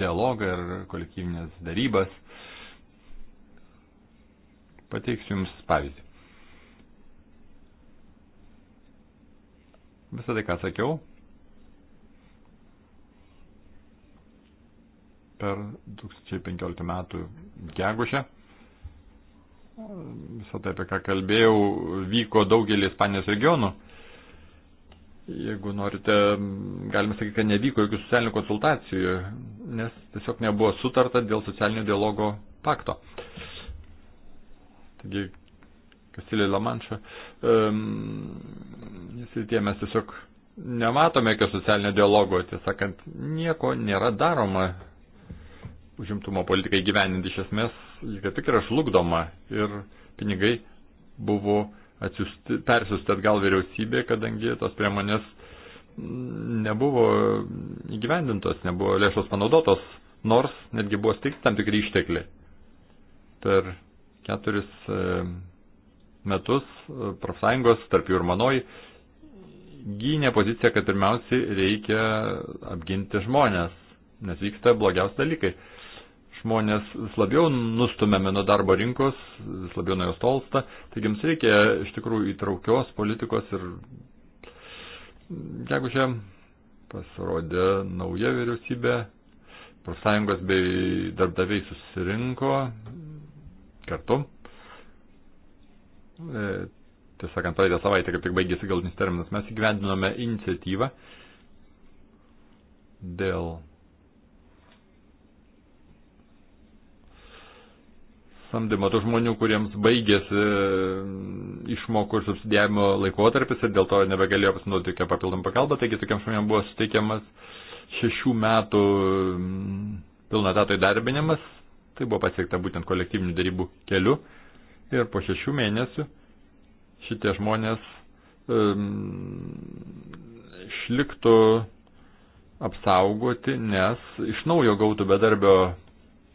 C: dialogą ir kolektyvinės darybas, pateiksiu Jums pavyzdį. Visą tai, ką sakiau, per 2015 metų gegužę. Visą tai, apie ką kalbėjau, vyko daugelį Ispanijos regionų. Jeigu norite, galime sakyti, kad nevyko jokių socialinių konsultacijų, nes tiesiog nebuvo sutarta dėl socialinio dialogo pakto. Taigi, Kastilė Lamanša, um, jis mes tiesiog nematome jokio socialinio dialogo, tiesąkant, nieko nėra daroma užimtumo politikai gyveninti iš esmės, ji kaip tik yra žlugdoma ir pinigai buvo uh, atsiusti, persiusti atgal vyriausybė, kadangi tos priemonės nebuvo įgyvendintos, nebuvo lėšos panaudotos, nors netgi buvo stikti tam tikri ištekliai. Per keturis e, metus e, profsąjungos, tarp jų ir manoj, gynė poziciją, kad pirmiausiai reikia apginti žmonės, nes vyksta blogiausi dalykai žmonės vis labiau nustumiami nuo darbo rinkos, vis labiau nuo jos tolsta, taigi jums reikia iš tikrųjų įtraukios politikos ir jeigu čia pasirodė nauja vyriausybė, profsąjungos bei darbdaviai susirinko kartu. E, tiesą sakant, praeitą savaitę, kaip tik baigėsi galutinis terminas, mes įgyvendinome iniciatyvą dėl samdymo, tų žmonių, kuriems baigėsi e, išmokų ir subsidijavimo laikotarpis ir dėl to nebegalėjo pasinaudoti jokią papildomą pagalbą, taigi tokiam žmonėm buvo suteikiamas šešių metų mm, pilno etato įdarbinimas, tai buvo pasiekta būtent kolektyvinių darybų keliu ir po šešių mėnesių šitie žmonės e, mm, išliktų um, apsaugoti, nes iš naujo gautų bedarbio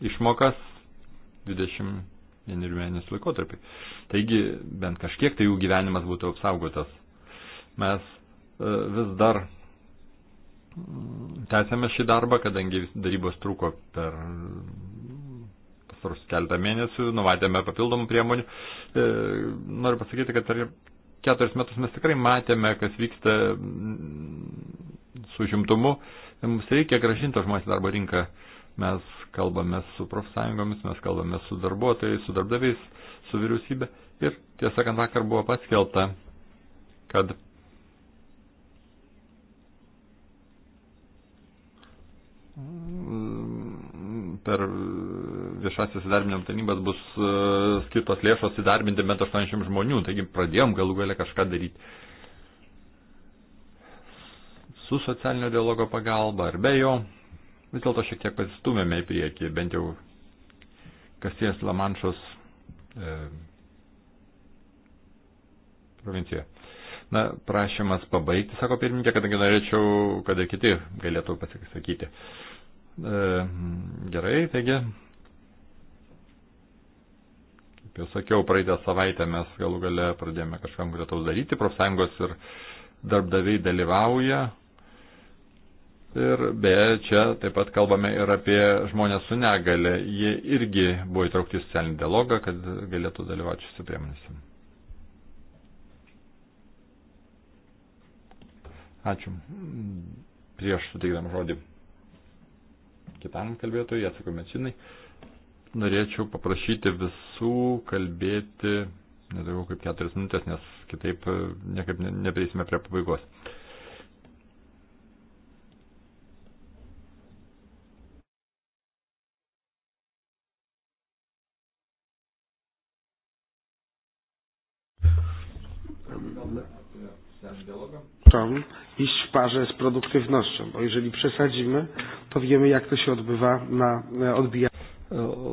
C: išmokas 20 vienerių mėnesių laikotarpį. Taigi bent kažkiek tai jų gyvenimas būtų apsaugotas. Mes e, vis dar mm, tęsėme šį darbą, kadangi darybos truko per mm, pasarus keletą mėnesių, numatėme papildomų priemonių. E, noriu pasakyti, kad per keturis metus mes tikrai matėme, kas vyksta mm, su žimtumu. Mums reikia gražinti žmonės darbo rinką. Mes kalbame su profsąjungomis, mes kalbame su darbuotojais, su darbdaviais, su vyriausybė. Ir tiesą sakant, vakar buvo paskelbta, kad per viešasis įdarbinimo tarnybas bus e, skirtos lėšos įdarbinti bent 80 žmonių, taigi pradėjom galų galę kažką daryti. Su socialinio dialogo pagalba ar be jo vis dėlto šiek tiek pasistumėme į priekį, bent jau Kasijas Lamanšos e, provincijoje. Na, prašymas pabaigti, sako pirmininkė, kadangi norėčiau, kad ir kiti galėtų pasisakyti. E, gerai, taigi, kaip jau sakiau, praeitą savaitę mes galų gale pradėjome kažkam gretaus daryti, profsąjungos ir darbdaviai dalyvauja Ir beje, čia taip pat kalbame ir apie žmonės su negale. Jie irgi buvo įtraukti į socialinį dialogą, kad galėtų dalyvauti šiuose priemonėse. Ačiū. Prieš suteikdam žodį kitam kalbėtojui, Jacekui Mečinai, norėčiau paprašyti visų kalbėti nedaugiau kaip keturias minutės, nes kitaip niekaip neprieisime prie pabaigos. Uh,
B: iść w parze z produktywnością, bo jeżeli przesadzimy, to wiemy, jak to się odbywa na odbijaniu.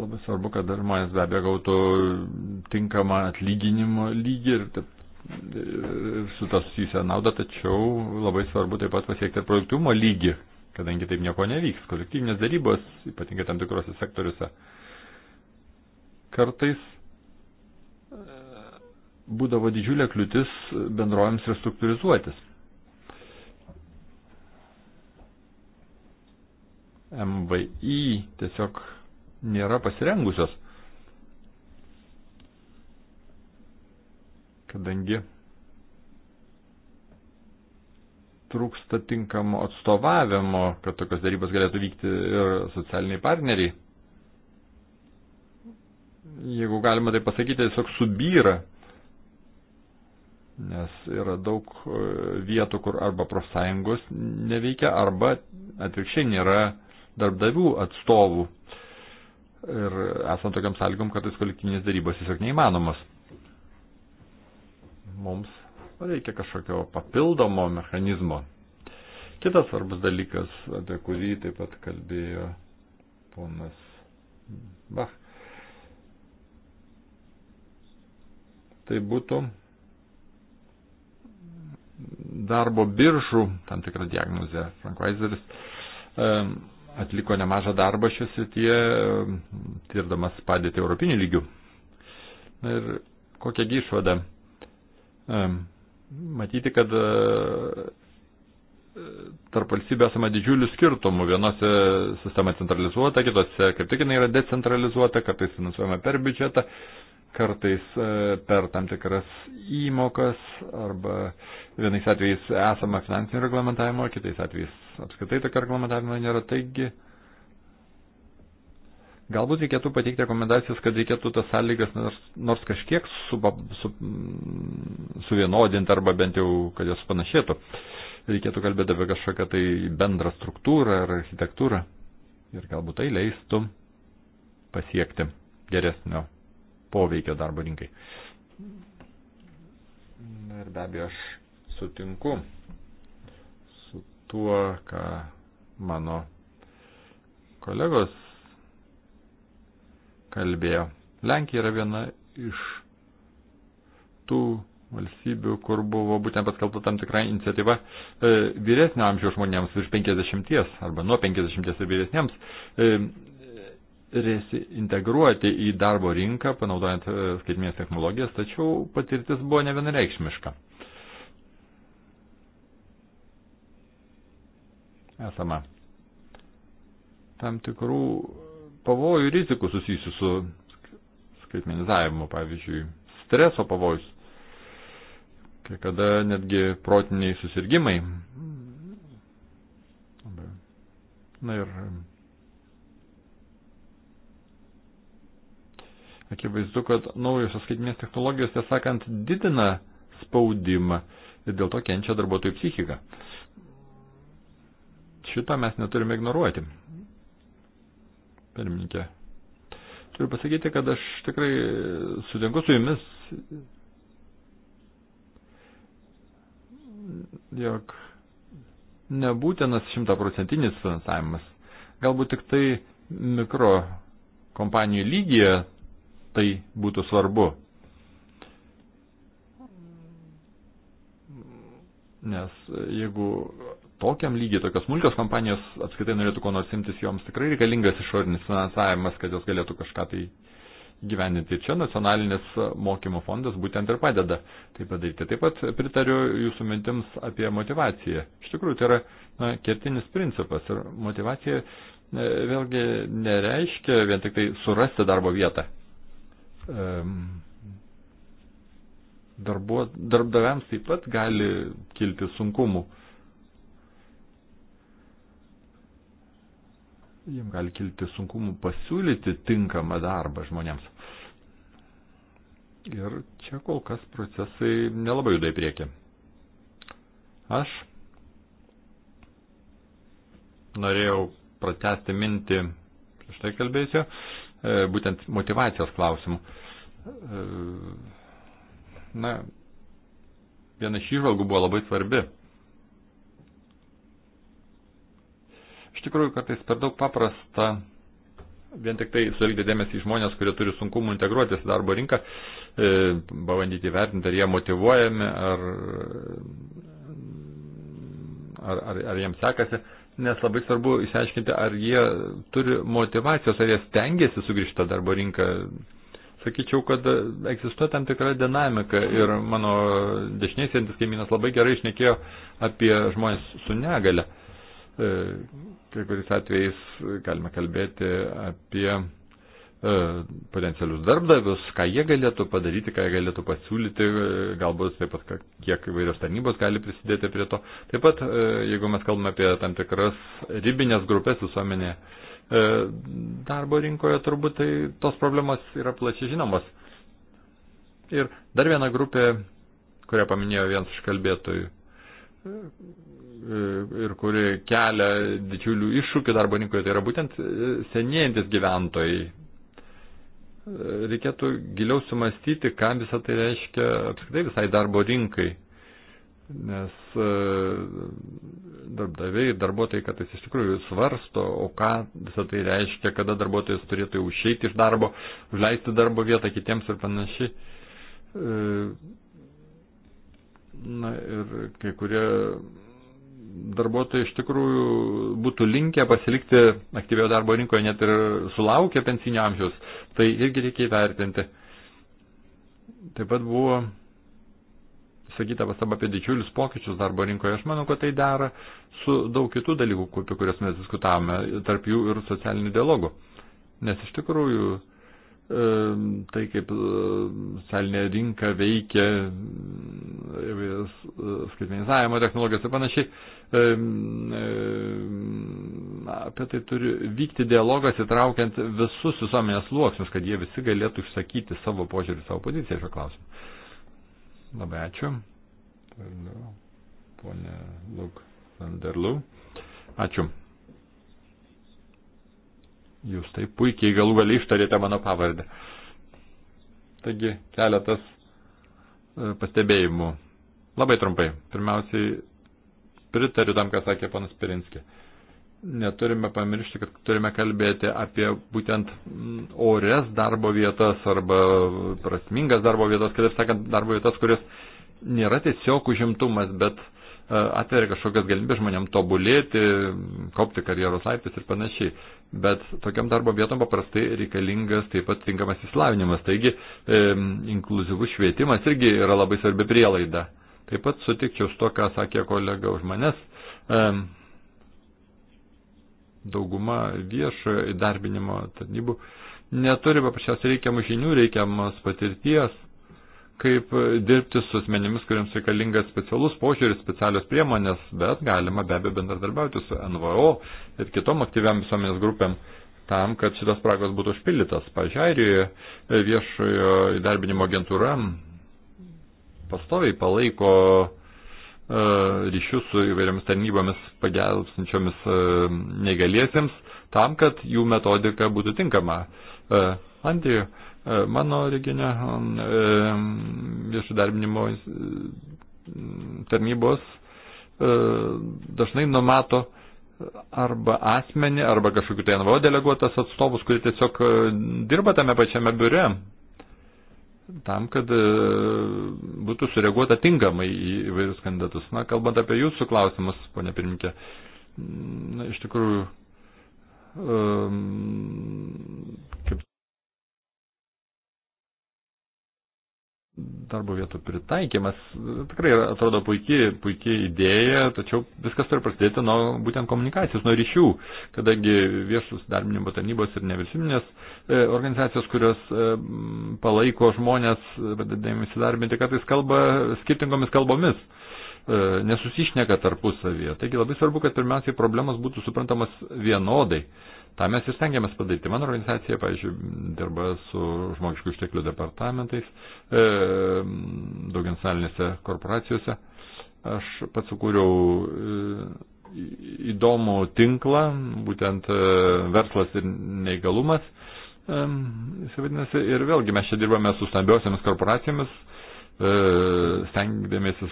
C: Labai svarbu, kad žmonės be abejo gautų tinkamą atlyginimo lygį ir e, su tas susijusią naudą, tačiau labai svarbu taip pat pasiekti produktivumo lygį, kadangi taip nieko nevyks. Kolektyvinės darybos, ypatingai tam tikrose sektoriuose, kartais būdavo didžiulė kliūtis bendrovėms restruktūrizuotis. MVI tiesiog nėra pasirengusios, kadangi trūksta tinkamo atstovavimo, kad tokios darybos galėtų vykti ir socialiniai partneriai. Jeigu galima tai pasakyti, tiesiog subyra nes yra daug e, vietų, kur arba profsąjungos neveikia, arba atvirkščiai nėra darbdavių atstovų. Ir esant tokiam sąlygom, kartais kolektyvinės darybos tiesiog neįmanomas. Mums reikia kažkokio papildomo mechanizmo. Kitas svarbus dalykas, apie kurį taip pat kalbėjo ponas Bach, tai būtų darbo biržų tam tikrą diagnozę. Frankvaizeris e, atliko nemažą darbą šios srityje, tirdamas padėti europinių lygių. Ir kokią išvadą? E, matyti, kad e, tarp valstybių esama didžiulių skirtumų. Vienose sistema centralizuota, kitose kaip tik jinai yra decentralizuota, kartais finansuojama per biudžetą kartais e, per tam tikras įmokas arba vienais atvejais esama finansinio reglamentavimo, kitais atvejais apskritai tokio reglamentavimo nėra. Taigi, galbūt reikėtų pateikti rekomendacijas, kad reikėtų tas sąlygas nors, nors kažkiek su, su, suvienodinti arba bent jau, kad jos panašėtų. Reikėtų kalbėti apie kažkokią tai bendrą struktūrą ar architektūrą ir galbūt tai leistų pasiekti geresnio poveikio darbo rinkai. Na ir be abejo, aš sutinku su tuo, ką mano kolegos kalbėjo. Lenkija yra viena iš tų valstybių, kur buvo būtent paskelbta tam tikra iniciatyva e, vyresnio amžiaus žmonėms virš 50 arba nuo 50 ir vyresniems e, reintegruoti į darbo rinką, panaudojant e, skaitmės technologijas, tačiau patirtis buvo nevienareikšmiška. Esama tam tikrų pavojų rizikų susijusių su skaitmenizavimu, pavyzdžiui, streso pavojus, kai kada netgi protiniai susirgymai. Na ir akivaizdu, kad naujosios skaitminės technologijos, tiesą sakant, didina spaudimą ir dėl to kenčia darbuotojų psichika. Šito mes neturime ignoruoti. Pirmininkė. Turiu pasakyti, kad aš tikrai sutinku su jumis, jog nebūtinas šimtaprocentinis finansavimas. Galbūt tik tai mikro kompanijų lygyje tai būtų svarbu. Nes jeigu tokiam lygiai tokios smulkios kompanijos apskaitai norėtų ko nors imtis, joms tikrai reikalingas išorinis finansavimas, kad jos galėtų kažką tai gyveninti. Čia nacionalinis mokymo fondas būtent ir padeda tai padaryti. Taip pat pritariu jūsų mintims apie motivaciją. Iš tikrųjų, tai yra na, kertinis principas ir motivacija vėlgi nereiškia vien tik tai surasti darbo vietą. Ehm, darbuo, darbdaviams taip pat gali kilti sunkumų. Jiems gali kilti sunkumų pasiūlyti tinkamą darbą žmonėms. Ir čia kol kas procesai nelabai juda į priekį. Aš norėjau pratesti mintį, štai kalbėsiu, E, būtent motivacijos klausimų. E, na, viena iš įžvalgų buvo labai svarbi. Iš tikrųjų, kartais per daug paprasta vien tik tai suelgti dėmesį į žmonės, kurie turi sunkumų integruotis į darbo rinką, e, bandyti vertinti, ar jie motivuojami, ar, ar, ar, ar jiems sekasi nes labai svarbu išsiaiškinti, ar jie turi motivacijos, ar jie stengiasi sugrįžti tą darbo rinką. Sakyčiau, kad egzistuoja tam tikra dinamika ir mano dešinės sėdintis kaimynas labai gerai išnekėjo apie žmonės su negale. E, kai kuris atvejais galime kalbėti apie E, potencialius darbdavius, ką jie galėtų padaryti, ką jie galėtų pasiūlyti, e, galbūt taip pat kiek įvairios tarnybos gali prisidėti prie to. Taip pat, e, jeigu mes kalbame apie tam tikras ribinės grupės visuomenėje, darbo rinkoje turbūt tai tos problemos yra plačiai žinomos. Ir dar viena grupė, kurią paminėjo vienas iš kalbėtojų ir kuri kelia didžiulių iššūkių darbo rinkoje, tai yra būtent senėjantis gyventojai, reikėtų giliau sumastyti, ką visą tai reiškia apskritai visai darbo rinkai. Nes e, darbdaviai ir darbuotojai kartais iš tikrųjų svarsto, o ką visą tai reiškia, kada darbuotojas turėtų jau išeiti iš darbo, užleisti darbo vietą kitiems ir panašiai. E, na ir kai kurie darbuotojai iš tikrųjų būtų linkę pasilikti aktyvioje darbo rinkoje net ir sulaukę pensinio amžiaus. Tai irgi reikia įvertinti. Taip pat buvo sakyta pasaba apie didžiulius pokyčius darbo rinkoje. Aš manau, kad tai dera su daug kitų dalykų, apie kurias mes diskutavome, tarp jų ir socialinių dialogų. Nes iš tikrųjų Ehm, tai kaip ehm, salinė rinka veikia ehm, skaitmenizavimo technologijos ir panašiai. Na, apie tai turi vykti dialogas įtraukiant visus visuomenės sluoksnius, kad jie visi galėtų išsakyti savo požiūrį, savo poziciją šio klausimu. Labai ačiū. Toliau, ponė Luk Vanderlu. Ačiū. Jūs taip puikiai galų gali ištarėte mano pavardę. Taigi, keletas e, pastebėjimų. Labai trumpai. Pirmiausiai, pritariu tam, ką sakė panas Pirinskė. Neturime pamiršti, kad turime kalbėti apie būtent mm, ores darbo vietas arba prasmingas darbo vietas, kitaip sakant, darbo vietas, kurios nėra tiesiog užimtumas, bet e, atveria kažkokias galimybės žmonėm tobulėti, kopti karjeros laiptis ir panašiai bet tokiam darbo vietom paprastai reikalingas taip pat tinkamas įslavinimas. Taigi e, inkluzivus švietimas irgi yra labai svarbi prielaida. Taip pat sutikčiau su to, ką sakė kolega už manęs. E, dauguma viešojo įdarbinimo tarnybų neturi paprasčiausiai reikiamų žinių, reikiamos patirties kaip e, dirbti su asmenimis, kuriems reikalingas specialus požiūris, specialios priemonės, bet galima be abejo bendradarbiauti su NVO ir kitom aktyviam visuomenės grupėm tam, kad šitas spragos būtų užpildytas. Pažiūrėjoje e, viešojo įdarbinimo agentūra pastoviai palaiko e, ryšius su įvairiomis tarnybomis pagelbsinčiomis negaliesiems tam, kad jų metodika būtų tinkama. Antijų, Mano regione um, viešų darbinimo tarnybos e, dažnai numato arba asmenį, arba kažkokiu tai NVO deleguotas atstovus, kurie tiesiog e, dirba tame pačiame biure, tam, kad e, būtų sureaguota tinkamai į įvairius kandidatus. Na, kalbant apie jūsų klausimus, ponė pirminkė, na, iš tikrųjų, kaip darbo vietų pritaikymas tikrai atrodo puikiai, puikiai idėja, tačiau viskas turi prasidėti nuo būtent komunikacijos, nuo ryšių, kadangi viešus darbinimo tarnybos ir nevilsiminės e, organizacijos, kurios e, palaiko žmonės, vadinami įsidarbinti, kartais kalba skirtingomis kalbomis e, nesusišneka tarpusavyje. Taigi labai svarbu, kad pirmiausiai problemas būtų suprantamas vienodai. E, Ta mes ir stengiamės padaryti. Mano organizacija, pavyzdžiui, dirba su žmogiškų išteklių departamentais, e, daugiansalinėse korporacijose. Aš pats sukūriau e, įdomų tinklą, būtent e, verslas ir neįgalumas. E, vadinasi, ir vėlgi mes čia dirbame su stambiosiamis korporacijomis, e, E, stengdamėsi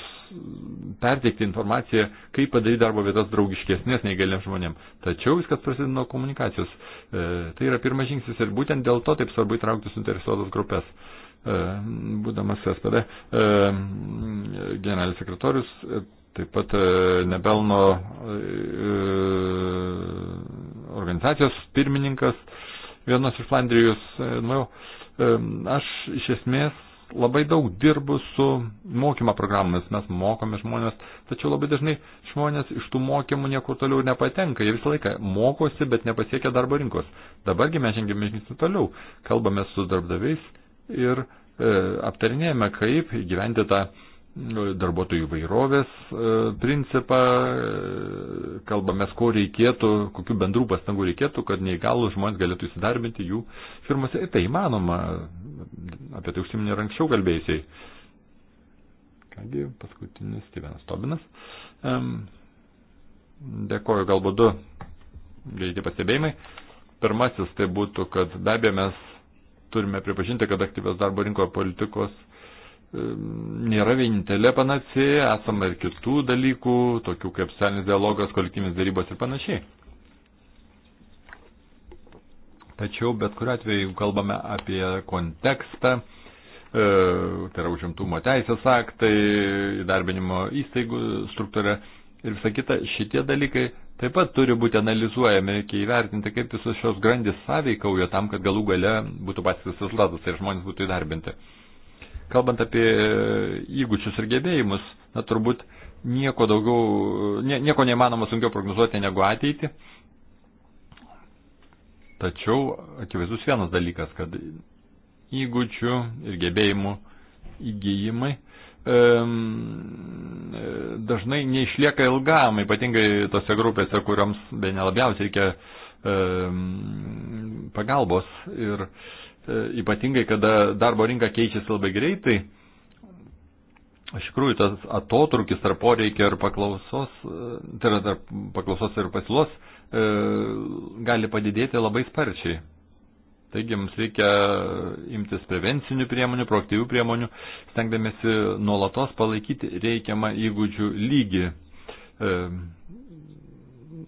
C: perteikti informaciją, kaip padaryti darbo vietas draugiškesnės neįgaliam žmonėm. Tačiau viskas prasideda nuo komunikacijos. E, tai yra pirmas žingsnis ir būtent dėl to taip svarbu įtraukti suinteresuotas grupės. E, būdamas SPD generalinis sekretorius, taip pat Nebelno organizacijos pirmininkas, vienos iš Flandrijos, nu, aš iš esmės labai daug dirbu su mokymo programomis, mes mokome žmonės, tačiau labai dažnai žmonės iš tų mokymų niekur toliau nepatenka, jie visą laiką mokosi, bet nepasiekia darbo rinkos. Dabargi mes žengėme žingsnį toliau, kalbame su darbdaviais ir e, aptarinėjame, kaip įgyventi tą e, Nu, darbuotojų vairovės e, principą, e, kalbame, ko reikėtų, kokiu bendrų pastangų reikėtų, kad neįgalų žmonės galėtų įsidarbinti jų firmose. Ir tai įmanoma, apie tai užsiminė ir anksčiau kalbėjusiai. Kągi, paskutinis Stevenas Tobinas. Dėkoju, galbūt du greiti pastebėjimai. Pirmasis tai būtų, kad be abejo mes turime pripažinti, kad aktyvios darbo rinkoje politikos nėra vienintelė panacėja, esama ir kitų dalykų, tokių kaip socialinis dialogas, kolektyvinis darybos ir panašiai. Tačiau bet kuriu atveju, jeigu kalbame apie kontekstą, e, tai yra užimtumo teisės aktai, įdarbinimo įstaigų struktūra ir visa kita, šitie dalykai taip pat turi būti analizuojami, reikia įvertinti, kaip visos šios grandis sąveikauja tam, kad galų gale būtų patys rezultatas ir žmonės būtų įdarbinti. Kalbant apie e, įgūdžius ir gebėjimus, na turbūt nieko daugiau, e, nie, nieko neįmanoma sunkiau prognozuoti negu ateitį. Tačiau akivaizdus vienas dalykas, kad įgūdžių ir gebėjimų įgyjimai e, dažnai neišlieka ilgam, ypatingai tose grupėse, kuriams be nelabiausiai reikia e, pagalbos. Ir, e, E, ypatingai, kada darbo rinka keičiasi labai greitai, iš tikrųjų tas atotrukis tarp poreikio ir paklausos, e, tai yra tarp paklausos ir pasiūlos, e, gali padidėti labai sparčiai. Taigi mums reikia imtis prevencinių priemonių, proaktyvių priemonių, stengdamėsi nuolatos palaikyti reikiamą įgūdžių lygį.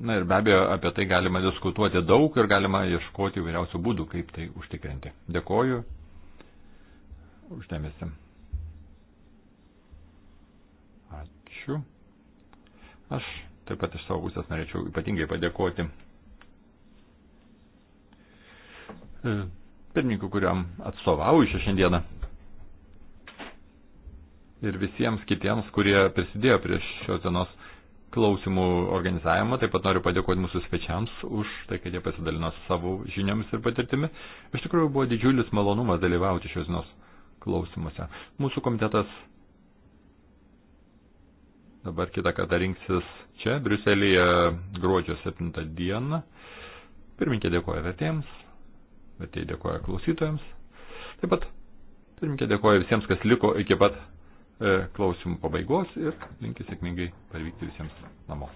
C: Na ir be abejo, apie tai galima diskutuoti daug ir galima ieškoti įvairiausių būdų, kaip tai užtikrinti. Dėkoju uždėmesi. Ačiū. Aš taip pat iš savo pusės norėčiau ypatingai padėkoti e, pirmininkui, kuriam atstovauju šią šiandieną. Ir visiems kitiems, kurie prisidėjo prie šios dienos klausimų organizavimą. Taip pat noriu padėkoti mūsų svečiams už tai, kad jie pasidalino savo žiniomis ir patirtimi. Iš tikrųjų buvo didžiulis malonumas dalyvauti šios dienos klausimuose. Mūsų komitetas dabar kitą kartą rinksis čia, Briuselėje, gruodžio 7 dieną. Pirminkė dėkoja vertėjams, vertėjai dėkoja klausytojams. Taip pat pirminkė dėkoja visiems, kas liko iki pat klausimų pabaigos ir linkiu sėkmingai parvykti visiems namo.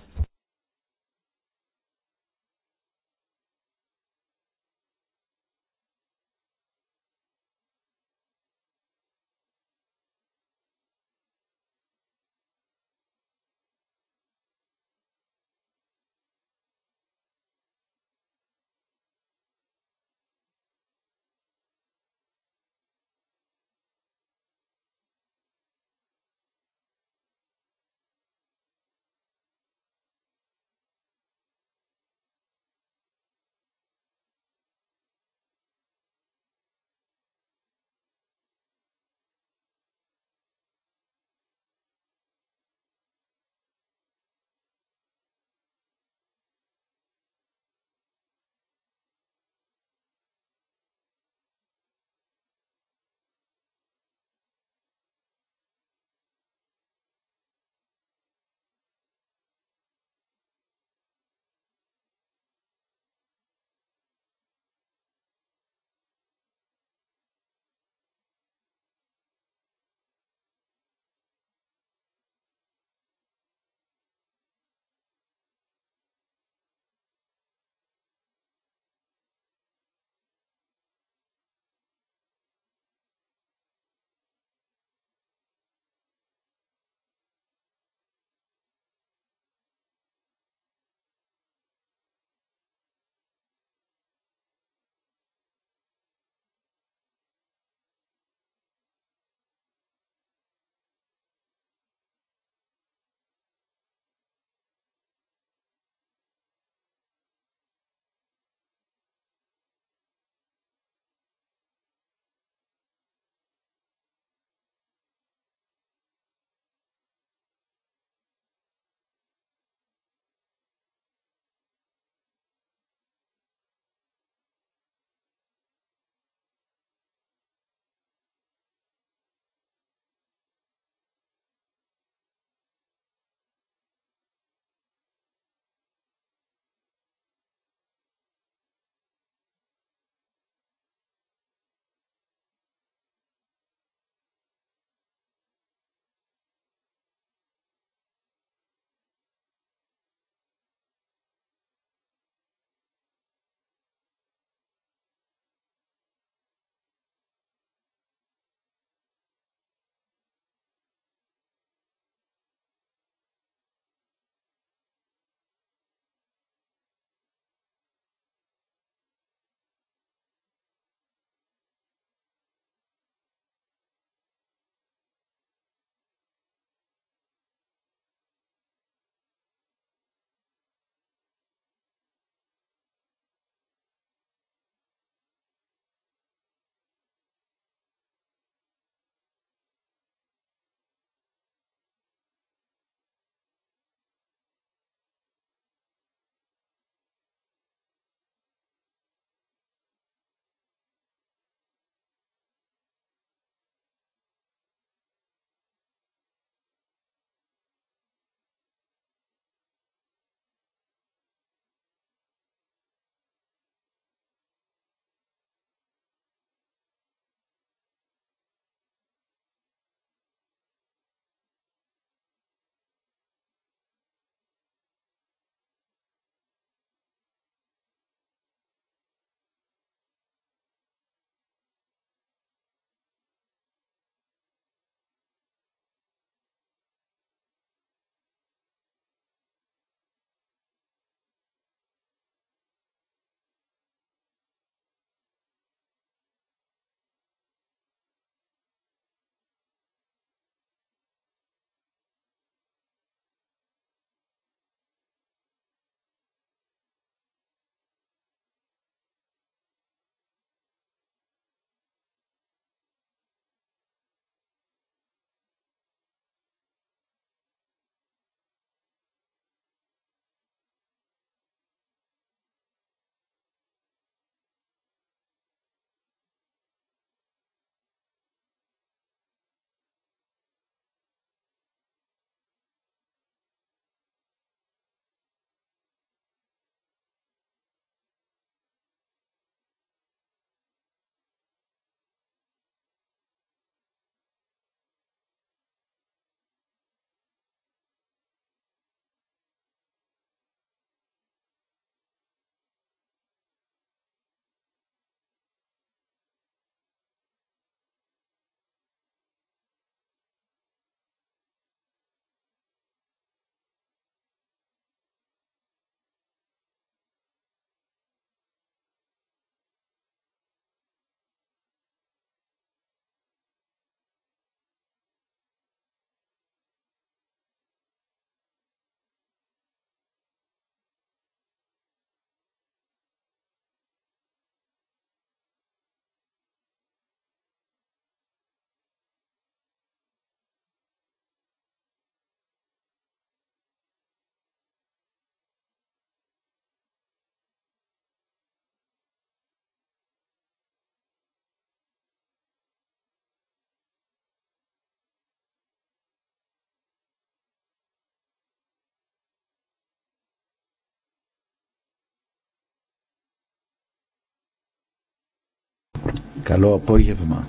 A: Καλό απόγευμα.